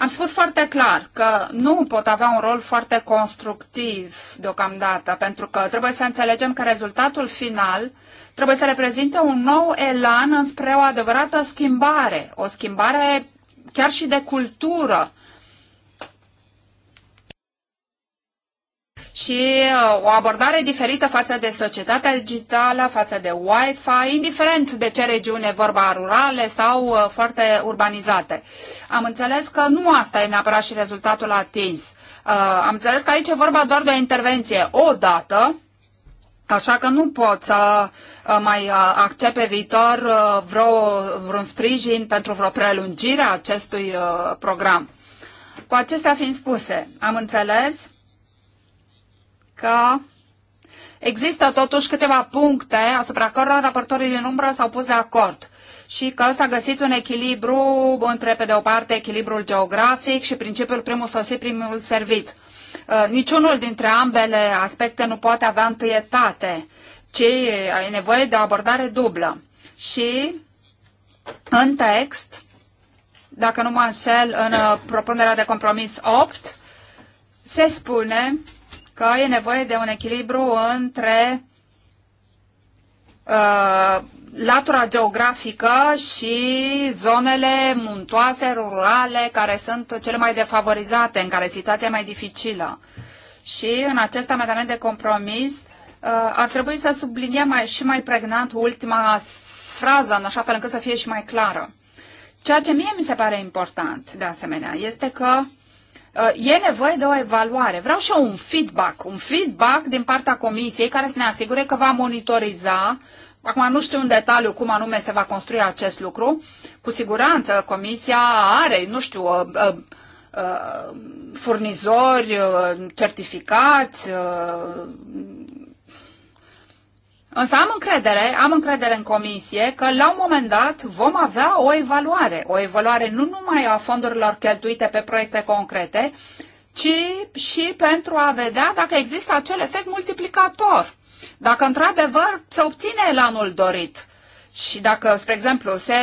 Am spus foarte clar că nu pot avea un rol foarte constructiv deocamdată, pentru că trebuie să înțelegem că rezultatul final trebuie să reprezinte un nou elan înspre o adevărată schimbare, o schimbare chiar și de cultură, și uh, o abordare diferită față de societatea digitală, față de Wi-Fi, indiferent de ce regiune vorba rurale sau uh, foarte urbanizate. Am înțeles că nu asta e neapărat și rezultatul atins. Uh, am înțeles că aici e vorba doar de o intervenție o dată, Așa că nu pot să mai accept pe viitor vreo, vreun sprijin pentru vreo prelungire a acestui program. Cu acestea fiind spuse, am înțeles că există totuși câteva puncte asupra cărora raportorii din umbră s-au pus de acord și că s-a găsit un echilibru între, pe de o parte, echilibrul geografic și principiul primul sosit, primul servit. Uh, niciunul dintre ambele aspecte nu poate avea întâietate, ci ai nevoie de o abordare dublă. Și în text, dacă nu mă înșel, în uh, propunerea de compromis 8, se spune că e nevoie de un echilibru între uh, latura geografică și zonele muntoase, rurale, care sunt cele mai defavorizate, în care situația e mai dificilă. Și în acest amendament de compromis uh, ar trebui să subliniem mai, și mai pregnant ultima frază, în așa fel încât să fie și mai clară. Ceea ce mie mi se pare important, de asemenea, este că Uh, e nevoie de o evaluare. Vreau și eu un feedback, un feedback din partea comisiei care să ne asigure că va monitoriza Acum nu știu în detaliu cum anume se va construi acest lucru. Cu siguranță comisia are, nu știu, a, a, a, furnizori uh, certificați, uh, Însă am încredere, am încredere în comisie că la un moment dat vom avea o evaluare, o evaluare nu numai a fondurilor cheltuite pe proiecte concrete, ci și pentru a vedea dacă există acel efect multiplicator. Dacă într-adevăr se obține elanul dorit și dacă, spre exemplu, se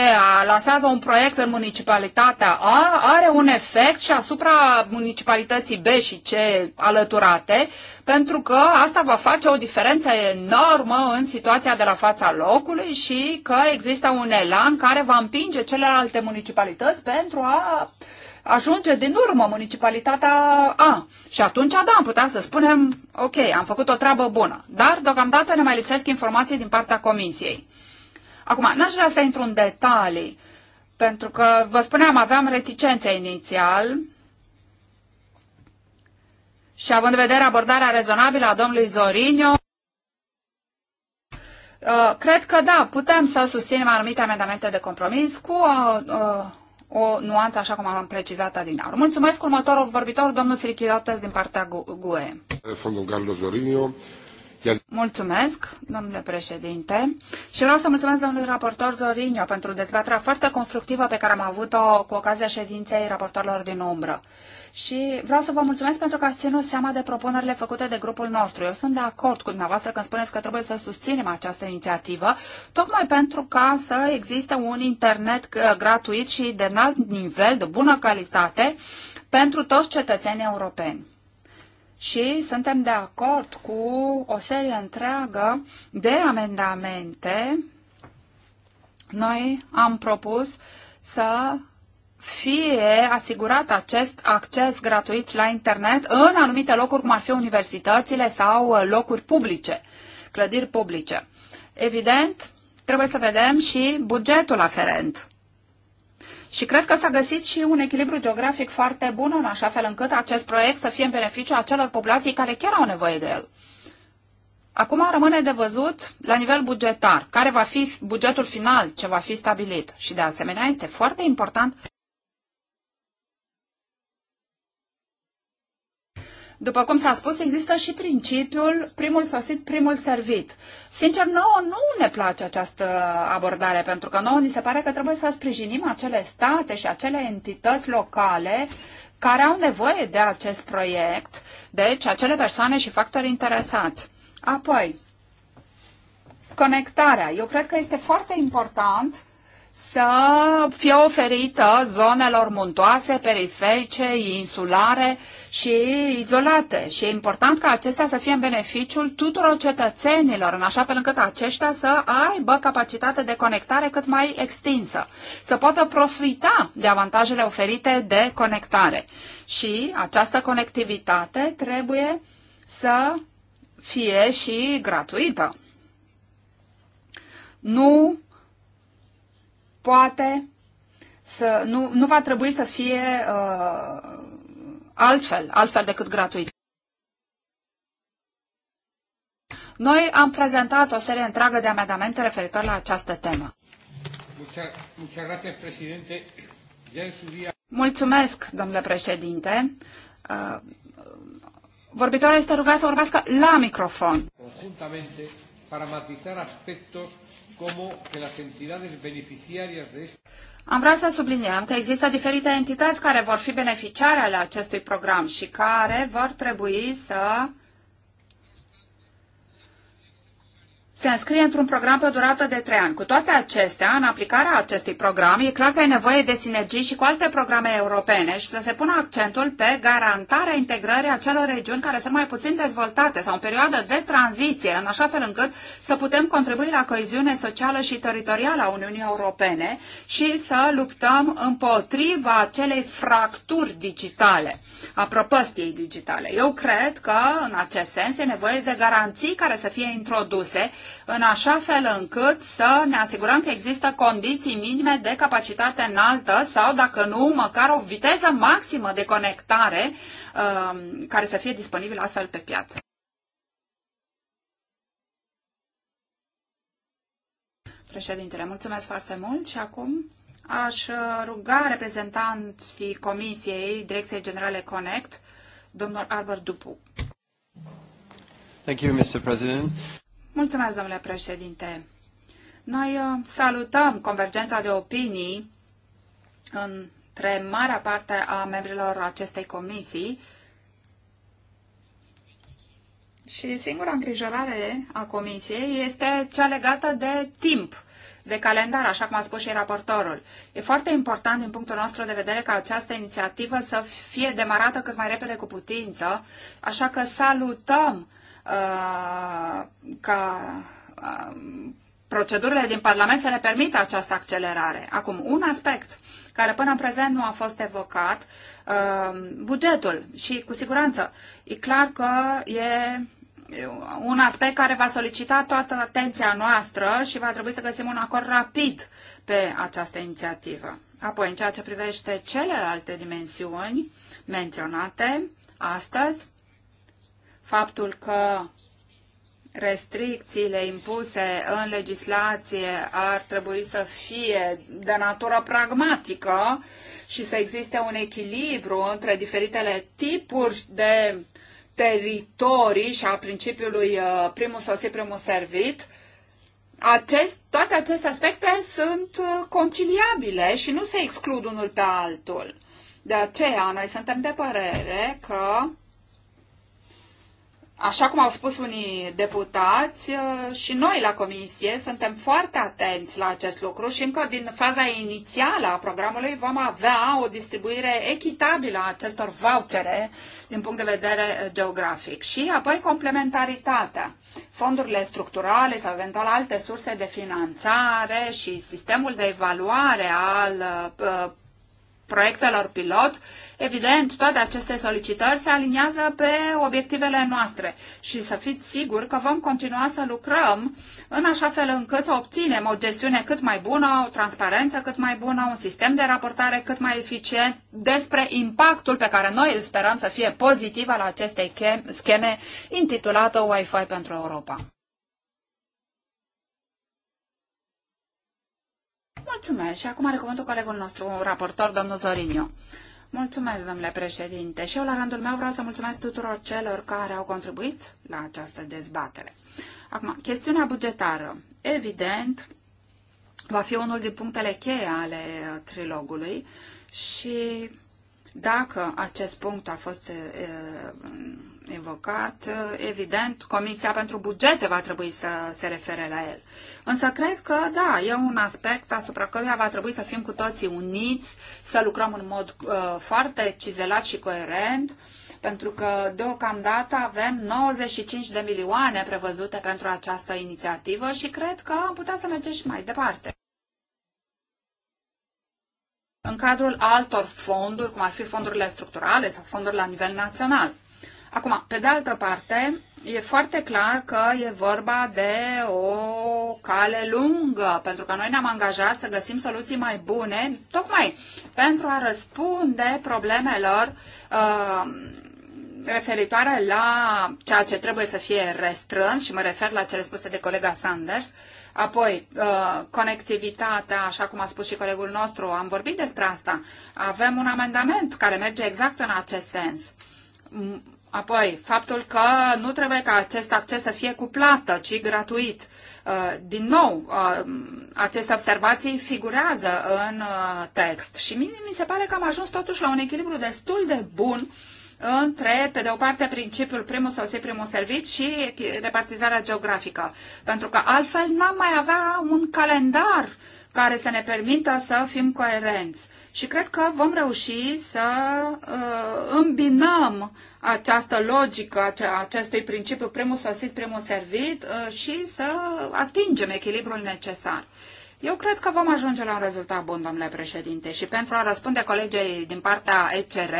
lansează un proiect în municipalitatea A, are un efect și asupra municipalității B și C alăturate, pentru că asta va face o diferență enormă în situația de la fața locului și că există un elan care va împinge celelalte municipalități pentru a ajunge din urmă municipalitatea A. Și atunci, da, am putea să spunem, ok, am făcut o treabă bună, dar deocamdată ne mai lipsesc informații din partea comisiei. Acum, n-aș vrea să intru în detalii, pentru că, vă spuneam, aveam reticențe inițial și având în vedere abordarea rezonabilă a domnului Zorinio, uh, cred că da, putem să susținem anumite amendamente de compromis cu o, uh, o, uh, o nuanță, așa cum am precizat adineaur. Mulțumesc următorul vorbitor, domnul Sirichiotes, din partea GUE. Fondul Carlos Zorinio. Mulțumesc, domnule președinte, și vreau să mulțumesc domnului raportor Zorinio pentru dezbaterea foarte constructivă pe care am avut-o cu ocazia ședinței raportorilor din umbră. Și vreau să vă mulțumesc pentru că ați ținut seama de propunerile făcute de grupul nostru. Eu sunt de acord cu dumneavoastră când spuneți că trebuie să susținem această inițiativă, tocmai pentru ca să existe un internet uh, gratuit și de înalt nivel, de bună calitate, pentru toți cetățenii europeni și suntem de acord cu o serie întreagă de amendamente. Noi am propus să fie asigurat acest acces gratuit la internet în anumite locuri, cum ar fi universitățile sau uh, locuri publice, clădiri publice. Evident, trebuie să vedem și bugetul aferent. Și cred că s-a găsit și un echilibru geografic foarte bun, în așa fel încât acest proiect să fie în beneficiu acelor populații care chiar au nevoie de el. Acum rămâne de văzut la nivel bugetar, care va fi bugetul final ce va fi stabilit. Și de asemenea este foarte important După cum s-a spus, există și principiul primul sosit, primul servit. Sincer, nouă nu ne place această abordare, pentru că nouă ni se pare că trebuie să sprijinim acele state și acele entități locale care au nevoie de acest proiect, deci acele persoane și factori interesați. Apoi, conectarea. Eu cred că este foarte important să fie oferită zonelor muntoase, periferice, insulare și izolate. Și e important ca acestea să fie în beneficiul tuturor cetățenilor, în așa fel încât aceștia să aibă capacitate de conectare cât mai extinsă, să poată profita de avantajele oferite de conectare. Și această conectivitate trebuie să fie și gratuită. Nu poate să, nu, nu va trebui să fie uh, altfel, altfel decât gratuit. Noi am prezentat o serie întreagă de amendamente referitor la această temă. Mulțumesc, domnule președinte. Uh, vorbitorul este rugat să vorbească la microfon. Conjuntamente para matizar aspectos como que las entidades beneficiarias de este... Am vrea să subliniem că există diferite entități care vor fi beneficiare ale acestui program și care vor trebui să uh, se înscrie într-un program pe o durată de trei ani. Cu toate acestea, în aplicarea acestui program, e clar că e nevoie de sinergii și cu alte programe europene și să se pună accentul pe garantarea integrării acelor regiuni care sunt mai puțin dezvoltate sau în perioadă de tranziție, în așa fel încât să putem contribui la coeziune socială și teritorială a Uniunii Europene și să luptăm împotriva acelei fracturi digitale, a propăstiei digitale. Eu cred că, în acest sens, e nevoie de garanții care să fie introduse în așa fel încât să ne asigurăm că există condiții minime de capacitate înaltă sau, dacă nu, măcar o viteză maximă de conectare um, care să fie disponibilă astfel pe piață. Președintele, mulțumesc foarte mult și acum aș uh, ruga reprezentanții Comisiei Direcției Generale Connect, domnul Albert Dupu. Thank you, Mr. President. Mulțumesc, domnule președinte. Noi uh, salutăm convergența de opinii între marea parte a membrilor acestei comisii și singura îngrijorare a comisiei este cea legată de timp de calendar, așa cum a spus și raportorul. E foarte important din punctul nostru de vedere ca această inițiativă să fie demarată cât mai repede cu putință, așa că salutăm Uh, ca uh, procedurile din Parlament să ne permită această accelerare. Acum, un aspect care până în prezent nu a fost evocat, uh, bugetul. Și cu siguranță, e clar că e un aspect care va solicita toată atenția noastră și va trebui să găsim un acord rapid pe această inițiativă. Apoi, în ceea ce privește celelalte dimensiuni menționate astăzi, faptul că restricțiile impuse în legislație ar trebui să fie de natură pragmatică și să existe un echilibru între diferitele tipuri de teritorii și a principiului primul sosit, primul servit, acest, toate aceste aspecte sunt uh, conciliabile și nu se exclud unul pe altul. De aceea, noi suntem de părere că Așa cum au spus unii deputați, uh, și noi la comisie suntem foarte atenți la acest lucru și încă din faza inițială a programului vom avea o distribuire echitabilă a acestor vouchere din punct de vedere uh, geografic. Și apoi complementaritatea. Fondurile structurale sau eventual alte surse de finanțare și sistemul de evaluare al uh, proiectelor pilot, evident, toate aceste solicitări se aliniază pe obiectivele noastre și să fiți siguri că vom continua să lucrăm în așa fel încât să obținem o gestiune cât mai bună, o transparență cât mai bună, un sistem de raportare cât mai eficient despre impactul pe care noi îl sperăm să fie pozitiv al acestei scheme intitulată Wi-Fi pentru Europa. Mulțumesc. Și acum are cuvântul colegul nostru, raportor, domnul Zorinio. Mulțumesc, domnule președinte. Și eu, la rândul meu, vreau să mulțumesc tuturor celor care au contribuit la această dezbatere. Acum, chestiunea bugetară. Evident, va fi unul din punctele cheie ale uh, trilogului și dacă acest punct a fost uh, evocat, evident, Comisia pentru Bugete va trebui să se refere la el. Însă cred că, da, e un aspect asupra căruia va trebui să fim cu toții uniți, să lucrăm în mod uh, foarte cizelat și coerent, pentru că deocamdată avem 95 de milioane prevăzute pentru această inițiativă și cred că am putea să mergem și mai departe în cadrul altor fonduri, cum ar fi fondurile structurale sau fonduri la nivel național. Acum, pe de altă parte, e foarte clar că e vorba de o cale lungă, pentru că noi ne-am angajat să găsim soluții mai bune, tocmai pentru a răspunde problemelor uh, referitoare la ceea ce trebuie să fie restrâns, și mă refer la cele spuse de colega Sanders, Apoi, uh, conectivitatea, așa cum a spus și colegul nostru, am vorbit despre asta. Avem un amendament care merge exact în acest sens Apoi, faptul că nu trebuie ca acest acces să fie cu plată, ci gratuit. Uh, din nou, uh, aceste observații figurează în uh, text și mie mi se pare că am ajuns totuși la un echilibru destul de bun între, pe de o parte, principiul primul sau se primul servit și repartizarea geografică. Pentru că altfel n-am mai avea un calendar care să ne permită să fim coerenți. Și cred că vom reuși să uh, îmbinăm această logică acestui principiu primul sosit, primul servit uh, și să atingem echilibrul necesar. Eu cred că vom ajunge la un rezultat bun, domnule președinte, și pentru a răspunde colegii din partea ECR,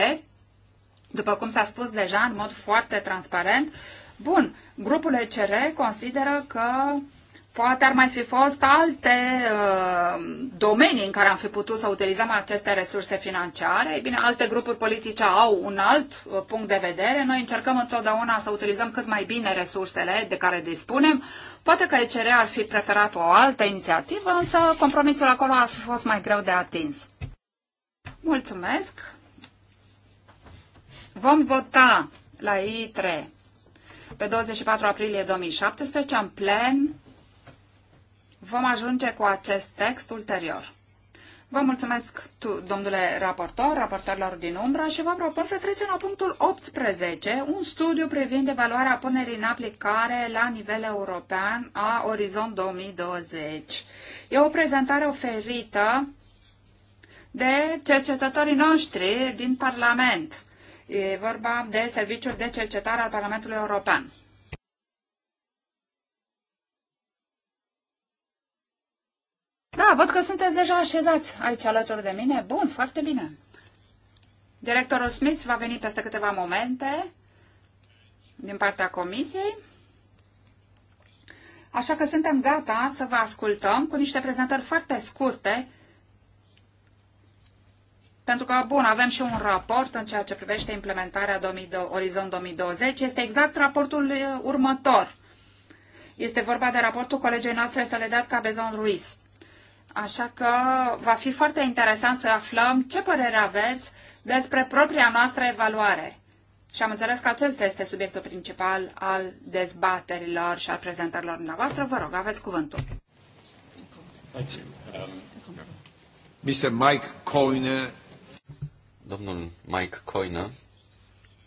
după cum s-a spus deja în mod foarte transparent, bun, grupul ECR consideră că Poate ar mai fi fost alte uh, domenii în care am fi putut să utilizăm aceste resurse financiare. Ei bine, alte grupuri politice au un alt uh, punct de vedere. Noi încercăm întotdeauna să utilizăm cât mai bine resursele de care dispunem. Poate că ECR ar fi preferat o altă inițiativă, însă compromisul acolo ar fi fost mai greu de atins. Mulțumesc! Vom vota la I3 pe 24 aprilie 2017 în plen Vom ajunge cu acest text ulterior. Vă mulțumesc, tu, domnule raportor, raportorilor din umbră și vă propun să trecem la punctul 18, un studiu privind evaluarea punerii în aplicare la nivel european a Orizont 2020. E o prezentare oferită de cercetătorii noștri din Parlament. E vorba de Serviciul de Cercetare al Parlamentului European. Da, văd că sunteți deja așezați aici alături de mine. Bun, foarte bine. Directorul Smith va veni peste câteva momente din partea comisiei. Așa că suntem gata să vă ascultăm cu niște prezentări foarte scurte, pentru că, bun, avem și un raport în ceea ce privește implementarea 2020, Orizont 2020. Este exact raportul uh, următor. Este vorba de raportul colegei noastre Soledad Cabezon Ruiz. Așa că va fi foarte interesant să aflăm ce părere aveți despre propria noastră evaluare. Și am înțeles că acesta este subiectul principal al dezbaterilor și al prezentărilor dumneavoastră. Vă rog, aveți cuvântul. Mr. Um, Mike Coine. Domnul Mike Coine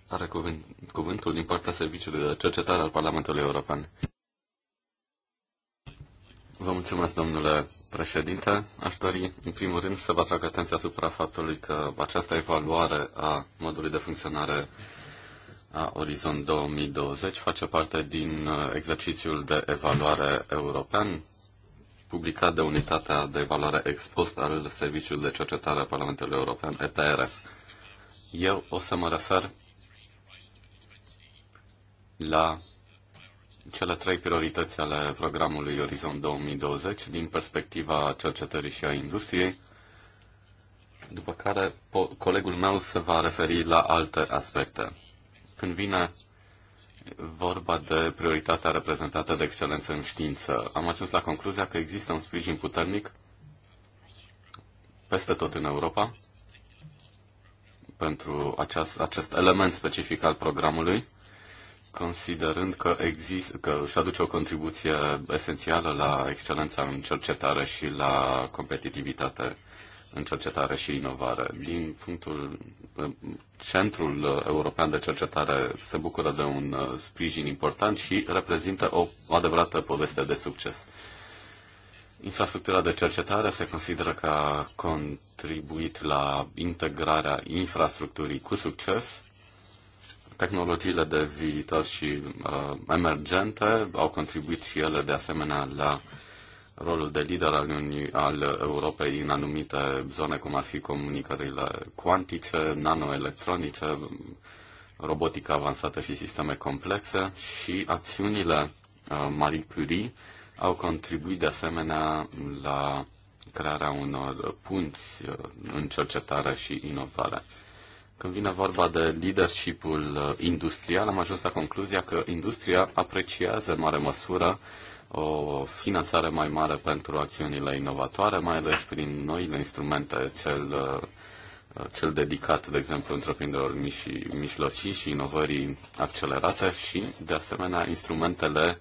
are cuvânt, cuvântul din partea Serviciului de Cercetare al Parlamentului European. Vă mulțumesc, domnule președinte. Aș dori, în primul rând, să vă atrag atenția asupra faptului că această evaluare a modului de funcționare a Orizon 2020 face parte din uh, exercițiul de evaluare european publicat de Unitatea de Evaluare Expost al Serviciului de Cercetare a Parlamentului European, EPRS. Eu o să mă refer la cele trei priorități ale programului Orizont 2020 din perspectiva cercetării și a industriei, după care colegul meu se va referi la alte aspecte. Când vine vorba de prioritatea reprezentată de excelență în știință, am ajuns la concluzia că există un sprijin puternic peste tot în Europa pentru acest, acest element specific al programului considerând că, exist, că își aduce o contribuție esențială la excelența în cercetare și la competitivitate în cercetare și inovare. Din punctul Centrul European de Cercetare se bucură de un uh, sprijin important și reprezintă o adevărată poveste de succes. Infrastructura de cercetare se consideră că a contribuit la integrarea infrastructurii cu succes Tehnologiile de viitor și uh, emergente au contribuit și ele de asemenea la rolul de lider al, Unii, al Europei în anumite zone, cum ar fi comunicările cuantice, nanoelectronice, robotică avansată și sisteme complexe și acțiunile uh, Marie Curie au contribuit de asemenea la crearea unor punți uh, în cercetare și inovare. Când vine vorba de leadership-ul uh, industrial, am ajuns la concluzia că industria apreciază în mare măsură o finanțare mai mare pentru acțiunile inovatoare, mai ales prin noile instrumente, cel, uh, cel dedicat, de exemplu, întreprinderilor mici mijlocii și inovării accelerate și, de asemenea, instrumentele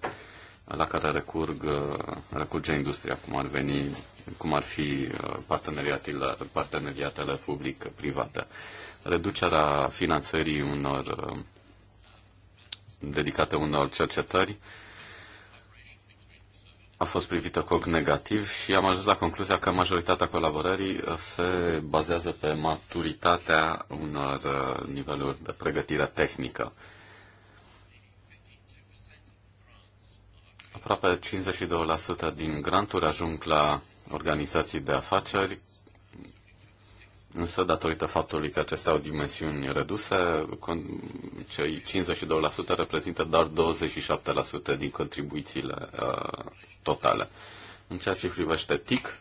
la care recurg, uh, recurge industria, cum ar veni, cum ar fi parteneriatele, parteneriatele public-private reducerea finanțării unor uh, dedicate unor cercetări a fost privită cu negativ și am ajuns la concluzia că majoritatea colaborării se bazează pe maturitatea unor uh, niveluri de pregătire tehnică. Aproape 52% din granturi ajung la organizații de afaceri Însă, datorită faptului că acestea au dimensiuni reduse, cei 52% reprezintă doar 27% din contribuțiile uh, totale. În ceea ce privește TIC,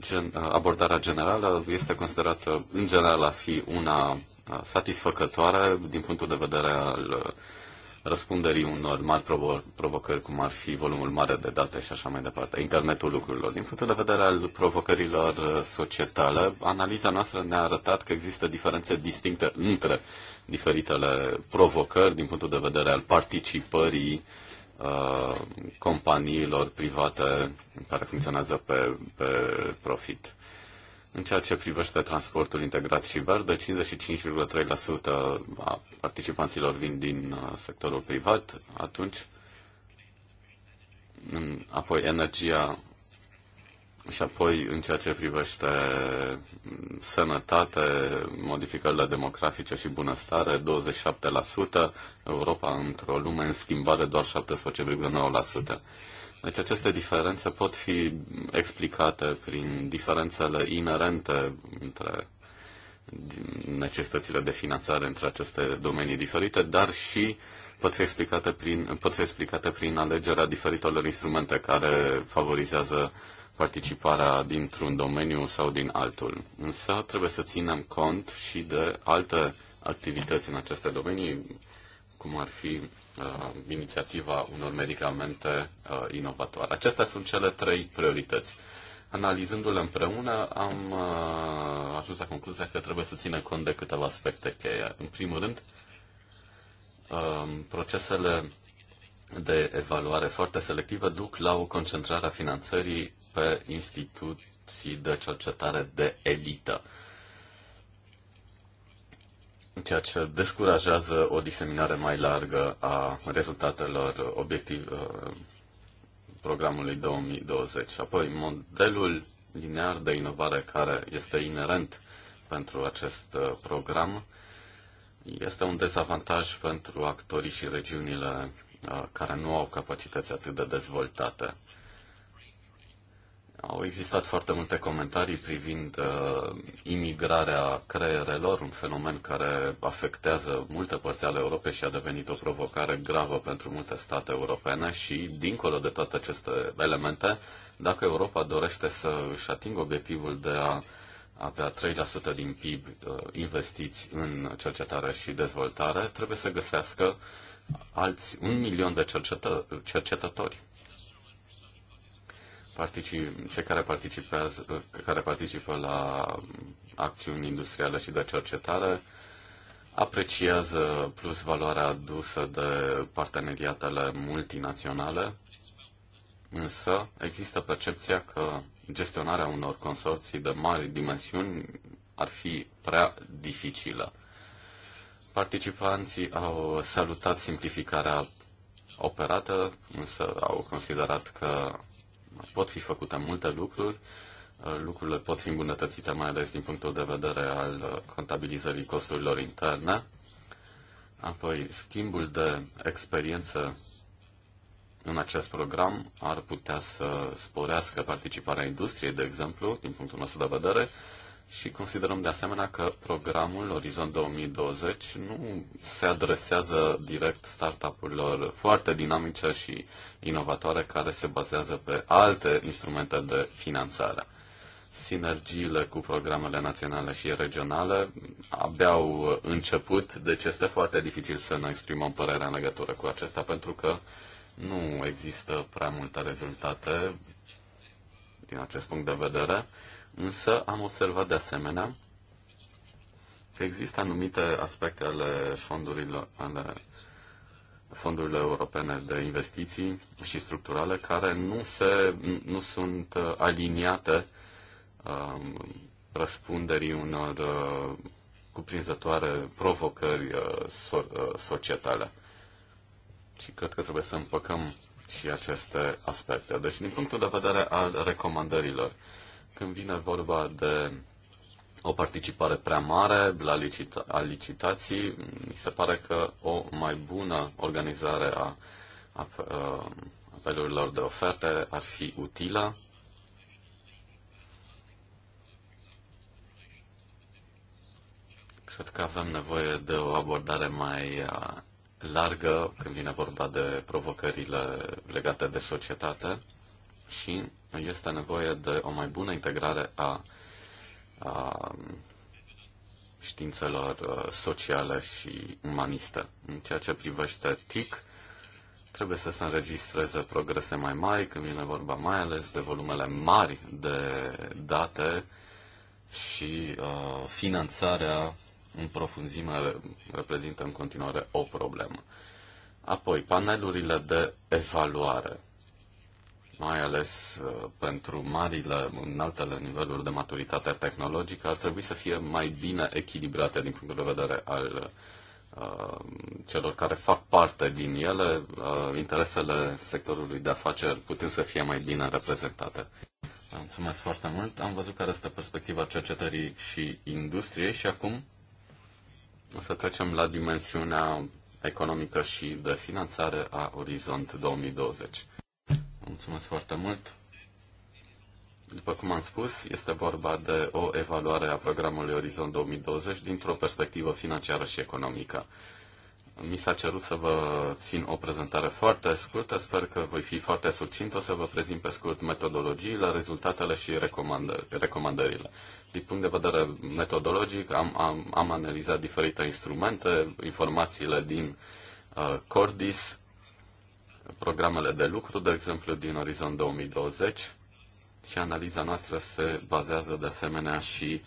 gen, uh, abordarea generală este considerată, în general, a fi una uh, satisfăcătoare din punctul de vedere al uh, răspunderii unor mari provo- provocări, cum ar fi volumul mare de date și așa mai departe, internetul lucrurilor. Din punctul de vedere al provocărilor uh, societale, analiza noastră ne-a arătat că există diferențe distincte între diferitele provocări din punctul de vedere al participării uh, companiilor private care funcționează pe, pe profit. În ceea ce privește transportul integrat și verde, 55,3% a participanților vin din uh, sectorul privat, atunci apoi energia și apoi în ceea ce privește mm, sănătate, modificările demografice și bunăstare, 27%, Europa într-o lume în schimbare doar 17,9%. Deci aceste diferențe pot fi explicate prin diferențele inerente între necesitățile de finanțare între aceste domenii diferite, dar și pot fi explicate prin, pot fi explicate prin alegerea diferitelor instrumente care favorizează participarea dintr-un domeniu sau din altul. Însă trebuie să ținem cont și de alte activități în aceste domenii, cum ar fi uh, inițiativa unor medicamente uh, inovatoare. Acestea sunt cele trei priorități. Analizându-le împreună, am uh, ajuns la concluzia că trebuie să ținem cont de câteva aspecte cheie. În primul rând, uh, procesele de evaluare foarte selectivă duc la o concentrare a finanțării pe instituții de cercetare de elită. Uh, ceea ce descurajează o diseminare mai largă a rezultatelor obiectiv, uh, programului 2020. Apoi, modelul linear de inovare care este inerent pentru acest uh, program este un dezavantaj pentru actorii și regiunile uh, care nu au capacități atât de dezvoltate. Au existat foarte multe comentarii privind uh, imigrarea creierelor, un fenomen care afectează multe părți ale Europei și a devenit o provocare gravă pentru multe state europene și, dincolo de toate aceste elemente, dacă Europa dorește să își atingă obiectivul de a avea 3% din PIB uh, investiți în cercetare și dezvoltare, trebuie să găsească alți un milion de cercetă- cercetători particip, cei care, participează, care participă la acțiuni industriale și de cercetare apreciază plus valoarea adusă de parteneriatele multinaționale, însă există percepția că gestionarea unor consorții de mari dimensiuni ar fi prea dificilă. Participanții au salutat simplificarea operată, însă au considerat că pot fi făcute multe lucruri, uh, lucrurile pot fi îmbunătățite mai ales din punctul de vedere al uh, contabilizării costurilor interne, apoi schimbul de experiență în acest program ar putea să sporească participarea industriei, de exemplu, din punctul nostru de vedere, și considerăm de asemenea că programul Orizont 2020 nu se adresează direct startup-urilor foarte dinamice și inovatoare care se bazează pe alte instrumente de finanțare. Sinergiile cu programele naționale și regionale abia au început, deci este foarte dificil să ne exprimăm părerea în legătură cu acesta pentru că nu există prea multe rezultate din acest punct de vedere Însă am observat de asemenea că există anumite aspecte ale fondurilor, ale fondurilor europene de investiții și structurale care nu, se, nu sunt uh, aliniate um, răspunderii unor uh, cuprinzătoare provocări uh, so, uh, societale. Și cred că trebuie să împăcăm și aceste aspecte. Deci, din punctul de vedere al recomandărilor, când vine vorba de o participare prea mare la licita- a licitații, mi se pare că o mai bună organizare a, a, a apelurilor de oferte ar fi utilă. Cred că avem nevoie de o abordare mai largă când vine vorba de provocările legate de societate și este nevoie de o mai bună integrare a, a științelor uh, sociale și umaniste. În ceea ce privește TIC, trebuie să se înregistreze progrese mai mari când vine vorba mai ales de volumele mari de date și uh, finanțarea în profunzime reprezintă în continuare o problemă. Apoi, panelurile de evaluare mai ales uh, pentru marile, altele niveluri de maturitate tehnologică, ar trebui să fie mai bine echilibrate din punctul de vedere al uh, celor care fac parte din ele, uh, interesele sectorului de afaceri putând să fie mai bine reprezentate. Mulțumesc foarte mult. Am văzut care este perspectiva cercetării și industriei și acum o să trecem la dimensiunea economică și de finanțare a Orizont 2020. Mulțumesc foarte mult. După cum am spus, este vorba de o evaluare a programului Orizont 2020 dintr-o perspectivă financiară și economică. Mi s-a cerut să vă țin o prezentare foarte scurtă, sper că voi fi foarte succint, o să vă prezint pe scurt metodologiile, rezultatele și recomandă, recomandările. Din punct de vedere metodologic, am, am, am analizat diferite instrumente, informațiile din uh, Cordis, programele de lucru, de exemplu din Orizont 2020 și analiza noastră se bazează de asemenea și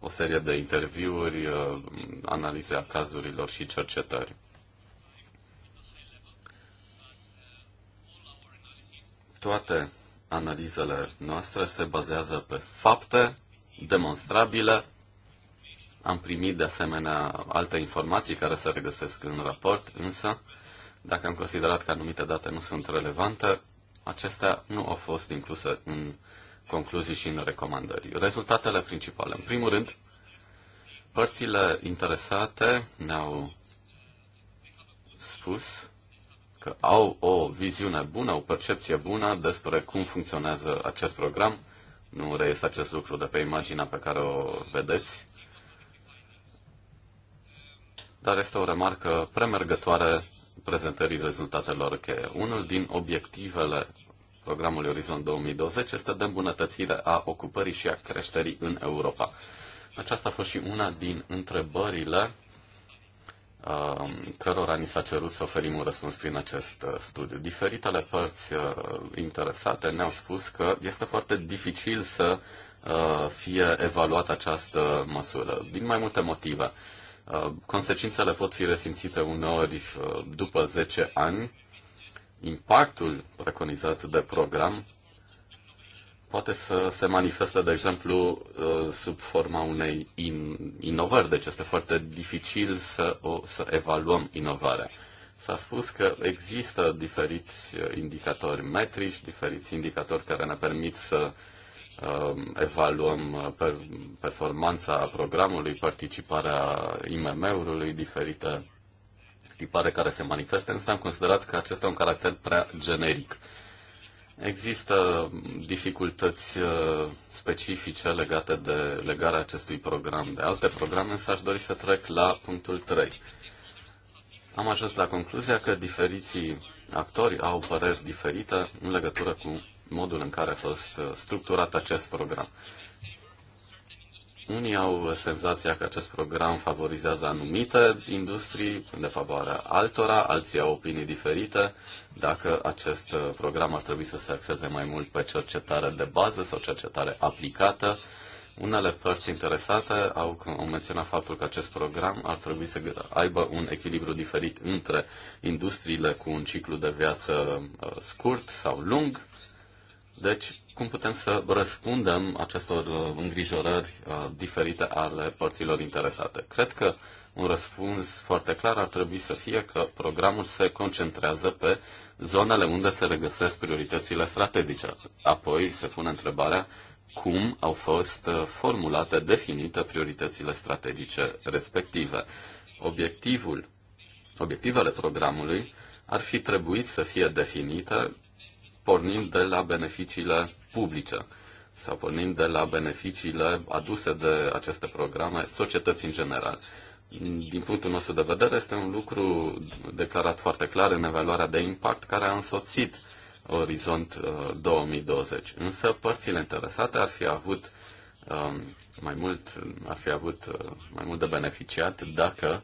o serie de interviuri, uh, analize a cazurilor și cercetări. Toate analizele noastre se bazează pe fapte demonstrabile. Am primit de asemenea alte informații care se regăsesc în raport, însă dacă am considerat că anumite date nu sunt relevante, acestea nu au fost incluse în concluzii și în recomandări. Rezultatele principale. În primul rând, părțile interesate ne-au spus că au o viziune bună, o percepție bună despre cum funcționează acest program. Nu reiese acest lucru de pe imaginea pe care o vedeți, dar este o remarcă premergătoare prezentării rezultatelor cheie. Unul din obiectivele programului Orizont 2020 este de îmbunătățire a ocupării și a creșterii în Europa. Aceasta a fost și una din întrebările um, cărora ni s-a cerut să oferim un răspuns prin acest uh, studiu. Diferitele părți uh, interesate ne-au spus că este foarte dificil să uh, fie evaluată această măsură, din mai multe motive. Uh, consecințele pot fi resimțite uneori uh, după 10 ani. Impactul preconizat de program poate să se manifeste, de exemplu, uh, sub forma unei in- inovări, deci este foarte dificil să, o, să evaluăm inovarea. S-a spus că există diferiți indicatori metrici, diferiți indicatori care ne permit să uh, Um, evaluăm uh, performanța programului, participarea IMM-ului, diferite tipare care se manifestă, însă am considerat că acesta e un caracter prea generic. Există dificultăți uh, specifice legate de legarea acestui program de alte programe, însă aș dori să trec la punctul 3. Am ajuns la concluzia că diferiții actori au păreri diferite în legătură cu modul în care a fost uh, structurat acest program. Unii au senzația că acest program favorizează anumite industrii în defavoarea altora, alții au opinii diferite dacă acest uh, program ar trebui să se axeze mai mult pe cercetare de bază sau cercetare aplicată. Unele părți interesate au, au menționat faptul că acest program ar trebui să aibă un echilibru diferit între industriile cu un ciclu de viață uh, scurt sau lung, deci, cum putem să răspundem acestor uh, îngrijorări uh, diferite ale părților interesate? Cred că un răspuns foarte clar ar trebui să fie că programul se concentrează pe zonele unde se regăsesc prioritățile strategice. Apoi se pune întrebarea cum au fost uh, formulate, definite prioritățile strategice respective. Obiectivul, obiectivele programului ar fi trebuit să fie definite pornind de la beneficiile publice sau pornind de la beneficiile aduse de aceste programe societății în general. Din punctul nostru de vedere, este un lucru declarat foarte clar în evaluarea de impact care a însoțit Orizont 2020. Uh, Însă părțile interesate ar fi avut um, mai mult, ar fi avut uh, mai mult de beneficiat dacă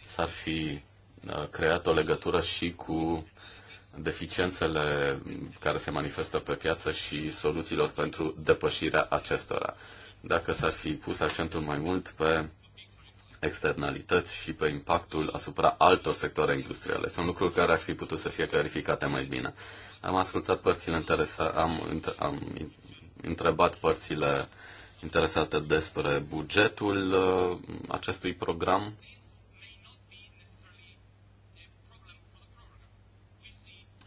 s-ar fi uh, creat o legătură și cu deficiențele care se manifestă pe piață și soluțiilor pentru depășirea acestora. Dacă s-ar fi pus accentul mai mult pe externalități și pe impactul asupra altor sectoare industriale. Sunt lucruri care ar fi putut să fie clarificate mai bine. Am ascultat părțile interesate, am, am întrebat părțile interesate despre bugetul uh, acestui program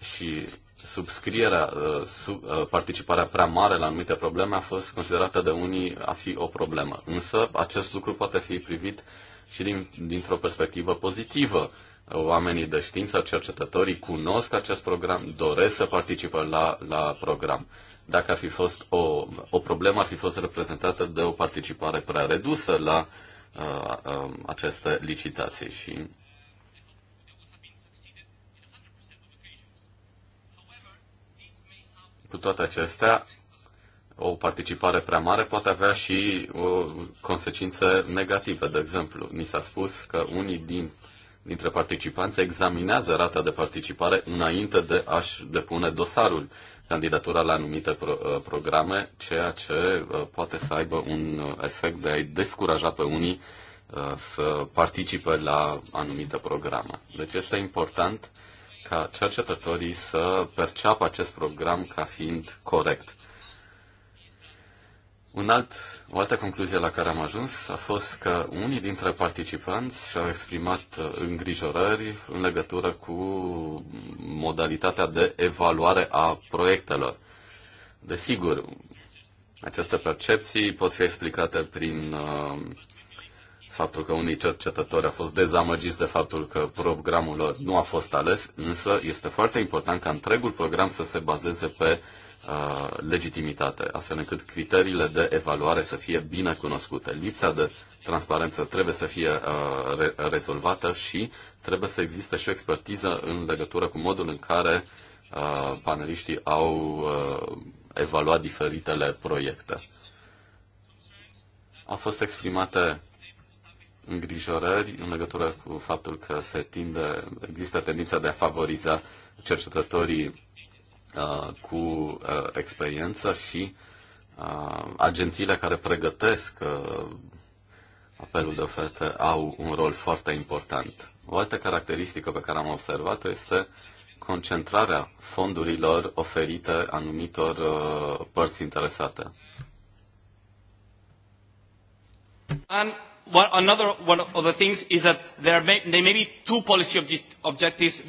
și subscrierea, uh, sub, uh, participarea prea mare la anumite probleme a fost considerată de unii a fi o problemă. Însă acest lucru poate fi privit și din, dintr-o perspectivă pozitivă. Oamenii de știință, cercetătorii cunosc acest program, doresc să participă la, la program. Dacă ar fi fost o, o problemă, ar fi fost reprezentată de o participare prea redusă la uh, uh, aceste licitații și Cu toate acestea, o participare prea mare poate avea și o consecințe negative. De exemplu, ni s-a spus că unii din, dintre participanți examinează rata de participare înainte de a-și depune dosarul candidatura la anumite pro- ă, programe, ceea ce ă, poate să aibă un efect de a-i descuraja pe unii ă, să participe la anumite programe. Deci este important ca cercetătorii să perceapă acest program ca fiind corect. Un alt, o altă concluzie la care am ajuns a fost că unii dintre participanți și-au exprimat uh, îngrijorări în legătură cu modalitatea de evaluare a proiectelor. Desigur, aceste percepții pot fi explicate prin uh, faptul că unii cercetători au fost dezamăgiți de faptul că programul lor nu a fost ales, însă este foarte important ca întregul program să se bazeze pe uh, legitimitate, astfel încât criteriile de evaluare să fie bine cunoscute. Lipsa de transparență trebuie să fie uh, re- rezolvată și trebuie să existe și o expertiză în legătură cu modul în care uh, paneliștii au uh, evaluat diferitele proiecte. Au fost exprimate îngrijorări în legătură cu faptul că se tinde, există tendința de a favoriza cercetătorii uh, cu uh, experiență și uh, agențiile care pregătesc uh, apelul de ofertă au un rol foarte important. O altă caracteristică pe care am observat-o este concentrarea fondurilor oferite anumitor uh, părți interesate another one of the things is that there may, there may be two policy object, objectives.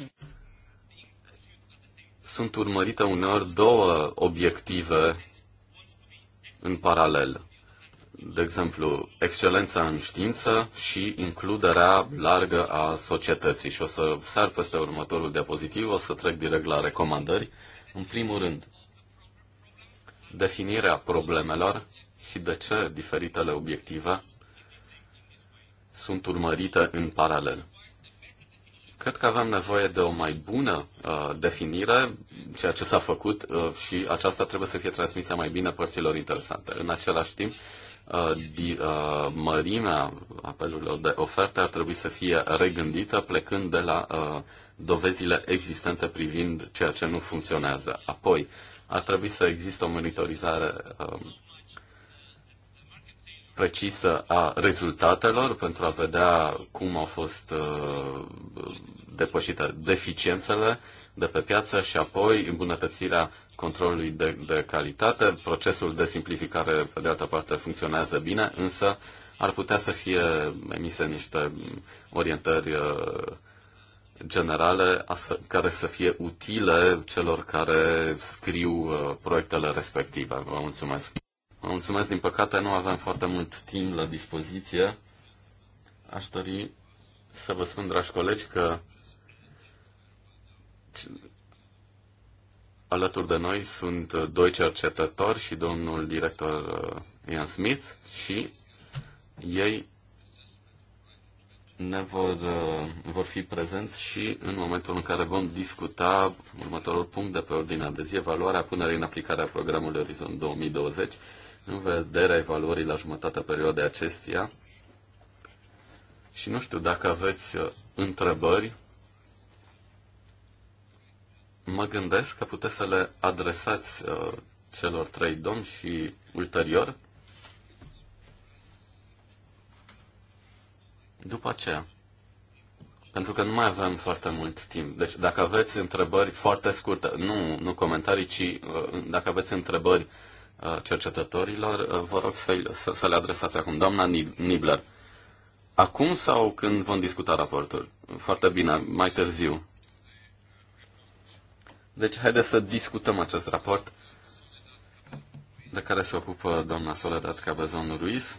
Sunt urmărite uneori două obiective în paralel. De exemplu, excelența în știință și includerea largă a societății. Și o să sar peste următorul diapozitiv, o să trec direct la recomandări. În primul rând, definirea problemelor și de ce diferitele obiective sunt urmărite în paralel. Cred că avem nevoie de o mai bună uh, definire, ceea ce s-a făcut uh, și aceasta trebuie să fie transmisă mai bine părților interesante. În același timp, uh, di, uh, mărimea apelurilor de oferte ar trebui să fie regândită plecând de la uh, dovezile existente privind ceea ce nu funcționează. Apoi, ar trebui să existe o monitorizare uh, precisă a rezultatelor pentru a vedea cum au fost uh, depășite deficiențele de pe piață și apoi îmbunătățirea controlului de, de calitate. Procesul de simplificare, pe de altă parte, funcționează bine, însă ar putea să fie emise niște orientări uh, generale astfel, care să fie utile celor care scriu uh, proiectele respective. Vă mulțumesc! Vă mulțumesc, din păcate nu avem foarte mult timp la dispoziție. Aș dori să vă spun, dragi colegi, că alături de noi sunt doi cercetători și domnul director uh, Ian Smith și ei ne vor, uh, vor fi prezenți și în momentul în care vom discuta următorul punct de pe ordinea de zi, evaluarea punerii în aplicare a programului Orizont 2020 în vederea evaluării la jumătatea perioadei acesteia. Și nu știu dacă aveți uh, întrebări. Mă gândesc că puteți să le adresați uh, celor trei domni și ulterior. După aceea. Pentru că nu mai avem foarte mult timp. Deci dacă aveți întrebări foarte scurte, nu, nu comentarii, ci uh, dacă aveți întrebări uh, cercetătorilor. Vă rog să, să, să le adresați acum. Doamna Nibler, acum sau când vom discuta raportul? Foarte bine, mai târziu. Deci, haideți să discutăm acest raport de care se ocupă doamna Soledad Cabezon Ruiz.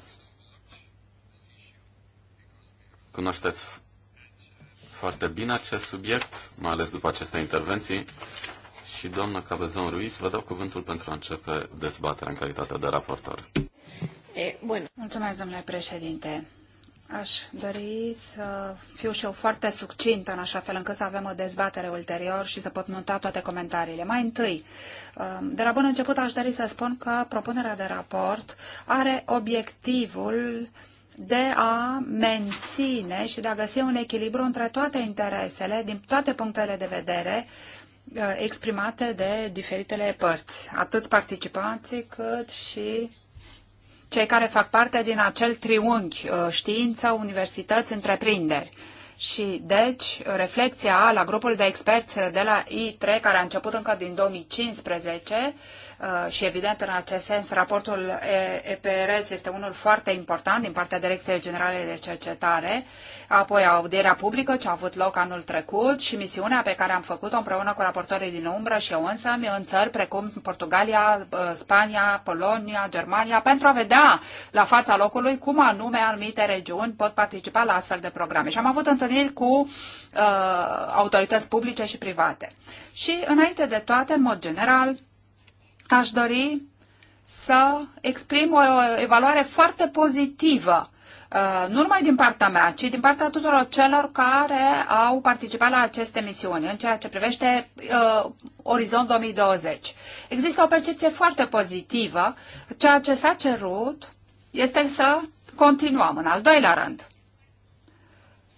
Cunoașteți foarte bine acest subiect, mai ales după aceste intervenții și doamna Cabezon Ruiz, vă dau cuvântul pentru a începe dezbaterea în calitate de raportor. E, bun. Mulțumesc, domnule președinte. Aș dori să fiu și eu foarte succintă, în așa fel încât să avem o dezbatere ulterior și să pot nota toate comentariile. Mai întâi, um, de la bun început aș dori să spun că propunerea de raport are obiectivul de a menține și de a găsi un echilibru între toate interesele, din toate punctele de vedere, Uh, exprimate de diferitele părți, atât participanții cât și cei care fac parte din acel triunghi uh, știință, universități, întreprinderi. Și deci reflexia la grupul de experți de la I3, care a început încă din 2015, Uh, și evident în acest sens raportul EPRS este unul foarte important din partea Direcției Generale de Cercetare, apoi audierea publică ce a avut loc anul trecut și misiunea pe care am făcut-o împreună cu raportorii din umbră și eu însă în țări precum Portugalia, uh, Spania, Polonia, Germania, pentru a vedea la fața locului cum anume anumite regiuni pot participa la astfel de programe. Și am avut întâlniri cu uh, autorități publice și private. Și înainte de toate, în mod general, aș dori să exprim o evaluare foarte pozitivă, uh, nu numai din partea mea, ci din partea tuturor celor care au participat la aceste misiuni, în ceea ce privește uh, Orizont 2020. Există o percepție foarte pozitivă. Ceea ce s-a cerut este să continuăm. În al doilea rând,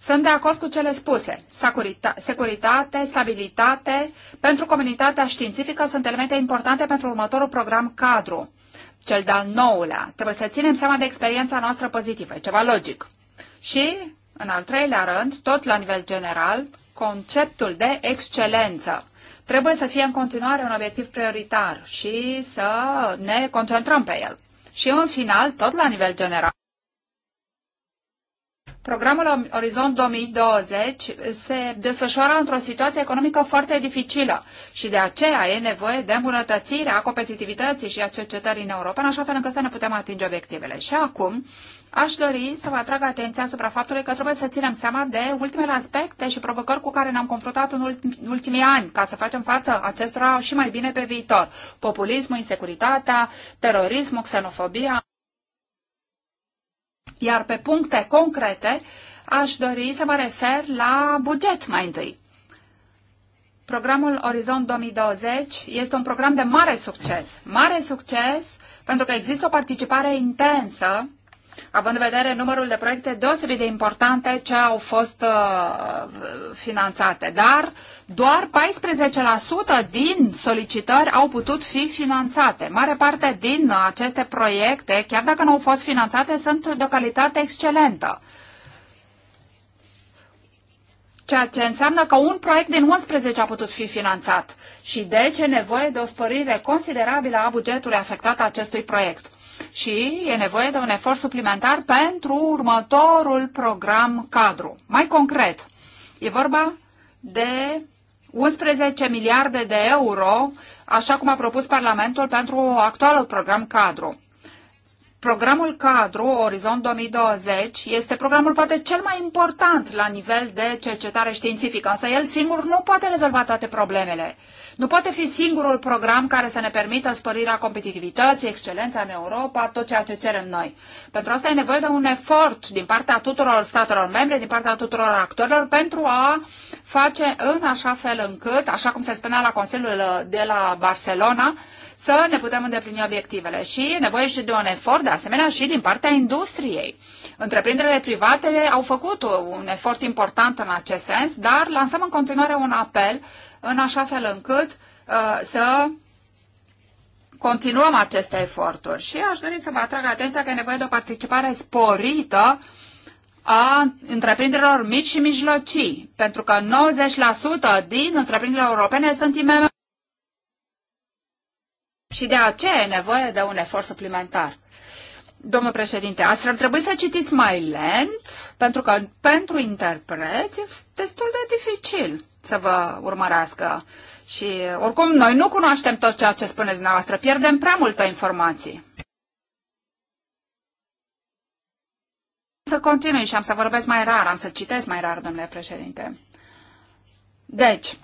sunt de acord cu cele spuse. Securita securitate, stabilitate pentru comunitatea științifică sunt elemente importante pentru următorul program cadru, cel de-al nouălea. Trebuie să ținem seama de experiența noastră pozitivă, ceva logic. Și, în al treilea rând, tot la nivel general, conceptul de excelență trebuie să fie în continuare un obiectiv prioritar și să ne concentrăm pe el. Și, în final, tot la nivel general, Programul Orizont 2020 se desfășoară într-o situație economică foarte dificilă și de aceea e nevoie de îmbunătățirea competitivității și a cercetării în Europa, în așa fel încât să ne putem atinge obiectivele. Și acum aș dori să vă atrag atenția asupra faptului că trebuie să ținem seama de ultimele aspecte și provocări cu care ne-am confruntat în ultimii ani, ca să facem față acestora și mai bine pe viitor. Populismul, insecuritatea, terorismul, xenofobia. Iar pe puncte concrete aș dori să mă refer la buget mai întâi. Programul Orizont 2020 este un program de mare succes. Mare succes pentru că există o participare intensă având în vedere numărul de proiecte deosebit de importante ce au fost uh, finanțate. Dar doar 14% din solicitări au putut fi finanțate. Mare parte din aceste proiecte, chiar dacă nu au fost finanțate, sunt de o calitate excelentă ceea ce înseamnă că un proiect din 11 a putut fi finanțat și deci e nevoie de o sporire considerabilă a bugetului afectat acestui proiect și e nevoie de un efort suplimentar pentru următorul program cadru. Mai concret, e vorba de 11 miliarde de euro, așa cum a propus Parlamentul pentru actualul program cadru. Programul cadru Orizont 2020 este programul poate cel mai important la nivel de cercetare științifică, însă el singur nu poate rezolva toate problemele. Nu poate fi singurul program care să ne permită spărirea competitivității, excelența în Europa, tot ceea ce cerem noi. Pentru asta e nevoie de un efort din partea tuturor statelor membre, din partea tuturor actorilor, pentru a face în așa fel încât, așa cum se spunea la Consiliul uh, de la Barcelona, să ne putem îndeplini obiectivele. Și e nevoie și de un efort de asemenea și din partea industriei. Întreprinderile private au făcut un efort important în acest sens, dar lansăm în continuare un apel în așa fel încât uh, să continuăm aceste eforturi. Și aș dori să vă atrag atenția că e nevoie de o participare sporită a întreprinderilor mici și mijlocii, pentru că 90% din întreprinderile europene sunt IMM. Și de aceea e nevoie de un efort suplimentar. Domnul președinte, ați ar trebui să citiți mai lent, pentru că pentru interpreți e destul de dificil să vă urmărească. Și oricum, noi nu cunoaștem tot ceea ce spuneți dumneavoastră, pierdem prea multă informație. Să continui și am să vorbesc mai rar, am să citesc mai rar, domnule președinte. Deci,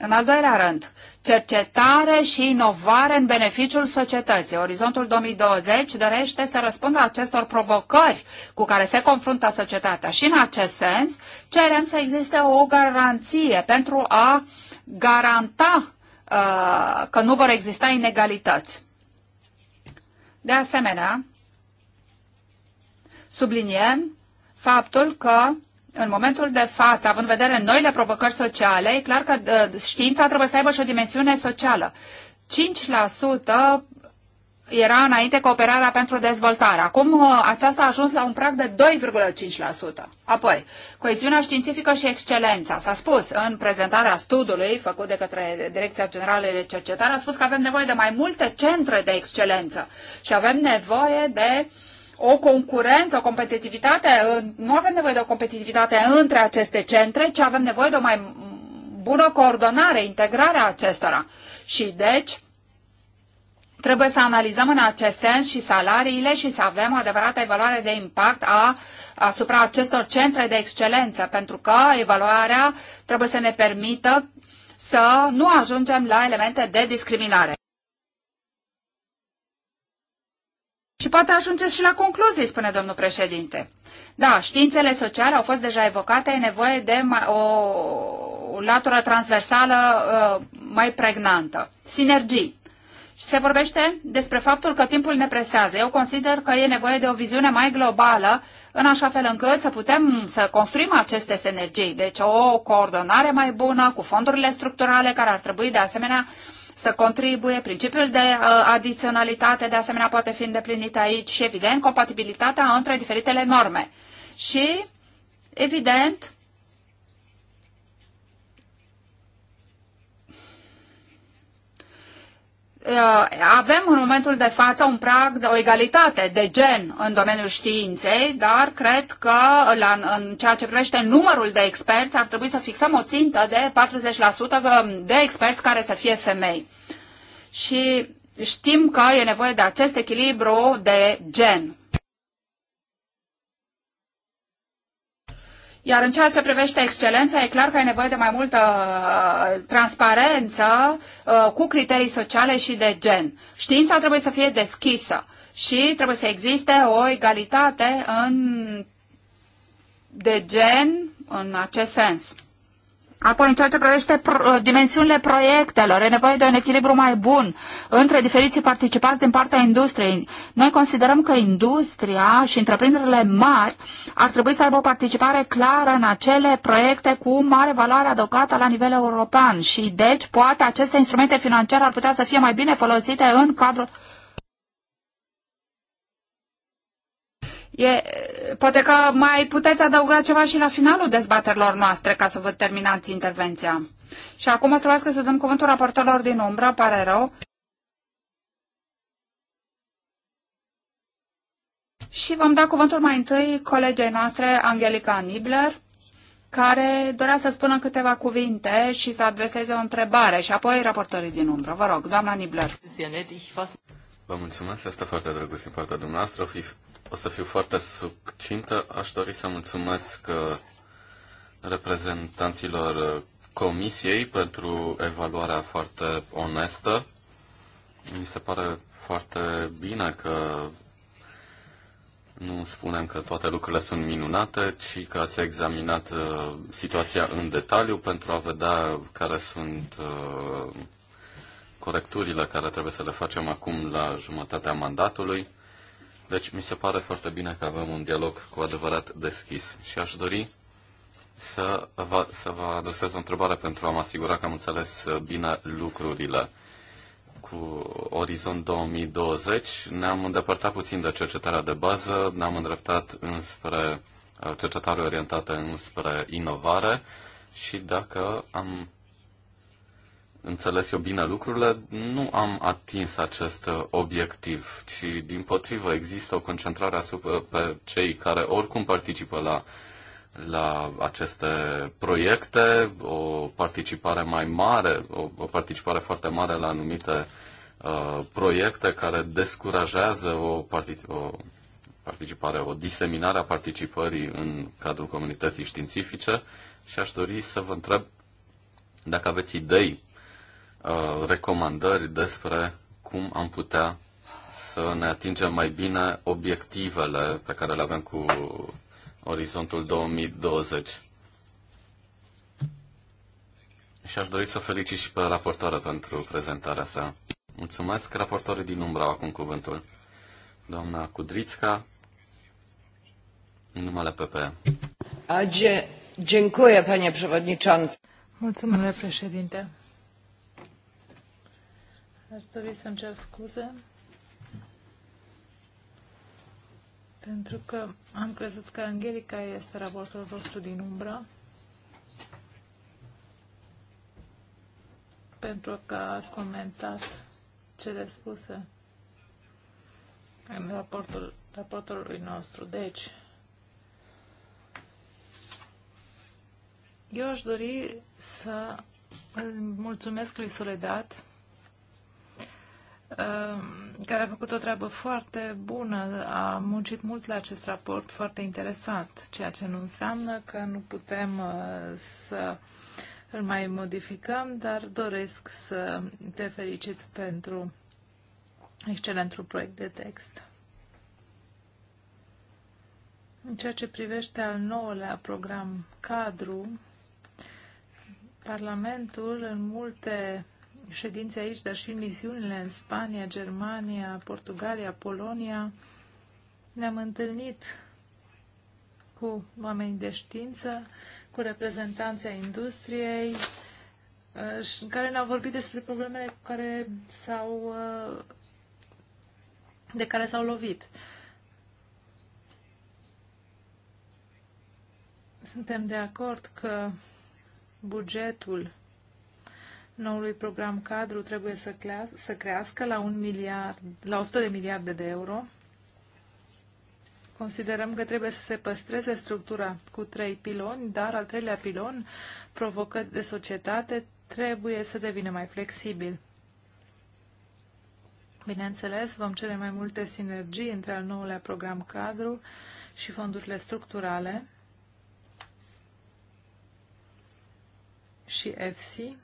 în al doilea rând, cercetare și inovare în beneficiul societății. Orizontul 2020 dorește să răspundă acestor provocări cu care se confruntă societatea și în acest sens cerem să existe o garanție pentru a garanta uh, că nu vor exista inegalități. De asemenea, subliniem faptul că în momentul de față, având în vedere noile provocări sociale, e clar că știința trebuie să aibă și o dimensiune socială. 5% era înainte cooperarea pentru dezvoltare. Acum uh, aceasta a ajuns la un prag de 2,5%. Apoi, coeziunea științifică și excelența. S-a spus în prezentarea studiului făcut de către Direcția Generală de Cercetare, a spus că avem nevoie de mai multe centre de excelență și avem nevoie de uh, o concurență, o competitivitate, nu avem nevoie de o competitivitate între aceste centre, ci avem nevoie de o mai bună coordonare, integrarea acestora. Și deci, Trebuie să analizăm în acest sens și salariile și să avem o adevărată evaluare de impact a, asupra acestor centre de excelență, pentru că evaluarea trebuie să ne permită să nu ajungem la elemente de discriminare. Și poate ajungeți și la concluzii, spune domnul președinte. Da, științele sociale au fost deja evocate, e nevoie de o, o latură transversală uh, mai pregnantă. Sinergii. Și Se vorbește despre faptul că timpul ne presează. Eu consider că e nevoie de o viziune mai globală, în așa fel încât să putem să construim aceste sinergii. Deci o coordonare mai bună cu fondurile structurale care ar trebui de asemenea uh, să contribuie. Principiul de uh, adiționalitate, de asemenea, poate fi îndeplinit aici și, evident, compatibilitatea între diferitele norme. Și, evident, Uh, avem în momentul de față un prag, de o egalitate de gen în domeniul științei, dar cred că la, în ceea ce privește numărul de experți ar trebui să fixăm o țintă de 40% de experți care să fie femei. Și știm că e nevoie de acest echilibru de gen Iar în ceea ce privește excelența, e clar că e nevoie de mai multă uh, transparență uh, cu criterii sociale și de gen. Știința trebuie să fie deschisă și trebuie să existe o egalitate în, de gen în acest sens. Apoi, în ceea ce privește pro uh, dimensiunile proiectelor, e nevoie de un echilibru mai bun între diferiții participați din partea industriei. Noi considerăm că industria și întreprinderile mari ar trebui să aibă o participare clară în acele proiecte cu mare valoare adăugată la nivel european și, deci, poate aceste instrumente financiare ar putea să fie mai bine folosite în cadrul E, poate că mai puteți adăuga ceva și la finalul dezbaterilor noastre ca să vă terminați intervenția. Și acum să să să dăm cuvântul raportorilor din umbră, pare rău. Și vom da cuvântul mai întâi colegei noastre, Angelica Nibler, care dorea să spună câteva cuvinte și să adreseze o întrebare și apoi raportorii din umbră. Vă rog, doamna Nibler. Vă mulțumesc, asta foarte drăguț din partea dumneavoastră. O să fiu foarte succintă. Aș dori să mulțumesc uh, reprezentanților uh, Comisiei pentru evaluarea foarte onestă. Mi se pare foarte bine că nu spunem că toate lucrurile sunt minunate, ci că ați examinat uh, situația în detaliu pentru a vedea care sunt corecturile care trebuie să le facem acum la jumătatea mandatului. Deci mi se pare foarte bine că avem un dialog cu adevărat deschis și aș dori să vă, să vă adresez o întrebare pentru a mă asigura că am înțeles bine lucrurile. Cu Orizont 2020 ne-am îndepărtat puțin de cercetarea de bază, ne-am îndreptat înspre cercetare orientată înspre inovare și dacă am înțeles eu bine lucrurile, nu am atins acest uh, obiectiv, ci din potrivă există o concentrare asupra pe cei care oricum participă la, la aceste proiecte, o participare mai mare, o, o participare foarte mare la anumite uh, proiecte care descurajează o, partic- o participare, o diseminare a participării în cadrul comunității științifice și aș dori să vă întreb dacă aveți idei Uh, recomandări despre cum am putea să ne atingem mai bine obiectivele pe care le avem cu orizontul 2020. Și aș dori să felicit și pe raportoare pentru prezentarea sa. Mulțumesc, raportorii din umbra, acum cuvântul. Doamna Kudrițca, în numele PP. Dziękuję, panie przewodniczący. Mulțumesc, președinte. Aș dori să-mi cer scuze pentru că am crezut că Angelica este raportul vostru din umbră. pentru că ați comentat cele spuse în raportul raportului nostru. Deci, eu aș dori să mulțumesc lui Soledad Um, care a făcut o treabă foarte bună, a muncit mult la acest raport foarte interesant, ceea ce nu înseamnă că nu putem uh, să îl mai modificăm, dar doresc să te felicit pentru excelentul proiect de text. În ceea ce privește al nouălea program cadru, Parlamentul în multe ședințe aici, dar și în misiunile în Spania, Germania, Portugalia, Polonia, ne-am întâlnit cu oameni de știință, cu reprezentanții industriei, uh, în care ne-au vorbit despre problemele cu care s-au, uh, de care s-au lovit. Suntem de acord că bugetul noului program cadru trebuie să, crea, să crească la, un miliard, la 100 de miliarde de euro. Considerăm că trebuie să se păstreze structura cu trei piloni, dar al treilea pilon, provocări de societate, trebuie să devină mai flexibil. Bineînțeles, vom cere mai multe sinergii între al nouălea program cadru și fondurile structurale și EFSI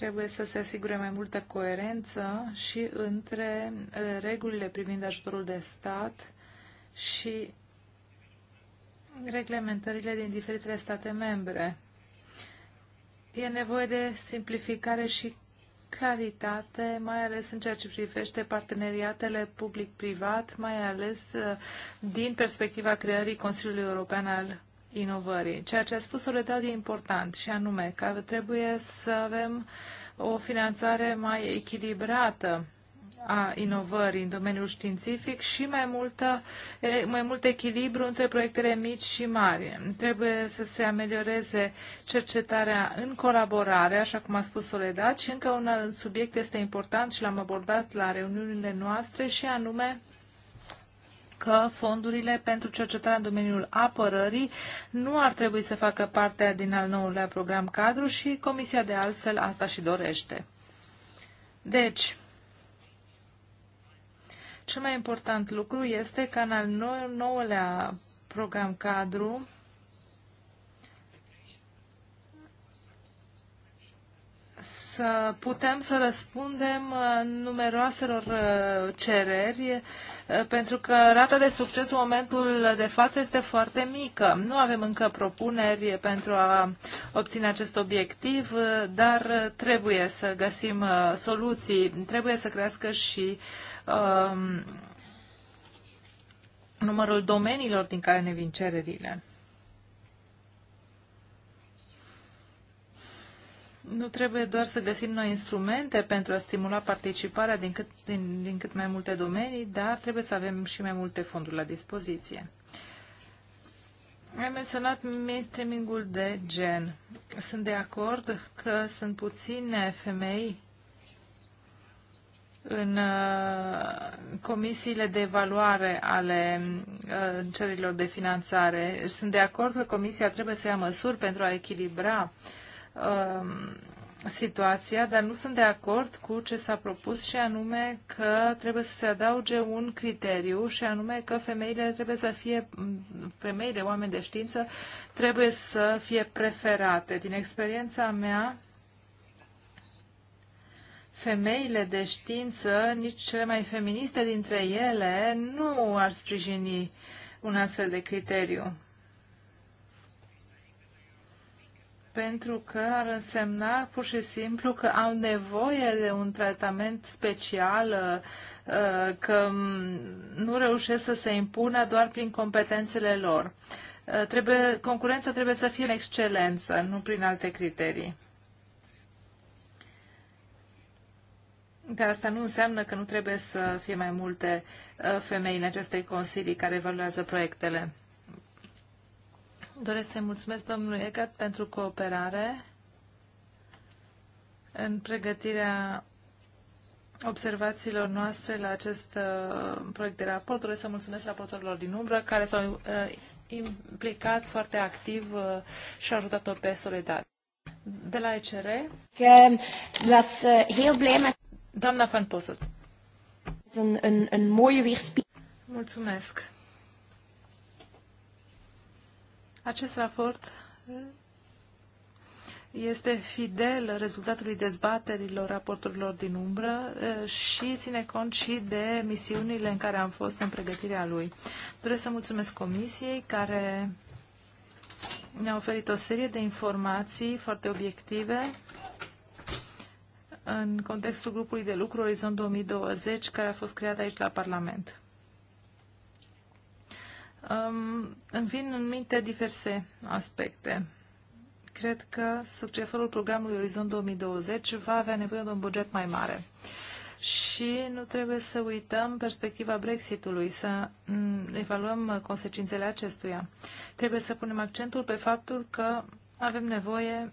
Trebuie să se asigure mai multă coerență și între uh, regulile privind ajutorul de stat și reglementările din diferitele state membre. E nevoie de simplificare și claritate, mai ales în ceea ce privește parteneriatele public-privat, mai ales uh, din perspectiva creării Consiliului European al inovării. Ceea ce a spus Soledad e important și anume că trebuie să avem o finanțare mai echilibrată a inovării în domeniul științific și mai, multă, mai mult echilibru între proiectele mici și mari. Trebuie să se amelioreze cercetarea în colaborare, așa cum a spus Soledad, și încă un subiect este important și l-am abordat la reuniunile noastre și anume că fondurile pentru cercetarea în domeniul apărării nu ar trebui să facă parte din al noului program cadru și Comisia de altfel asta și dorește. Deci, cel mai important lucru este că în al nouălea program cadru să putem să răspundem uh, numeroaselor uh, cereri Eh, pentru că rata de succes în momentul de față este foarte mică. Nu avem încă propuneri pentru a obține acest obiectiv, eh, dar trebuie să găsim eh, soluții, trebuie să crească și um, numărul domeniilor din care ne vin cererile. Nu trebuie doar să găsim noi instrumente pentru a stimula participarea din cât, din, din cât mai multe domenii, dar trebuie să avem și mai multe fonduri la dispoziție. Ai menționat mainstreamingul de gen. Sunt de acord că sunt puține femei în uh, comisiile de evaluare ale uh, cererilor de finanțare. Sunt de acord că comisia trebuie să ia măsuri pentru a echilibra uh, Um, situația, dar nu sunt de acord cu ce s-a propus și anume că trebuie să se adauge un criteriu și anume că femeile trebuie să fie, femeile, oameni de știință, trebuie să fie preferate. Din experiența mea, femeile de știință, nici cele mai feministe dintre ele, nu ar sprijini un astfel de criteriu. pentru că ar însemna pur și simplu că au nevoie de un tratament special, uh, că nu reușesc să se impună doar prin competențele lor. Uh, trebuie, concurența trebuie să fie în excelență, nu prin alte criterii. Dar asta nu înseamnă că nu trebuie să fie mai multe uh, femei în aceste consilii care evaluează proiectele. Doresc să-i mulțumesc domnului Egat pentru cooperare în pregătirea observațiilor noastre la acest uh, proiect de raport. Doresc să mulțumesc raportorilor din umbră care s-au uh, implicat foarte activ uh, și au ajutat-o pe Soledad. De la ECR. Uh, heel Doamna Van Posselt. Mulțumesc. Acest raport este fidel rezultatului dezbaterilor raporturilor din umbră și ține cont și de misiunile în care am fost în pregătirea lui. Doresc să mulțumesc comisiei care ne-a oferit o serie de informații foarte obiective în contextul grupului de lucru Orizont 2020 care a fost creat aici la Parlament. Um, îmi vin în minte diverse aspecte. Cred că succesorul programului Orizont 2020 va avea nevoie de un buget mai mare. Și nu trebuie să uităm perspectiva Brexitului, să mm, evaluăm consecințele acestuia. Trebuie să punem accentul pe faptul că avem nevoie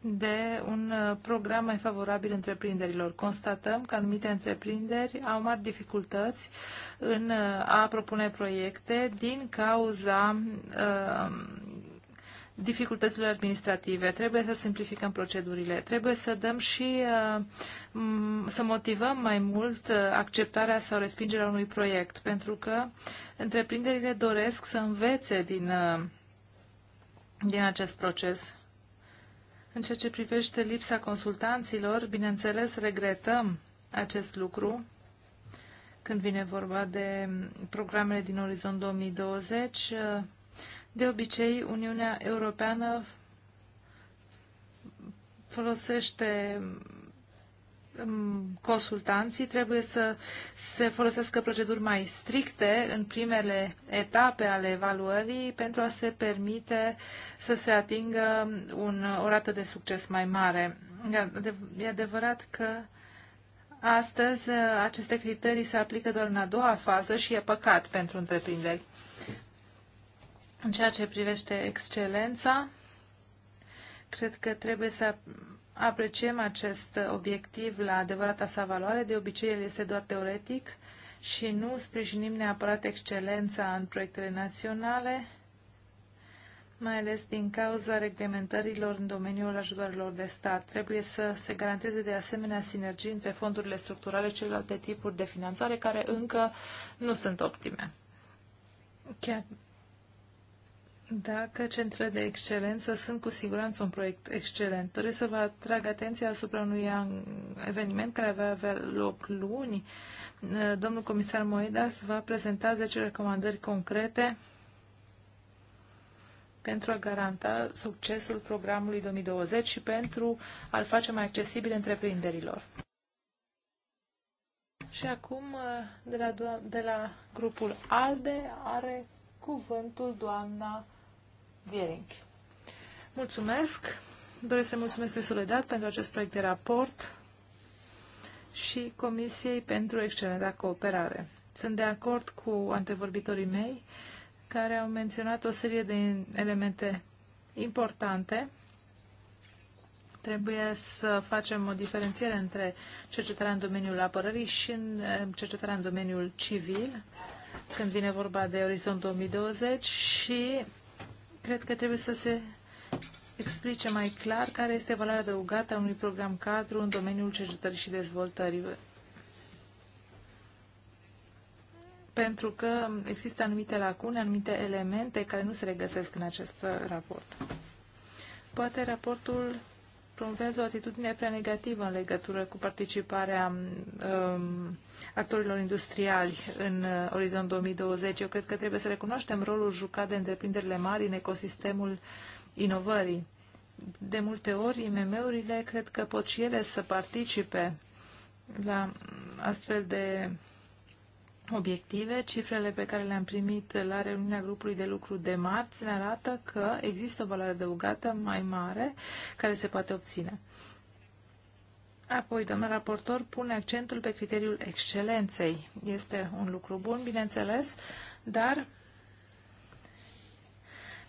de un uh, program mai favorabil întreprinderilor. Constatăm că anumite întreprinderi au mari dificultăți în uh, a propune proiecte din cauza uh, dificultăților dificultățile administrative, trebuie să simplificăm procedurile, trebuie să dăm și să motivăm mai mult acceptarea sau respingerea unui proiect, pentru că întreprinderile doresc să învețe din, din acest proces. În ceea ce privește lipsa consultanților, bineînțeles, regretăm acest lucru când vine vorba de programele din Orizont 2020. De obicei, Uniunea Europeană folosește consultanții trebuie să se folosească proceduri mai stricte în primele etape ale evaluării pentru a se permite să se atingă un, o rată de succes mai mare. E adevărat că astăzi uh, aceste criterii se aplică doar în a doua fază și e păcat pentru întreprinderi. În ceea ce privește excelența, cred că trebuie să apreciem acest obiectiv la adevărata sa valoare, de obicei el este doar teoretic și nu sprijinim neapărat excelența în proiectele naționale, mai ales din cauza reglementărilor în domeniul ajutorilor de stat. Trebuie să se garanteze de asemenea sinergii între fondurile structurale și celelalte tipuri de finanțare care încă nu sunt optime. Chiar dacă centrele de excelență sunt cu siguranță un proiect excelent. Doresc să vă atrag atenția asupra unui eveniment care va avea loc luni. Domnul comisar Moedas va prezenta 10 recomandări concrete pentru a garanta succesul programului 2020 și pentru a-l face mai accesibil întreprinderilor. Și acum, de la, de la grupul ALDE, are cuvântul doamna Viering. Mulțumesc. Doresc să mulțumesc lui Soledad pentru acest proiect de raport și Comisiei pentru excelenta cooperare. Sunt de acord cu antevorbitorii mei care au menționat o serie de elemente importante. Trebuie să facem o diferențiere între cercetarea în domeniul apărării și în eh, cercetarea în domeniul civil, când vine vorba de Orizont 2020 și Cred că trebuie să se explice mai clar care este valoarea adăugată a unui program cadru în domeniul cercetării și dezvoltării. Pentru că există anumite lacune, anumite elemente care nu se regăsesc în acest raport. Poate raportul promovează o atitudine prea negativă în legătură cu participarea um, actorilor industriali în uh, Orizont 2020. Eu cred că trebuie să recunoaștem rolul jucat de întreprinderile mari în ecosistemul inovării. De multe ori, IMM-urile cred că pot și ele să participe la astfel de obiective, cifrele pe care le-am primit la reuniunea grupului de lucru de marți ne arată că există o valoare adăugată mai mare care se poate obține. Apoi, domnul raportor pune accentul pe criteriul excelenței. Este un lucru bun, bineînțeles, dar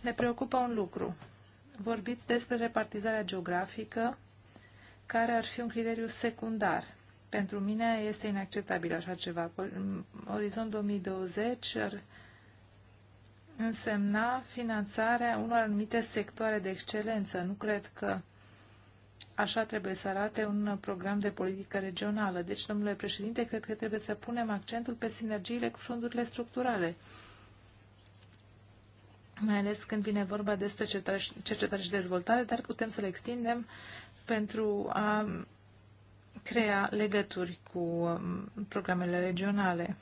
ne preocupă un lucru. Vorbiți despre repartizarea geografică, care ar fi un criteriu secundar pentru mine este inacceptabil așa ceva. Orizont 2020 ar însemna finanțarea unor anumite sectoare de excelență. Nu cred că așa trebuie să arate un program de politică regională. Deci, domnule președinte, cred că trebuie să punem accentul pe sinergiile cu fondurile structurale mai ales când vine vorba despre cercetare și dezvoltare, dar putem să le extindem pentru a crea legături cu um, programele regionale.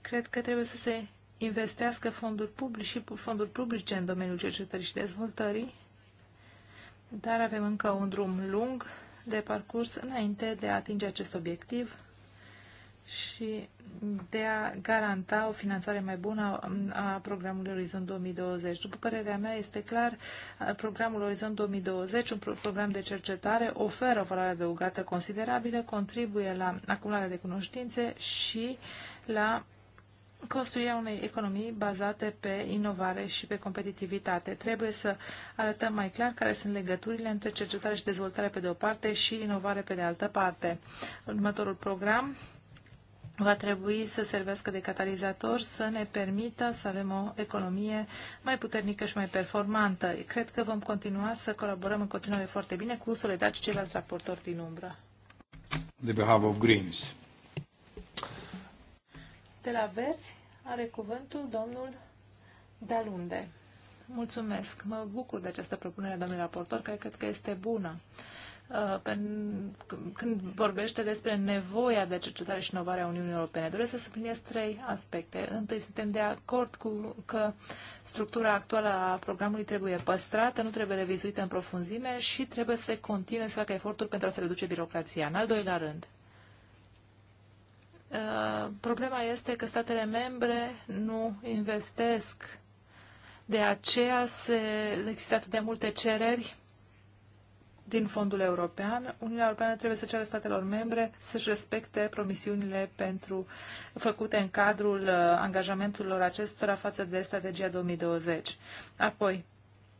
Cred că trebuie să se investească fonduri publice și fonduri publice în domeniul cercetării și dezvoltării, dar avem încă un drum lung de parcurs înainte de a atinge acest obiectiv și de a garanta o finanțare mai bună a programului Orizont 2020. După părerea mea, este clar, programul Orizont 2020, un program de cercetare, oferă o valoare adăugată considerabilă, contribuie la acumularea de cunoștințe și la construirea unei economii bazate pe inovare și pe competitivitate. Trebuie să arătăm mai clar care sunt legăturile între cercetare și dezvoltare pe de o parte și inovare pe de altă parte. Următorul program va trebui să servească de catalizator, să ne permită să avem o economie mai puternică și mai performantă. Cred că vom continua să colaborăm în continuare foarte bine cu Soledad și ceilalți raportori din umbră. behalf of Greens. De la Verzi are cuvântul domnul Dalunde. Mulțumesc. Mă bucur de această propunere, domnule raportor, care cred că este bună. Uh, când vorbește despre nevoia de cercetare și inovare a Uniunii Europene. Doresc să subliniez trei aspecte. Întâi, suntem de acord cu că structura actuală a programului trebuie păstrată, nu trebuie revizuită în profunzime și trebuie să continue să facă eforturi pentru a se reduce birocrația. În al doilea rând, uh, problema este că statele membre nu investesc. De aceea se există atât de multe cereri din fondul european. Uniunea Europeană trebuie să ceară statelor membre să-și respecte promisiunile pentru, făcute în cadrul uh, angajamentelor acestora față de strategia 2020. Apoi,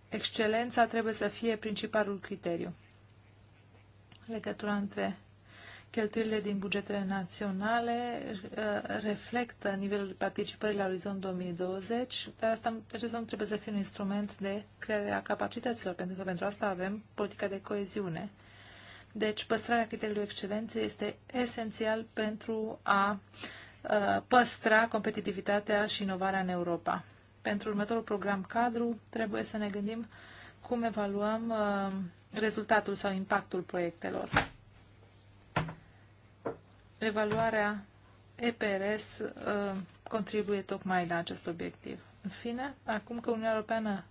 excelența trebuie să fie principalul criteriu. Legătura între Cheltuielile din bugetele naționale uh, reflectă nivelul participării la Orizont 2020, dar asta, acesta nu trebuie să fie un instrument de creare a capacităților, pentru că pentru asta avem politica de coeziune. Deci, păstrarea criteriului excelenței este esențial pentru a uh, păstra competitivitatea și inovarea în Europa. Pentru următorul program cadru trebuie să ne gândim cum evaluăm uh, rezultatul sau impactul proiectelor evaluarea EPRS uh, contribuie tocmai la acest obiectiv. În fine, acum că Uniunea Europeană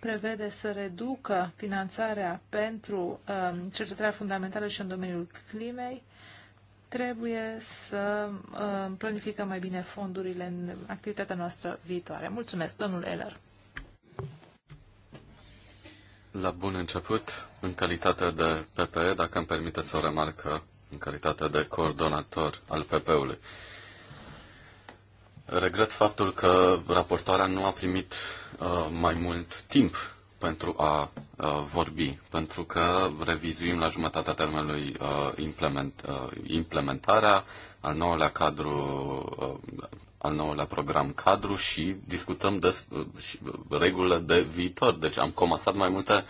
prevede să reducă finanțarea pentru uh, cercetarea fundamentală și în domeniul climei, trebuie să uh, planificăm mai bine fondurile în activitatea noastră viitoare. Mulțumesc, domnul Eller. La bun început, în calitate de PPE, dacă îmi permiteți o remarcă în calitate de coordonator al PP-ului. Regret faptul că raportoarea nu a primit uh, mai mult timp pentru a uh, vorbi, pentru că revizuim la jumătatea termenului uh, implement, uh, implementarea al nouălea cadru, uh, al nouălea program cadru și discutăm despre uh, uh, regulile de viitor. Deci am comasat mai multe uh,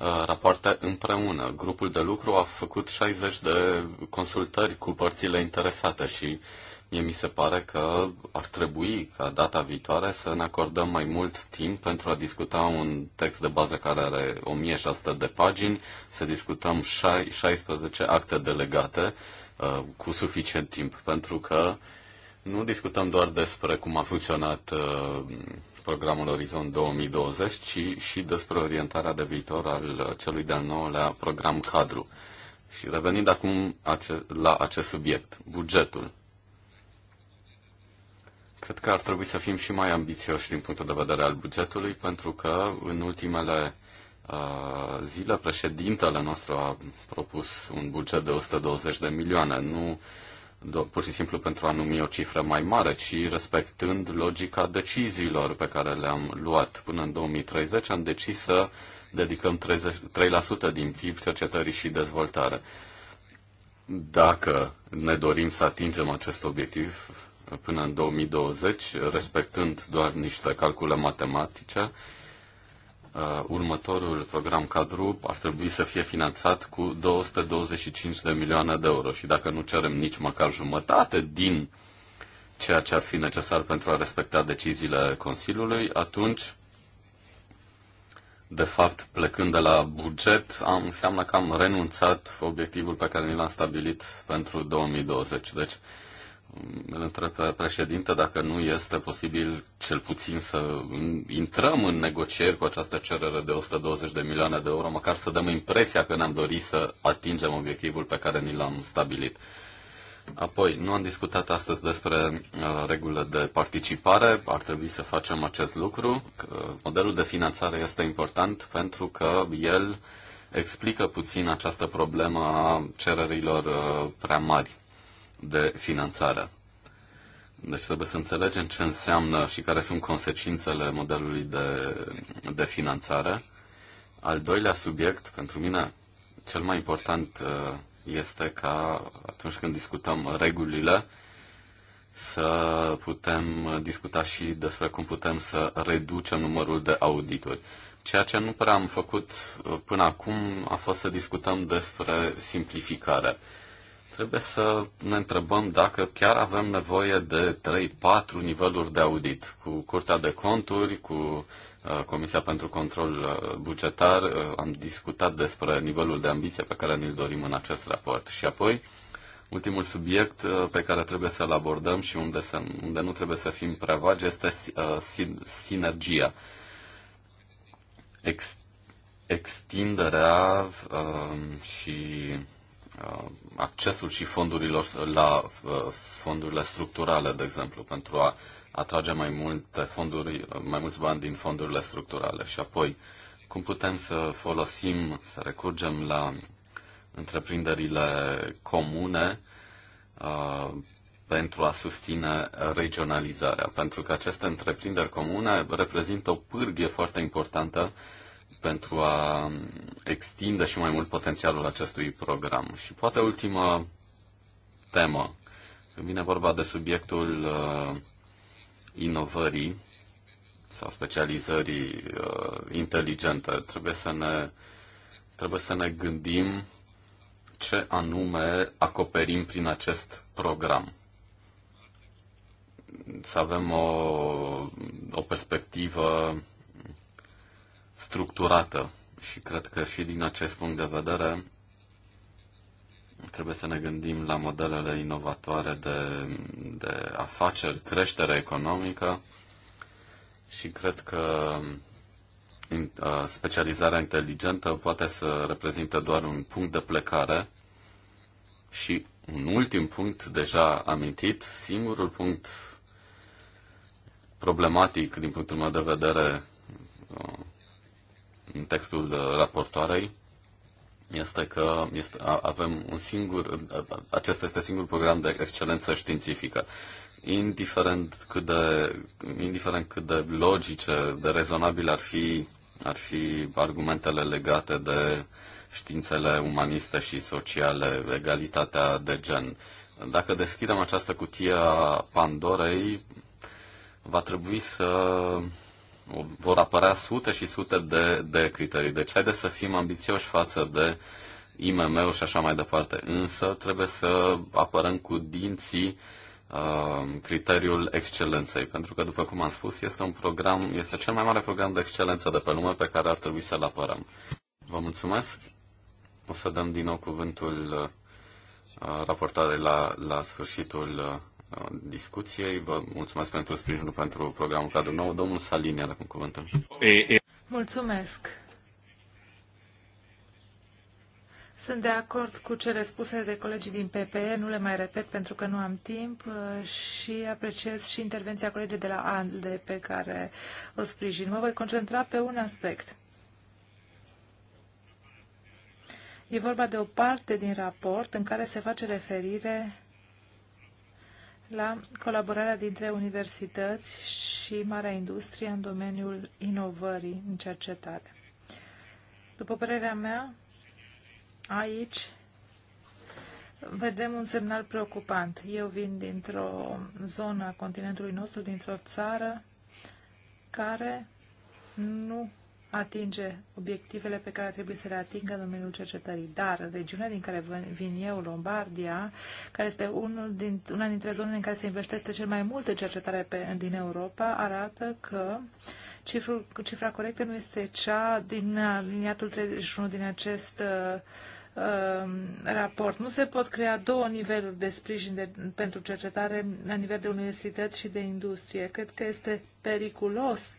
Uh, rapoarte împreună. Grupul de lucru a făcut 60 de consultări cu părțile interesate și mie mi se pare că ar trebui ca data viitoare să ne acordăm mai mult timp pentru a discuta un text de bază care are 1600 de pagini, să discutăm 16 acte delegate uh, cu suficient timp, pentru că nu discutăm doar despre cum a funcționat uh, programul Orizont 2020, ci și despre orientarea de viitor al celui de-al nouălea program cadru. Și revenind acum la acest subiect, bugetul. Cred că ar trebui să fim și mai ambițioși din punctul de vedere al bugetului, pentru că în ultimele uh, zile președintele nostru a propus un buget de 120 de milioane. Nu uh, pur și simplu pentru a numi o cifră mai mare, ci respectând logica deciziilor pe care le-am luat. Până în 2030 am decis să dedicăm 30, 3% din PIB cercetării și dezvoltare. Dacă ne dorim să atingem acest obiectiv până în 2020, respectând doar niște calcule matematice, Uh, următorul program cadru ar trebui să fie finanțat cu 225 de milioane de euro și dacă nu cerem nici măcar jumătate din ceea ce ar fi necesar pentru a respecta deciziile Consiliului, atunci, de fapt, plecând de la buget, am, înseamnă că am renunțat obiectivul pe care ni l-am stabilit pentru 2020. Deci, îl întreb pe președinte dacă nu este posibil cel puțin să intrăm în negocieri cu această cerere de 120 de milioane de euro, măcar să dăm impresia că ne-am dorit să atingem obiectivul pe care ni l-am stabilit. Apoi, nu am discutat astăzi despre uh, regulile de participare, ar trebui să facem acest lucru. Uh, modelul de finanțare este important pentru că el explică puțin această problemă a cererilor uh, prea mari de finanțare. Deci trebuie să înțelegem ce înseamnă și care sunt consecințele modelului de, de finanțare. Al doilea subiect, pentru mine, cel mai important uh, este ca atunci când discutăm regulile, să putem discuta și despre cum putem să reducem numărul de audituri. Ceea ce nu prea am făcut uh, până acum a fost să discutăm despre simplificare trebuie să ne întrebăm dacă chiar avem nevoie de 3-4 niveluri de audit cu Curtea de Conturi, cu uh, Comisia pentru Control uh, Bugetar. Uh, am discutat despre nivelul de ambiție pe care ne-l dorim în acest raport. Și apoi, ultimul subiect pe care trebuie să-l abordăm și unde, să, unde nu trebuie să fim prea vagi este sinergia. Ex, extinderea uh, și Uh, accesul și fondurilor la uh, fondurile structurale, de exemplu, pentru a atrage mai multe fonduri, uh, mai mulți bani din fondurile structurale și apoi cum putem să folosim, să recurgem la întreprinderile comune uh, pentru a susține regionalizarea, pentru că aceste întreprinderi comune reprezintă o pârghie foarte importantă uh, pentru a extinde și mai mult potențialul acestui program. Și poate ultima temă, când vine vorba de subiectul uh, inovării sau specializării uh, inteligente, trebuie să ne, trebuie să ne gândim ce anume acoperim prin acest program să avem o, o perspectivă structurată și cred că și din acest punct de vedere trebuie să ne gândim la modelele inovatoare de, de afaceri, creștere economică și cred că specializarea inteligentă poate să reprezinte doar un punct de plecare și un ultim punct deja amintit, singurul punct problematic din punctul meu de vedere din textul uh, raportoarei este că este, avem un singur, acesta este singurul program de excelență științifică. Indiferent cât de, indiferent cât de logice, de rezonabile ar fi, ar fi argumentele legate de științele umaniste și sociale, egalitatea de gen. Dacă deschidem această cutie a Pandorei, va trebui să vor apărea sute și sute de, de criterii. Deci haideți să fim ambițioși față de IMM-uri și așa mai departe. Însă trebuie să apărăm cu dinții uh, criteriul excelenței, pentru că, după cum am spus, este un program, este cel mai mare program de excelență de pe lume pe care ar trebui să-l apărăm. Vă mulțumesc. O să dăm din nou cuvântul uh, raportare la, la sfârșitul uh, discuției. Vă mulțumesc pentru sprijinul pentru programul cadru nou. Domnul Salini are acum cuvântul. Mulțumesc. Sunt de acord cu cele spuse de colegii din PPE, nu le mai repet pentru că nu am timp uh, și apreciez și intervenția colegii de la ANDE pe care o sprijin. Mă voi concentra pe un aspect. E vorba de o parte din raport în care se face referire la colaborarea dintre universități și marea industrie în domeniul inovării în cercetare. După părerea mea, aici vedem un semnal preocupant. Eu vin dintr-o zonă a continentului nostru, dintr-o țară care nu atinge obiectivele pe care trebuie să le atingă în domeniul cercetării. Dar regiunea din care vin eu, Lombardia, care este unul din, una dintre zonele în care se investește cel mai mult în cercetare pe, din Europa, arată că cifrul, cifra corectă nu este cea din aliniatul 31 din acest uh, um, raport. Nu se pot crea două niveluri de sprijin de, pentru cercetare la nivel de universități și de industrie. Cred că este periculos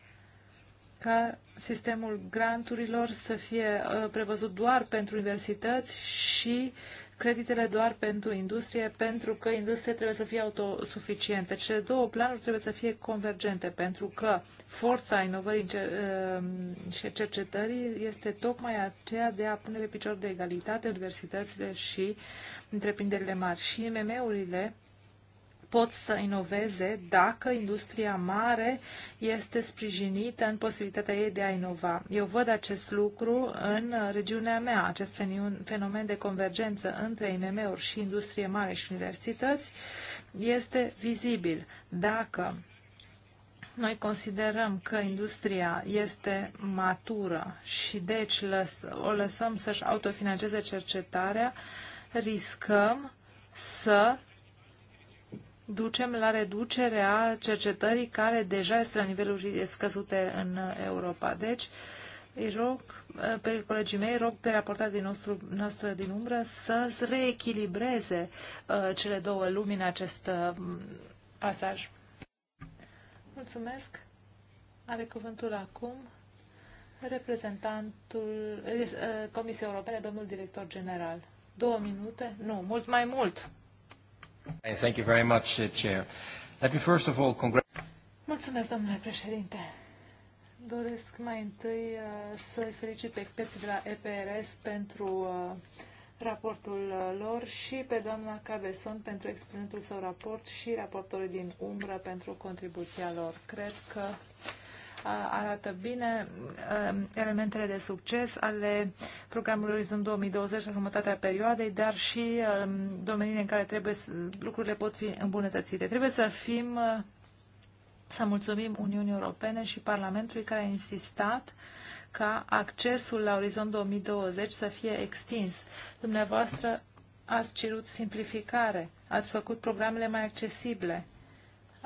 ca sistemul granturilor să fie uh, prevăzut doar pentru universități și creditele doar pentru industrie, pentru că industria trebuie să fie autosuficiente. Cele două planuri trebuie să fie convergente, pentru că forța inovării uh, și cercetării este tocmai aceea de a pune pe picior de egalitate universitățile și întreprinderile mari. Și mm urile pot să inoveze dacă industria mare este sprijinită în posibilitatea ei de a inova. Eu văd acest lucru în regiunea mea, acest fenomen de convergență între IMM-uri și industrie mare și universități este vizibil. Dacă noi considerăm că industria este matură și deci o lăsăm să-și autofinanțeze cercetarea, riscăm să ducem la reducerea cercetării care deja este la niveluri scăzute în Europa. Deci, îi rog eh, pe colegii mei, rog pe raportarea din nostru, noastră din umbră să reechilibreze uh, cele două lumi în acest uh, pasaj. Mulțumesc. Are cuvântul acum reprezentantul uh, Comisiei Europene, domnul director general. Două minute? Nu, mult mai mult. Thank you very much, uh, Chair. Let me first of all congratulate... Mulțumesc, domnule președinte. Doresc mai întâi uh, să felicit pe experții de la EPRS pentru uh, raportul uh, lor și pe doamna Cabeson pentru excelentul său raport și raportorii din umbră pentru contribuția lor. Cred că arată bine elementele de succes ale programului Orizont 2020 la jumătatea perioadei, dar și domeniile în care trebuie să, lucrurile pot fi îmbunătățite. Trebuie să fim să mulțumim Uniunii Europene și Parlamentului care a insistat ca accesul la Orizont 2020 să fie extins. Dumneavoastră ați cerut simplificare, ați făcut programele mai accesibile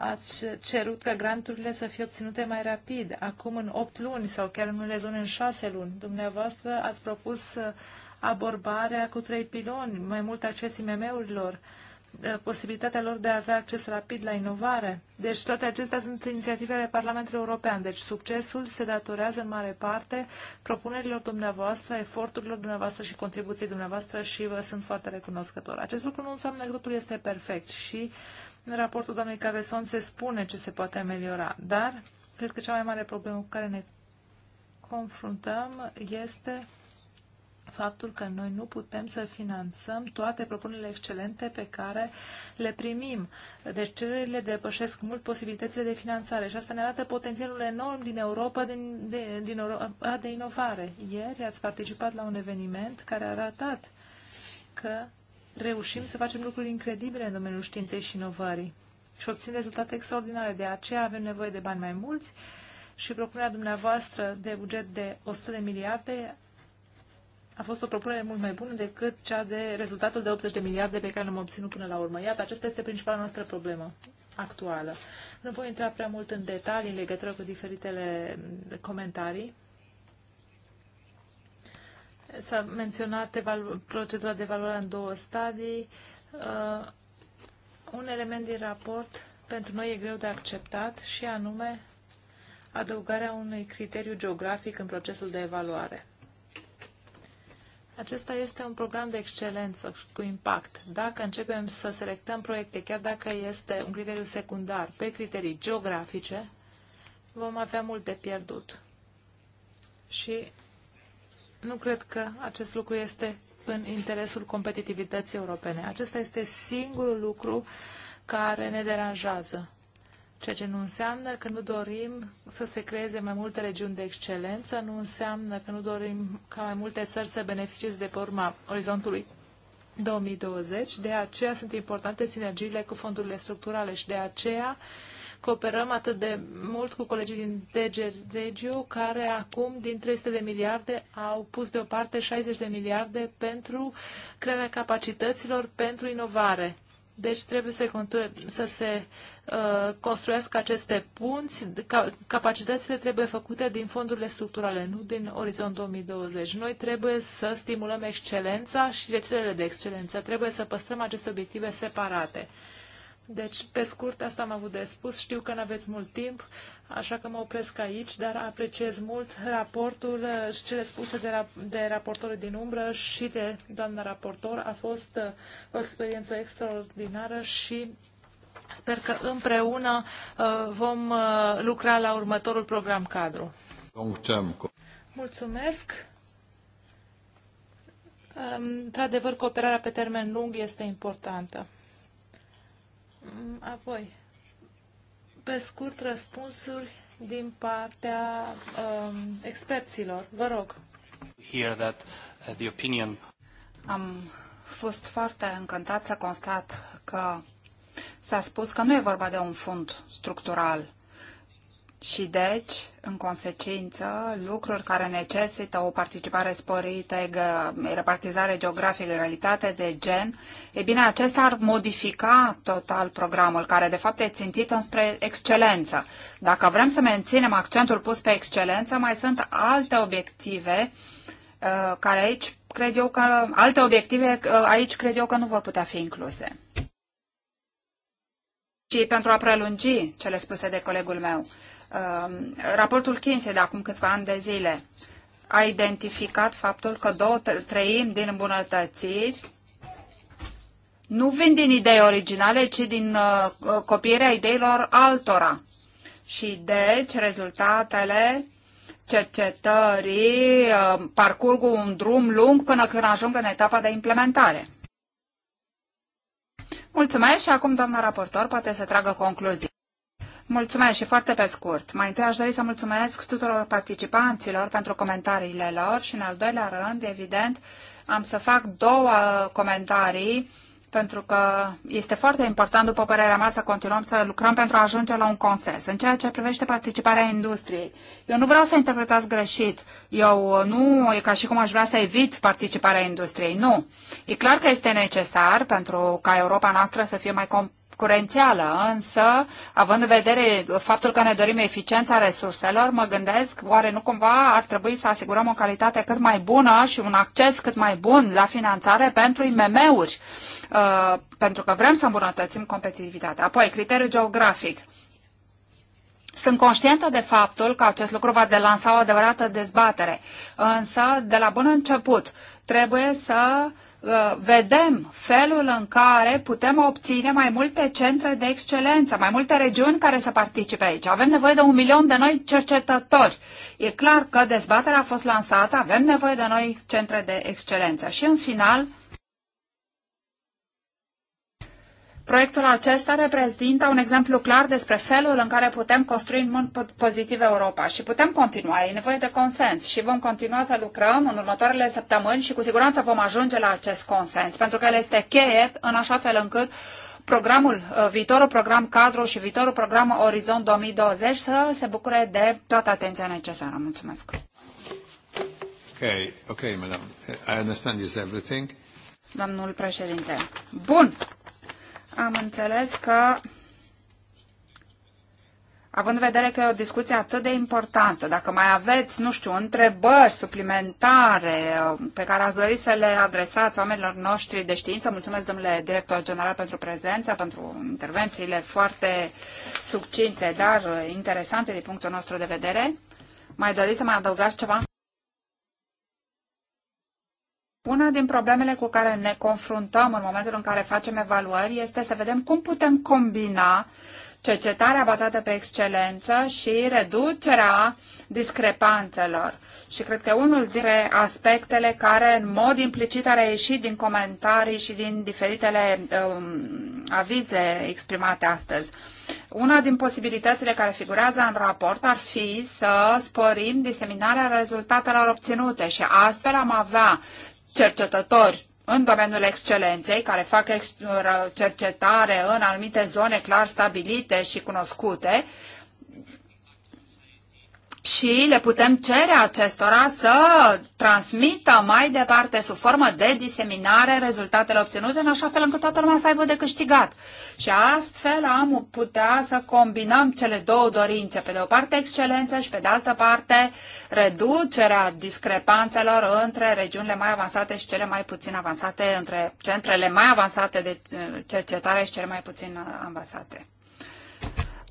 ați cerut ca granturile să fie obținute mai rapid, acum în 8 luni sau chiar în unele zone în 6 luni. Dumneavoastră ați propus uh, abordarea cu trei piloni, mai mult acces IMM-urilor, uh, posibilitatea lor de a avea acces rapid la inovare. Deci toate acestea sunt inițiativele Parlamentului European. Deci succesul se datorează în mare parte propunerilor dumneavoastră, eforturilor dumneavoastră și contribuției dumneavoastră și vă sunt foarte recunoscător. Acest lucru nu înseamnă că totul este perfect și uh, în raportul doamnei Caveson se spune ce se poate ameliora, dar cred că cea mai mare problemă cu care ne confruntăm este faptul că noi nu putem să finanțăm toate propunerile excelente pe care le primim. Deci cererile depășesc mult posibilitățile de finanțare și asta ne arată potențialul enorm din Europa din, de, din Europa de inovare. Ieri ați participat la un eveniment care a arătat că reușim să facem lucruri incredibile în domeniul științei și inovării și obțin rezultate extraordinare. De aceea avem nevoie de bani mai mulți și propunerea dumneavoastră de buget de 100 de miliarde a fost o propunere mult mai bună decât cea de rezultatul de 80 de miliarde pe care l-am obținut până la urmă. Iată, aceasta este principala noastră problemă actuală. Nu voi intra prea mult în detalii în legătură cu diferitele comentarii S-a menționat procedura de evaluare în două stadii. Uh, un element din raport pentru noi e greu de acceptat și anume adăugarea unui criteriu geografic în procesul de evaluare. Acesta este un program de excelență cu impact. Dacă începem să selectăm proiecte, chiar dacă este un criteriu secundar, pe criterii geografice, vom avea mult de pierdut. Și nu cred că acest lucru este în interesul competitivității europene. Acesta este singurul lucru care ne deranjează. Ceea ce nu înseamnă că nu dorim să se creeze mai multe regiuni de excelență, nu înseamnă că nu dorim ca mai multe țări să beneficieze de pe urma orizontului 2020. De aceea sunt importante sinergiile cu fondurile structurale și de aceea uh, Cooperăm atât de mult cu colegii din DG Regio, care acum din 300 de miliarde au pus deoparte 60 de miliarde pentru crearea capacităților pentru inovare. Deci trebuie să, conture, să se uh, construiască aceste punți. Ca, capacitățile trebuie făcute din fondurile structurale, nu din Orizont 2020. Noi trebuie să stimulăm excelența și rețelele de excelență. Trebuie să păstrăm aceste obiective separate. Deci, pe scurt, asta am avut de spus. Știu că nu aveți mult timp, așa că mă opresc aici, dar apreciez mult raportul uh, și cele spuse de, rap- de raportorul din umbră și de doamna raportor. A fost uh, o experiență extraordinară și sper că împreună uh, vom lucra la următorul program cadru. Mulțumesc! Um, într-adevăr, cooperarea pe termen lung este importantă. Apoi, pe scurt, răspunsuri din partea um, experților. Vă rog. Here that, uh, the opinion... Am fost foarte încântat să constat că s-a spus că nu e vorba de un fond structural și deci, în consecință, lucruri care necesită o participare sporită, repartizare geografică, egalitate de gen, e bine, acesta ar modifica total programul, care de fapt e țintit înspre excelență. Dacă vrem să menținem accentul pus pe excelență, mai sunt alte obiective uh, care aici cred eu că alte obiective uh, aici cred eu că nu vor putea fi incluse. Și pentru a prelungi cele spuse de colegul meu, Um, raportul Kinsey de acum câțiva ani de zile a identificat faptul că două treimi din îmbunătățiri nu vin din idei originale, ci din uh, copierea ideilor altora. Și deci rezultatele cercetării uh, parcurg un drum lung până când ajung în etapa de implementare. Mulțumesc și acum, doamna raportor, poate să tragă concluzii. Mulțumesc și foarte pe scurt. Mai întâi aș dori să mulțumesc tuturor participanților pentru comentariile lor și în al doilea rând, evident, am să fac două comentarii pentru că este foarte important, după părerea mea, să continuăm să lucrăm pentru a ajunge la un consens. În ceea ce privește participarea industriei, eu nu vreau să interpretați greșit. Eu nu e ca și cum aș vrea să evit participarea industriei. Nu. E clar că este necesar pentru ca Europa noastră să fie mai competitivă concurențială, însă, având în vedere faptul că ne dorim eficiența resurselor, mă gândesc, oare nu cumva ar trebui să asigurăm o calitate cât mai bună și un acces cât mai bun la finanțare pentru IMM-uri, uh, pentru că vrem să îmbunătățim competitivitatea. Apoi, criteriul geografic. Sunt conștientă de faptul că acest lucru va delansa o adevărată dezbatere, însă, de la bun început, trebuie să uh, Ă, vedem felul în care putem obține mai multe centre de excelență, mai multe regiuni care să participe aici. Avem nevoie de un milion de noi cercetători. E clar că dezbaterea a fost lansată, avem nevoie de noi centre de excelență. Și în final, Proiectul acesta reprezintă un exemplu clar despre felul în care putem construi în mod pozitiv Europa și putem continua, e nevoie de consens și vom continua să lucrăm în următoarele săptămâni și cu siguranță vom ajunge la acest consens, pentru că el este cheie în așa fel încât programul, uh, viitorul program cadru și viitorul program Orizont 2020 să se bucure de toată atenția necesară. Mulțumesc! Okay, okay, madam. I understand this everything. Domnul președinte. Bun. Am înțeles că, având în vedere că e o discuție atât de importantă, dacă mai aveți, nu știu, întrebări suplimentare uh, pe care ați dori să le adresați oamenilor noștri de știință, mulțumesc, domnule director general, pentru prezența, pentru intervențiile foarte succinte, dar uh, interesante din punctul nostru de vedere. Mai doriți să mai adăugați ceva? Una din problemele cu care ne confruntăm în momentul în care facem evaluări este să vedem cum putem combina cercetarea bazată pe excelență și reducerea discrepanțelor. Și cred că unul dintre aspectele care în mod implicit a reieșit din comentarii și din diferitele um, avize exprimate astăzi. Una din posibilitățile care figurează în raport ar fi să sporim diseminarea rezultatelor obținute și astfel am avea cercetători în domeniul excelenței, care fac cercetare în anumite zone clar stabilite și cunoscute, și le putem cere acestora să transmită mai departe sub formă de diseminare rezultatele obținute în așa fel încât toată lumea să aibă de câștigat. Și astfel am putea să combinăm cele două dorințe, pe de o parte excelență și pe de altă parte reducerea discrepanțelor între regiunile mai avansate și cele mai puțin avansate, între centrele mai avansate de eh, cercetare și cele mai puțin eh, avansate.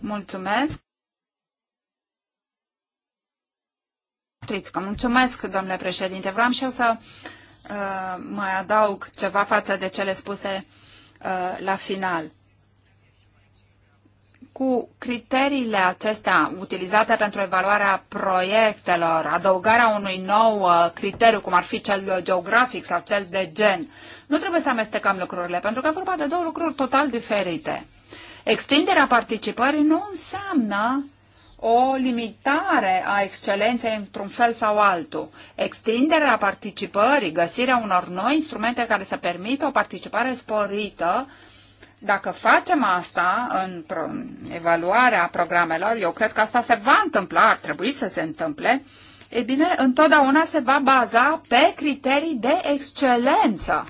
Mulțumesc! Trițcă. Mulțumesc, domnule președinte. Vreau și eu să uh, mai adaug ceva față de cele spuse uh, la final. Cu criteriile acestea utilizate pentru evaluarea proiectelor, adăugarea unui nou uh, criteriu, cum ar fi cel geografic sau cel de gen, nu trebuie să amestecăm lucrurile, pentru că e vorba de două lucruri total diferite. Extinderea participării nu înseamnă o limitare a excelenței într-un fel sau altul, extinderea participării, găsirea unor noi instrumente care să permită o participare sporită. Dacă facem asta în evaluarea programelor, eu cred că asta se va întâmpla, ar trebui să se întâmple, e bine, întotdeauna se va baza pe criterii de excelență.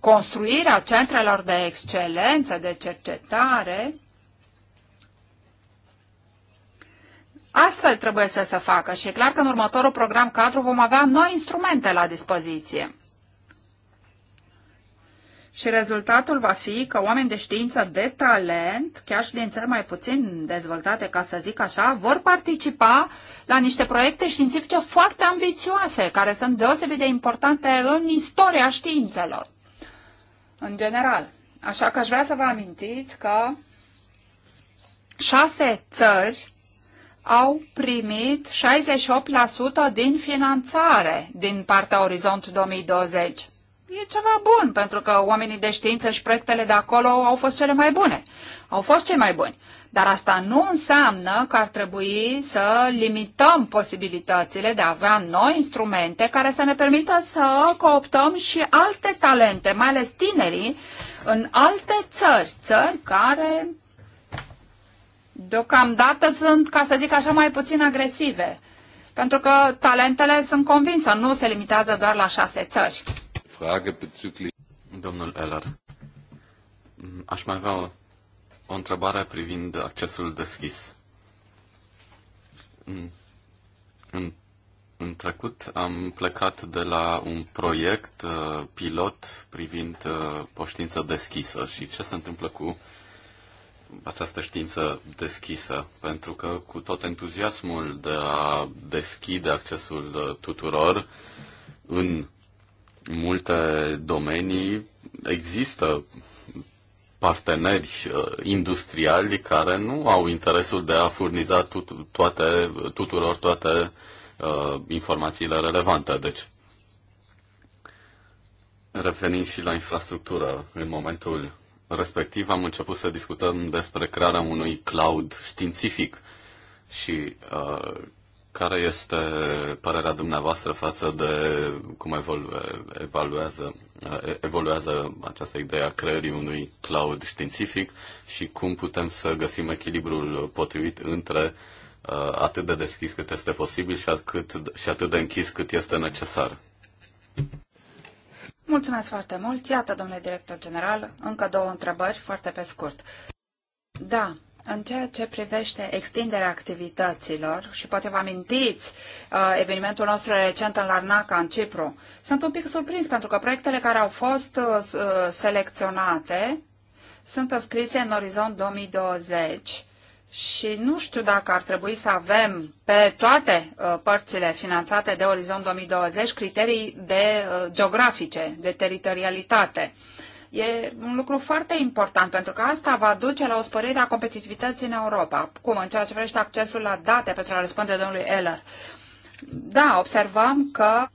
Construirea centrelor de excelență, de cercetare, astfel trebuie să se facă și e clar că în următorul program cadru vom avea noi instrumente la dispoziție. Și rezultatul va fi că oameni de știință de talent, chiar și din țări mai puțin dezvoltate, ca să zic așa, vor participa la niște proiecte științifice foarte ambițioase, care sunt deosebit de importante în istoria științelor, în general. Așa că aș vrea să vă amintiți că șase țări au primit 68% din finanțare din partea Orizont 2020. E ceva bun, pentru că oamenii de știință și proiectele de acolo au fost cele mai bune. Au fost cei mai buni. Dar asta nu înseamnă că ar trebui să limităm posibilitățile de a avea noi instrumente care să ne permită să cooptăm și alte talente, mai ales tinerii, în alte țări, țări care Deocamdată sunt, ca să zic așa, mai puțin agresive, pentru că talentele sunt convinsă, nu se limitează doar la șase țări. Domnul Eller, aș mai avea o, o întrebare privind accesul deschis. În, în, în trecut am plecat de la un proiect uh, pilot privind uh, poștință deschisă și ce se întâmplă cu uh, această știință deschisă, pentru că cu tot entuziasmul de a deschide accesul uh, tuturor în multe domenii există parteneri uh, industriali care nu au interesul de a furniza toate, tuturor toate uh, informațiile relevante. Deci, revenind și la infrastructură, în momentul respectiv am început să discutăm despre crearea unui cloud științific și uh, care este părerea dumneavoastră față de cum evolue, evaluează, uh, evoluează această idee a creării unui cloud științific și cum putem să găsim echilibrul potrivit între uh, atât de deschis cât este posibil și, atât, și atât de închis cât este necesar? Mulțumesc foarte mult. Iată, domnule director general, încă două întrebări foarte pe scurt. Da, în ceea ce privește extinderea activităților, și poate vă amintiți uh, evenimentul nostru recent în Larnaca, în Cipru, sunt un pic surprins pentru că proiectele care au fost uh, uh selecționate sunt înscrise în orizont 2020 și nu știu dacă ar trebui să avem pe toate uh, părțile finanțate de Orizont 2020 criterii de uh, geografice, de teritorialitate. E un lucru foarte important pentru că asta va duce la o spărire a competitivității în Europa. Cum? În ceea ce privește accesul la date pentru a răspunde domnului Eller. Uh, da, observăm că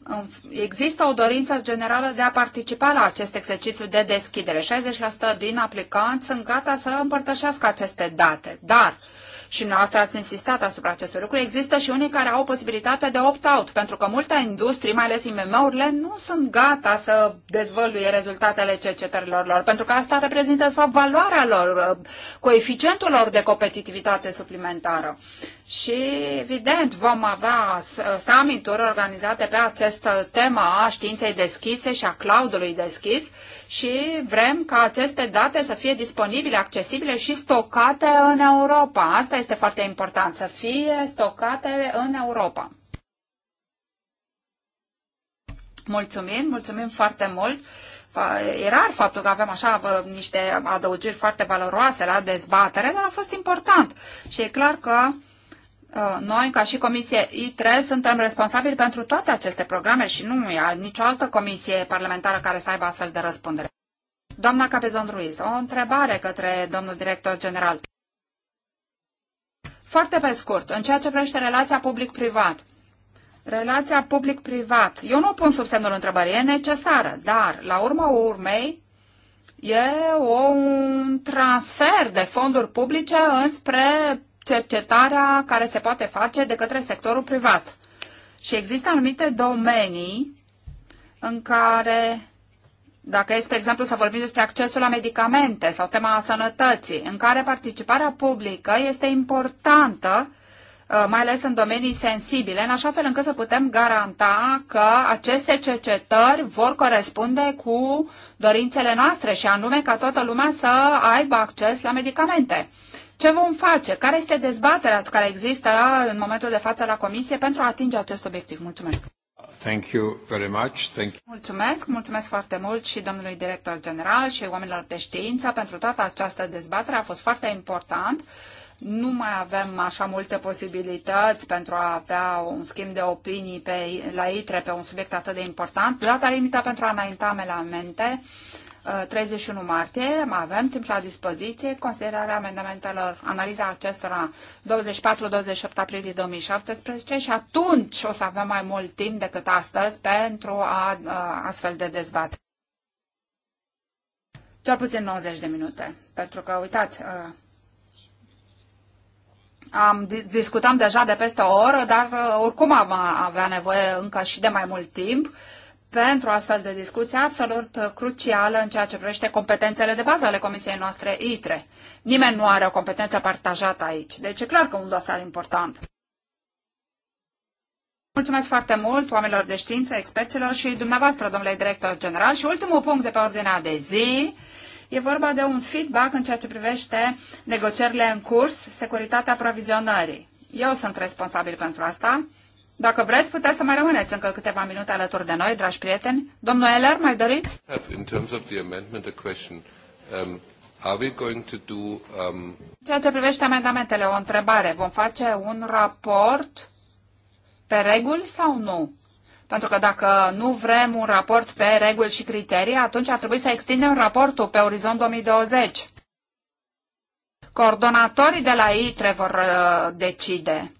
există o dorință generală de a participa la acest exercițiu de deschidere. 60% din aplicanți sunt gata să împărtășească aceste date, dar uh, și noastră ați insistat asupra acestor lucruri, există și unii care au posibilitatea de opt-out, pentru că multe industrii, mai ales IMM-urile, nu sunt gata să dezvăluie rezultatele cercetărilor lor, pentru că asta reprezintă, de fapt, valoarea lor, uh, coeficientul lor de competitivitate suplimentară. Și, evident, vom avea uh, summit-uri organizate pe această uh, temă a științei deschise și a cloudului deschis și vrem ca aceste date să fie disponibile, accesibile și stocate în Europa. Asta este foarte important să fie stocate în Europa. Mulțumim, mulțumim foarte mult. E rar faptul că avem așa niște adăugiri foarte valoroase la dezbatere, dar a fost important. Și e clar că ă, noi, ca și Comisie I3, suntem responsabili pentru toate aceste programe și nu e nicio altă comisie parlamentară care să aibă astfel de răspundere. Doamna Capezon Ruiz, o întrebare către domnul director general. Foarte pe scurt, în ceea ce privește relația public-privat. Relația public-privat. Eu nu pun sub semnul întrebării, e necesară, dar, la urma urmei, e un transfer de fonduri publice înspre cercetarea care se poate face de către sectorul privat. Și există anumite domenii în care dacă e, spre exemplu, să vorbim despre accesul la medicamente sau tema sănătății, în care participarea publică este importantă, uh, mai ales în domenii sensibile, în așa fel încât să putem garanta că aceste cercetări vor corespunde cu dorințele noastre și anume ca toată lumea să aibă acces la medicamente. Ce vom face? Care este dezbaterea care există în momentul de față la Comisie pentru a atinge acest obiectiv? Mulțumesc! Thank you very much. Thank you. Mulțumesc, mulțumesc foarte mult și domnului director general și oamenilor de știință pentru toată această dezbatere. A fost foarte important. Nu mai avem așa multe posibilități pentru a avea un schimb de opinii pe, la ITRE pe un subiect atât de important. Data limită pentru a înainta amendamente 31 uh, martie, avem timp la dispoziție, considerarea amendamentelor, analiza acestora 24-28 aprilie 2017 și atunci o să avem mai mult timp decât astăzi pentru a, a uh, astfel de dezbatere. Cel puțin 90 de minute, pentru că, uitați, a, uh, am, discutam deja de peste o oră, dar oricum am avea nevoie încă și de mai mult timp pentru astfel de discuții absolut crucială în ceea ce privește competențele de bază ale Comisiei noastre ITRE. Nimeni nu are o competență partajată aici, deci e clar că un dosar important. Mulțumesc foarte mult oamenilor de știință, experților și dumneavoastră, domnule director general. Și ultimul punct de pe ordinea de zi e vorba de un feedback în ceea ce privește negocierile în curs, securitatea aprovizionării. Eu sunt responsabil pentru asta. Dacă vreți, puteți să mai rămâneți încă câteva minute alături de noi, dragi prieteni. Domnul Eller, mai doriți? In terms of the amendment, the question, um, are we going to do, um... Ceea ce privește amendamentele, o întrebare. Vom face un raport pe reguli sau nu? Pentru că dacă nu vrem un raport pe reguli și criterii, atunci ar trebui să extindem raportul pe orizont 2020. Coordonatorii de la trebuie vor uh, decide.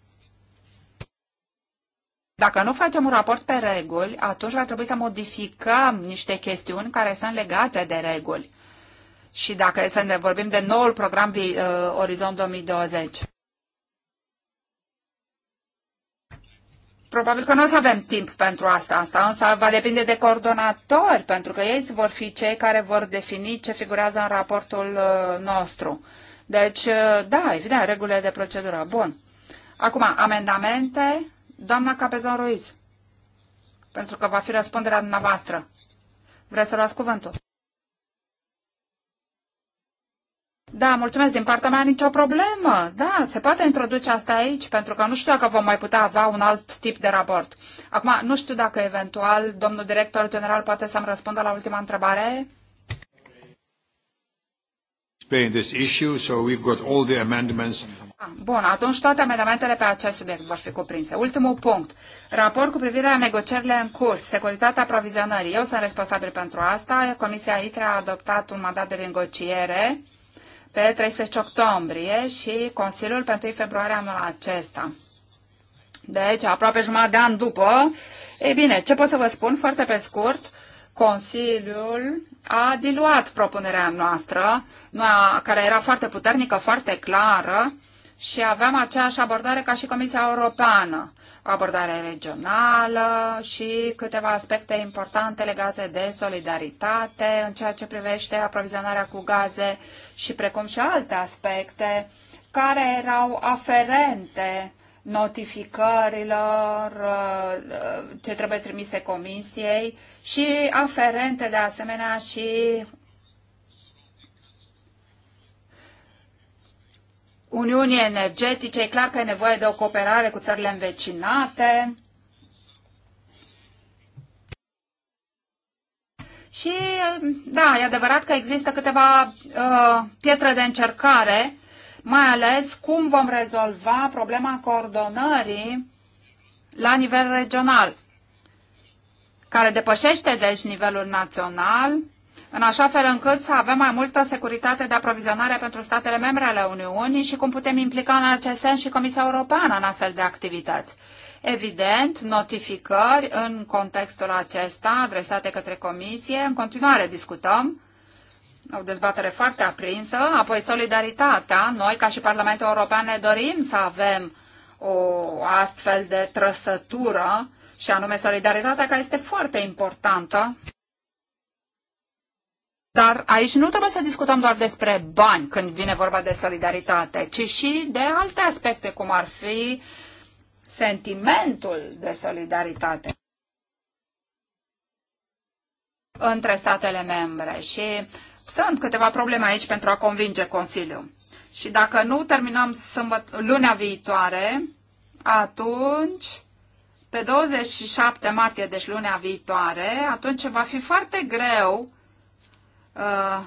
Dacă nu facem un raport pe reguli, atunci va trebui să modificăm niște chestiuni care sunt legate de reguli. Și dacă să ne vorbim de noul program uh, Orizont 2020. Probabil că nu o să avem timp pentru asta. Asta însă va depinde de coordonatori, pentru că ei vor fi cei care vor defini ce figurează în raportul uh, nostru. Deci, uh, da, evident, regulile de procedură. Bun. Acum, amendamente Doamna Capezon Ruiz, pentru că va fi răspunderea dumneavoastră. Vreți să luați cuvântul? Da, mulțumesc din partea mea, nicio problemă. Da, se poate introduce asta aici, pentru că nu știu dacă vom mai putea avea un alt tip de raport. Acum, nu știu dacă eventual domnul director general poate să-mi răspundă la ultima întrebare. This issue, so we've got all the amendments Bun, atunci toate amendamentele pe acest subiect vor fi cuprinse. Ultimul punct. Raport cu privire la negocierile în curs, securitatea aprovizionării. Eu sunt responsabil pentru asta. Comisia ITRE a adoptat un mandat de negociere pe 13 octombrie și Consiliul pe 1 februarie anul acesta. Deci, aproape jumătate de an după, ei bine, ce pot să vă spun foarte pe scurt, Consiliul a diluat propunerea noastră, care era foarte puternică, foarte clară, și aveam aceeași abordare ca și Comisia Europeană, o abordare regională și câteva aspecte importante legate de solidaritate în ceea ce privește aprovizionarea cu gaze și precum și alte aspecte care erau aferente notificărilor uh, ce trebuie trimise comisiei și aferente de asemenea și Uniunii Energetice, e clar că e nevoie de o cooperare cu țările învecinate. Și, da, e adevărat că există câteva uh, pietre de încercare, mai ales cum vom rezolva problema coordonării la nivel regional, care depășește, deci, nivelul național în așa fel încât să avem mai multă securitate de aprovizionare pentru statele membre ale Uniunii și cum putem implica în acest sens și Comisia Europeană în astfel de activități. Evident, notificări în contextul acesta adresate către Comisie. În continuare discutăm o dezbatere foarte aprinsă, apoi solidaritatea. Noi, ca și Parlamentul European, ne dorim să avem o astfel de trăsătură și anume solidaritatea care este foarte importantă dar aici nu trebuie să discutăm doar despre bani când vine vorba de solidaritate, ci și de alte aspecte, cum ar fi sentimentul de solidaritate între statele membre. Și sunt câteva probleme aici pentru a convinge Consiliul. Și dacă nu terminăm sâmbăt, lunea viitoare, atunci, pe 27 martie, deci lunea viitoare, atunci va fi foarte greu Uh,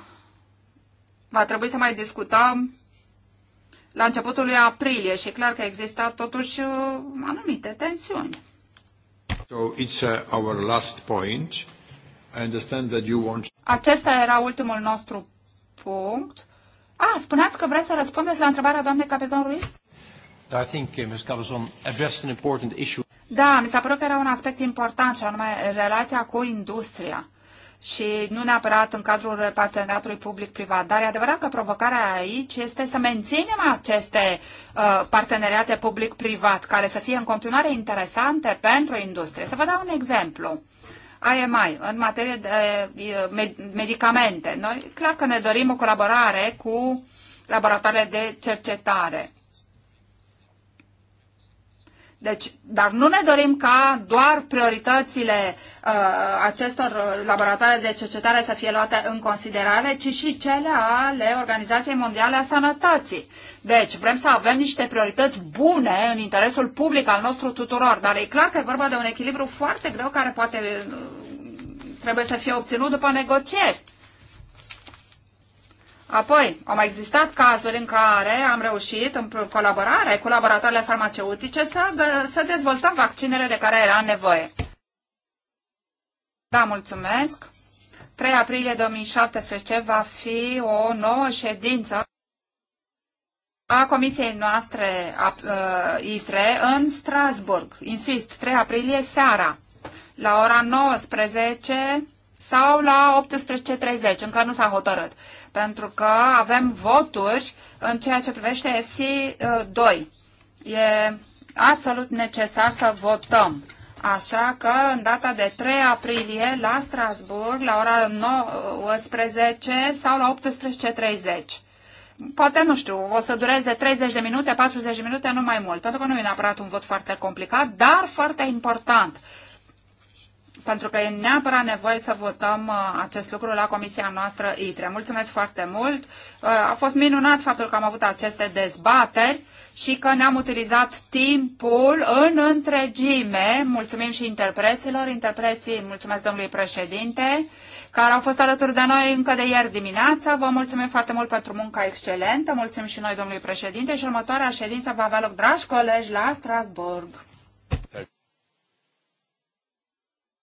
va trebui să mai discutăm la începutul lui aprilie și e clar că există totuși uh, anumite tensiuni. So it's uh, our last point. I understand that you want... Acesta era ultimul nostru punct. Ah, spuneați că vreți să răspundeți la întrebarea doamnei Capezon Ruiz? I think Ms. Capezon addressed an important issue. Da, mi s-a părut că era un aspect important și anume relația cu industria și nu neapărat în cadrul parteneriatului public-privat. Dar e adevărat că provocarea aici este să menținem aceste uh, parteneriate public-privat, care să fie în continuare interesante pentru industrie. Să vă dau un exemplu. IMI, în materie de uh, medicamente. Noi clar că ne dorim o colaborare cu laboratoarele de cercetare. Deci, dar nu ne dorim ca doar prioritățile uh, acestor uh, laboratoare de cercetare să fie luate în considerare, ci și cele ale Organizației Mondiale a Sănătății. Deci, vrem să avem niște priorități bune în interesul public al nostru tuturor, dar e clar că e vorba de un echilibru foarte greu care poate uh, trebuie să fie obținut după negocieri. Apoi, au mai existat cazuri în care am reușit, în colaborare cu laboratoarele farmaceutice, să, să dezvoltăm vaccinele de care era nevoie. Da, mulțumesc. 3 aprilie 2017 va fi o nouă ședință a comisiei noastre a, uh, ă, ITRE în Strasburg. Insist, 3 aprilie seara, la ora 19 sau la 18.30, încă nu s-a hotărât pentru că avem voturi în ceea ce privește FC2. Uh, e absolut necesar să votăm. Așa că în data de 3 aprilie la Strasburg, la ora 19 sau la 18.30. Poate, nu știu, o să dureze 30 de minute, 40 de minute, nu mai mult, pentru că nu e neapărat un vot foarte complicat, dar foarte important pentru că e neapărat nevoie să votăm uh, acest lucru la comisia noastră ITRE. Mulțumesc foarte mult! Uh, a fost minunat faptul că am avut aceste dezbateri și că ne-am utilizat timpul în întregime. Mulțumim și interpreților, interpreții, mulțumesc domnului președinte, care au fost alături de noi încă de ieri dimineață. Vă mulțumim foarte mult pentru munca excelentă, mulțumim și noi domnului președinte și următoarea ședință va avea loc, dragi colegi, la Strasburg.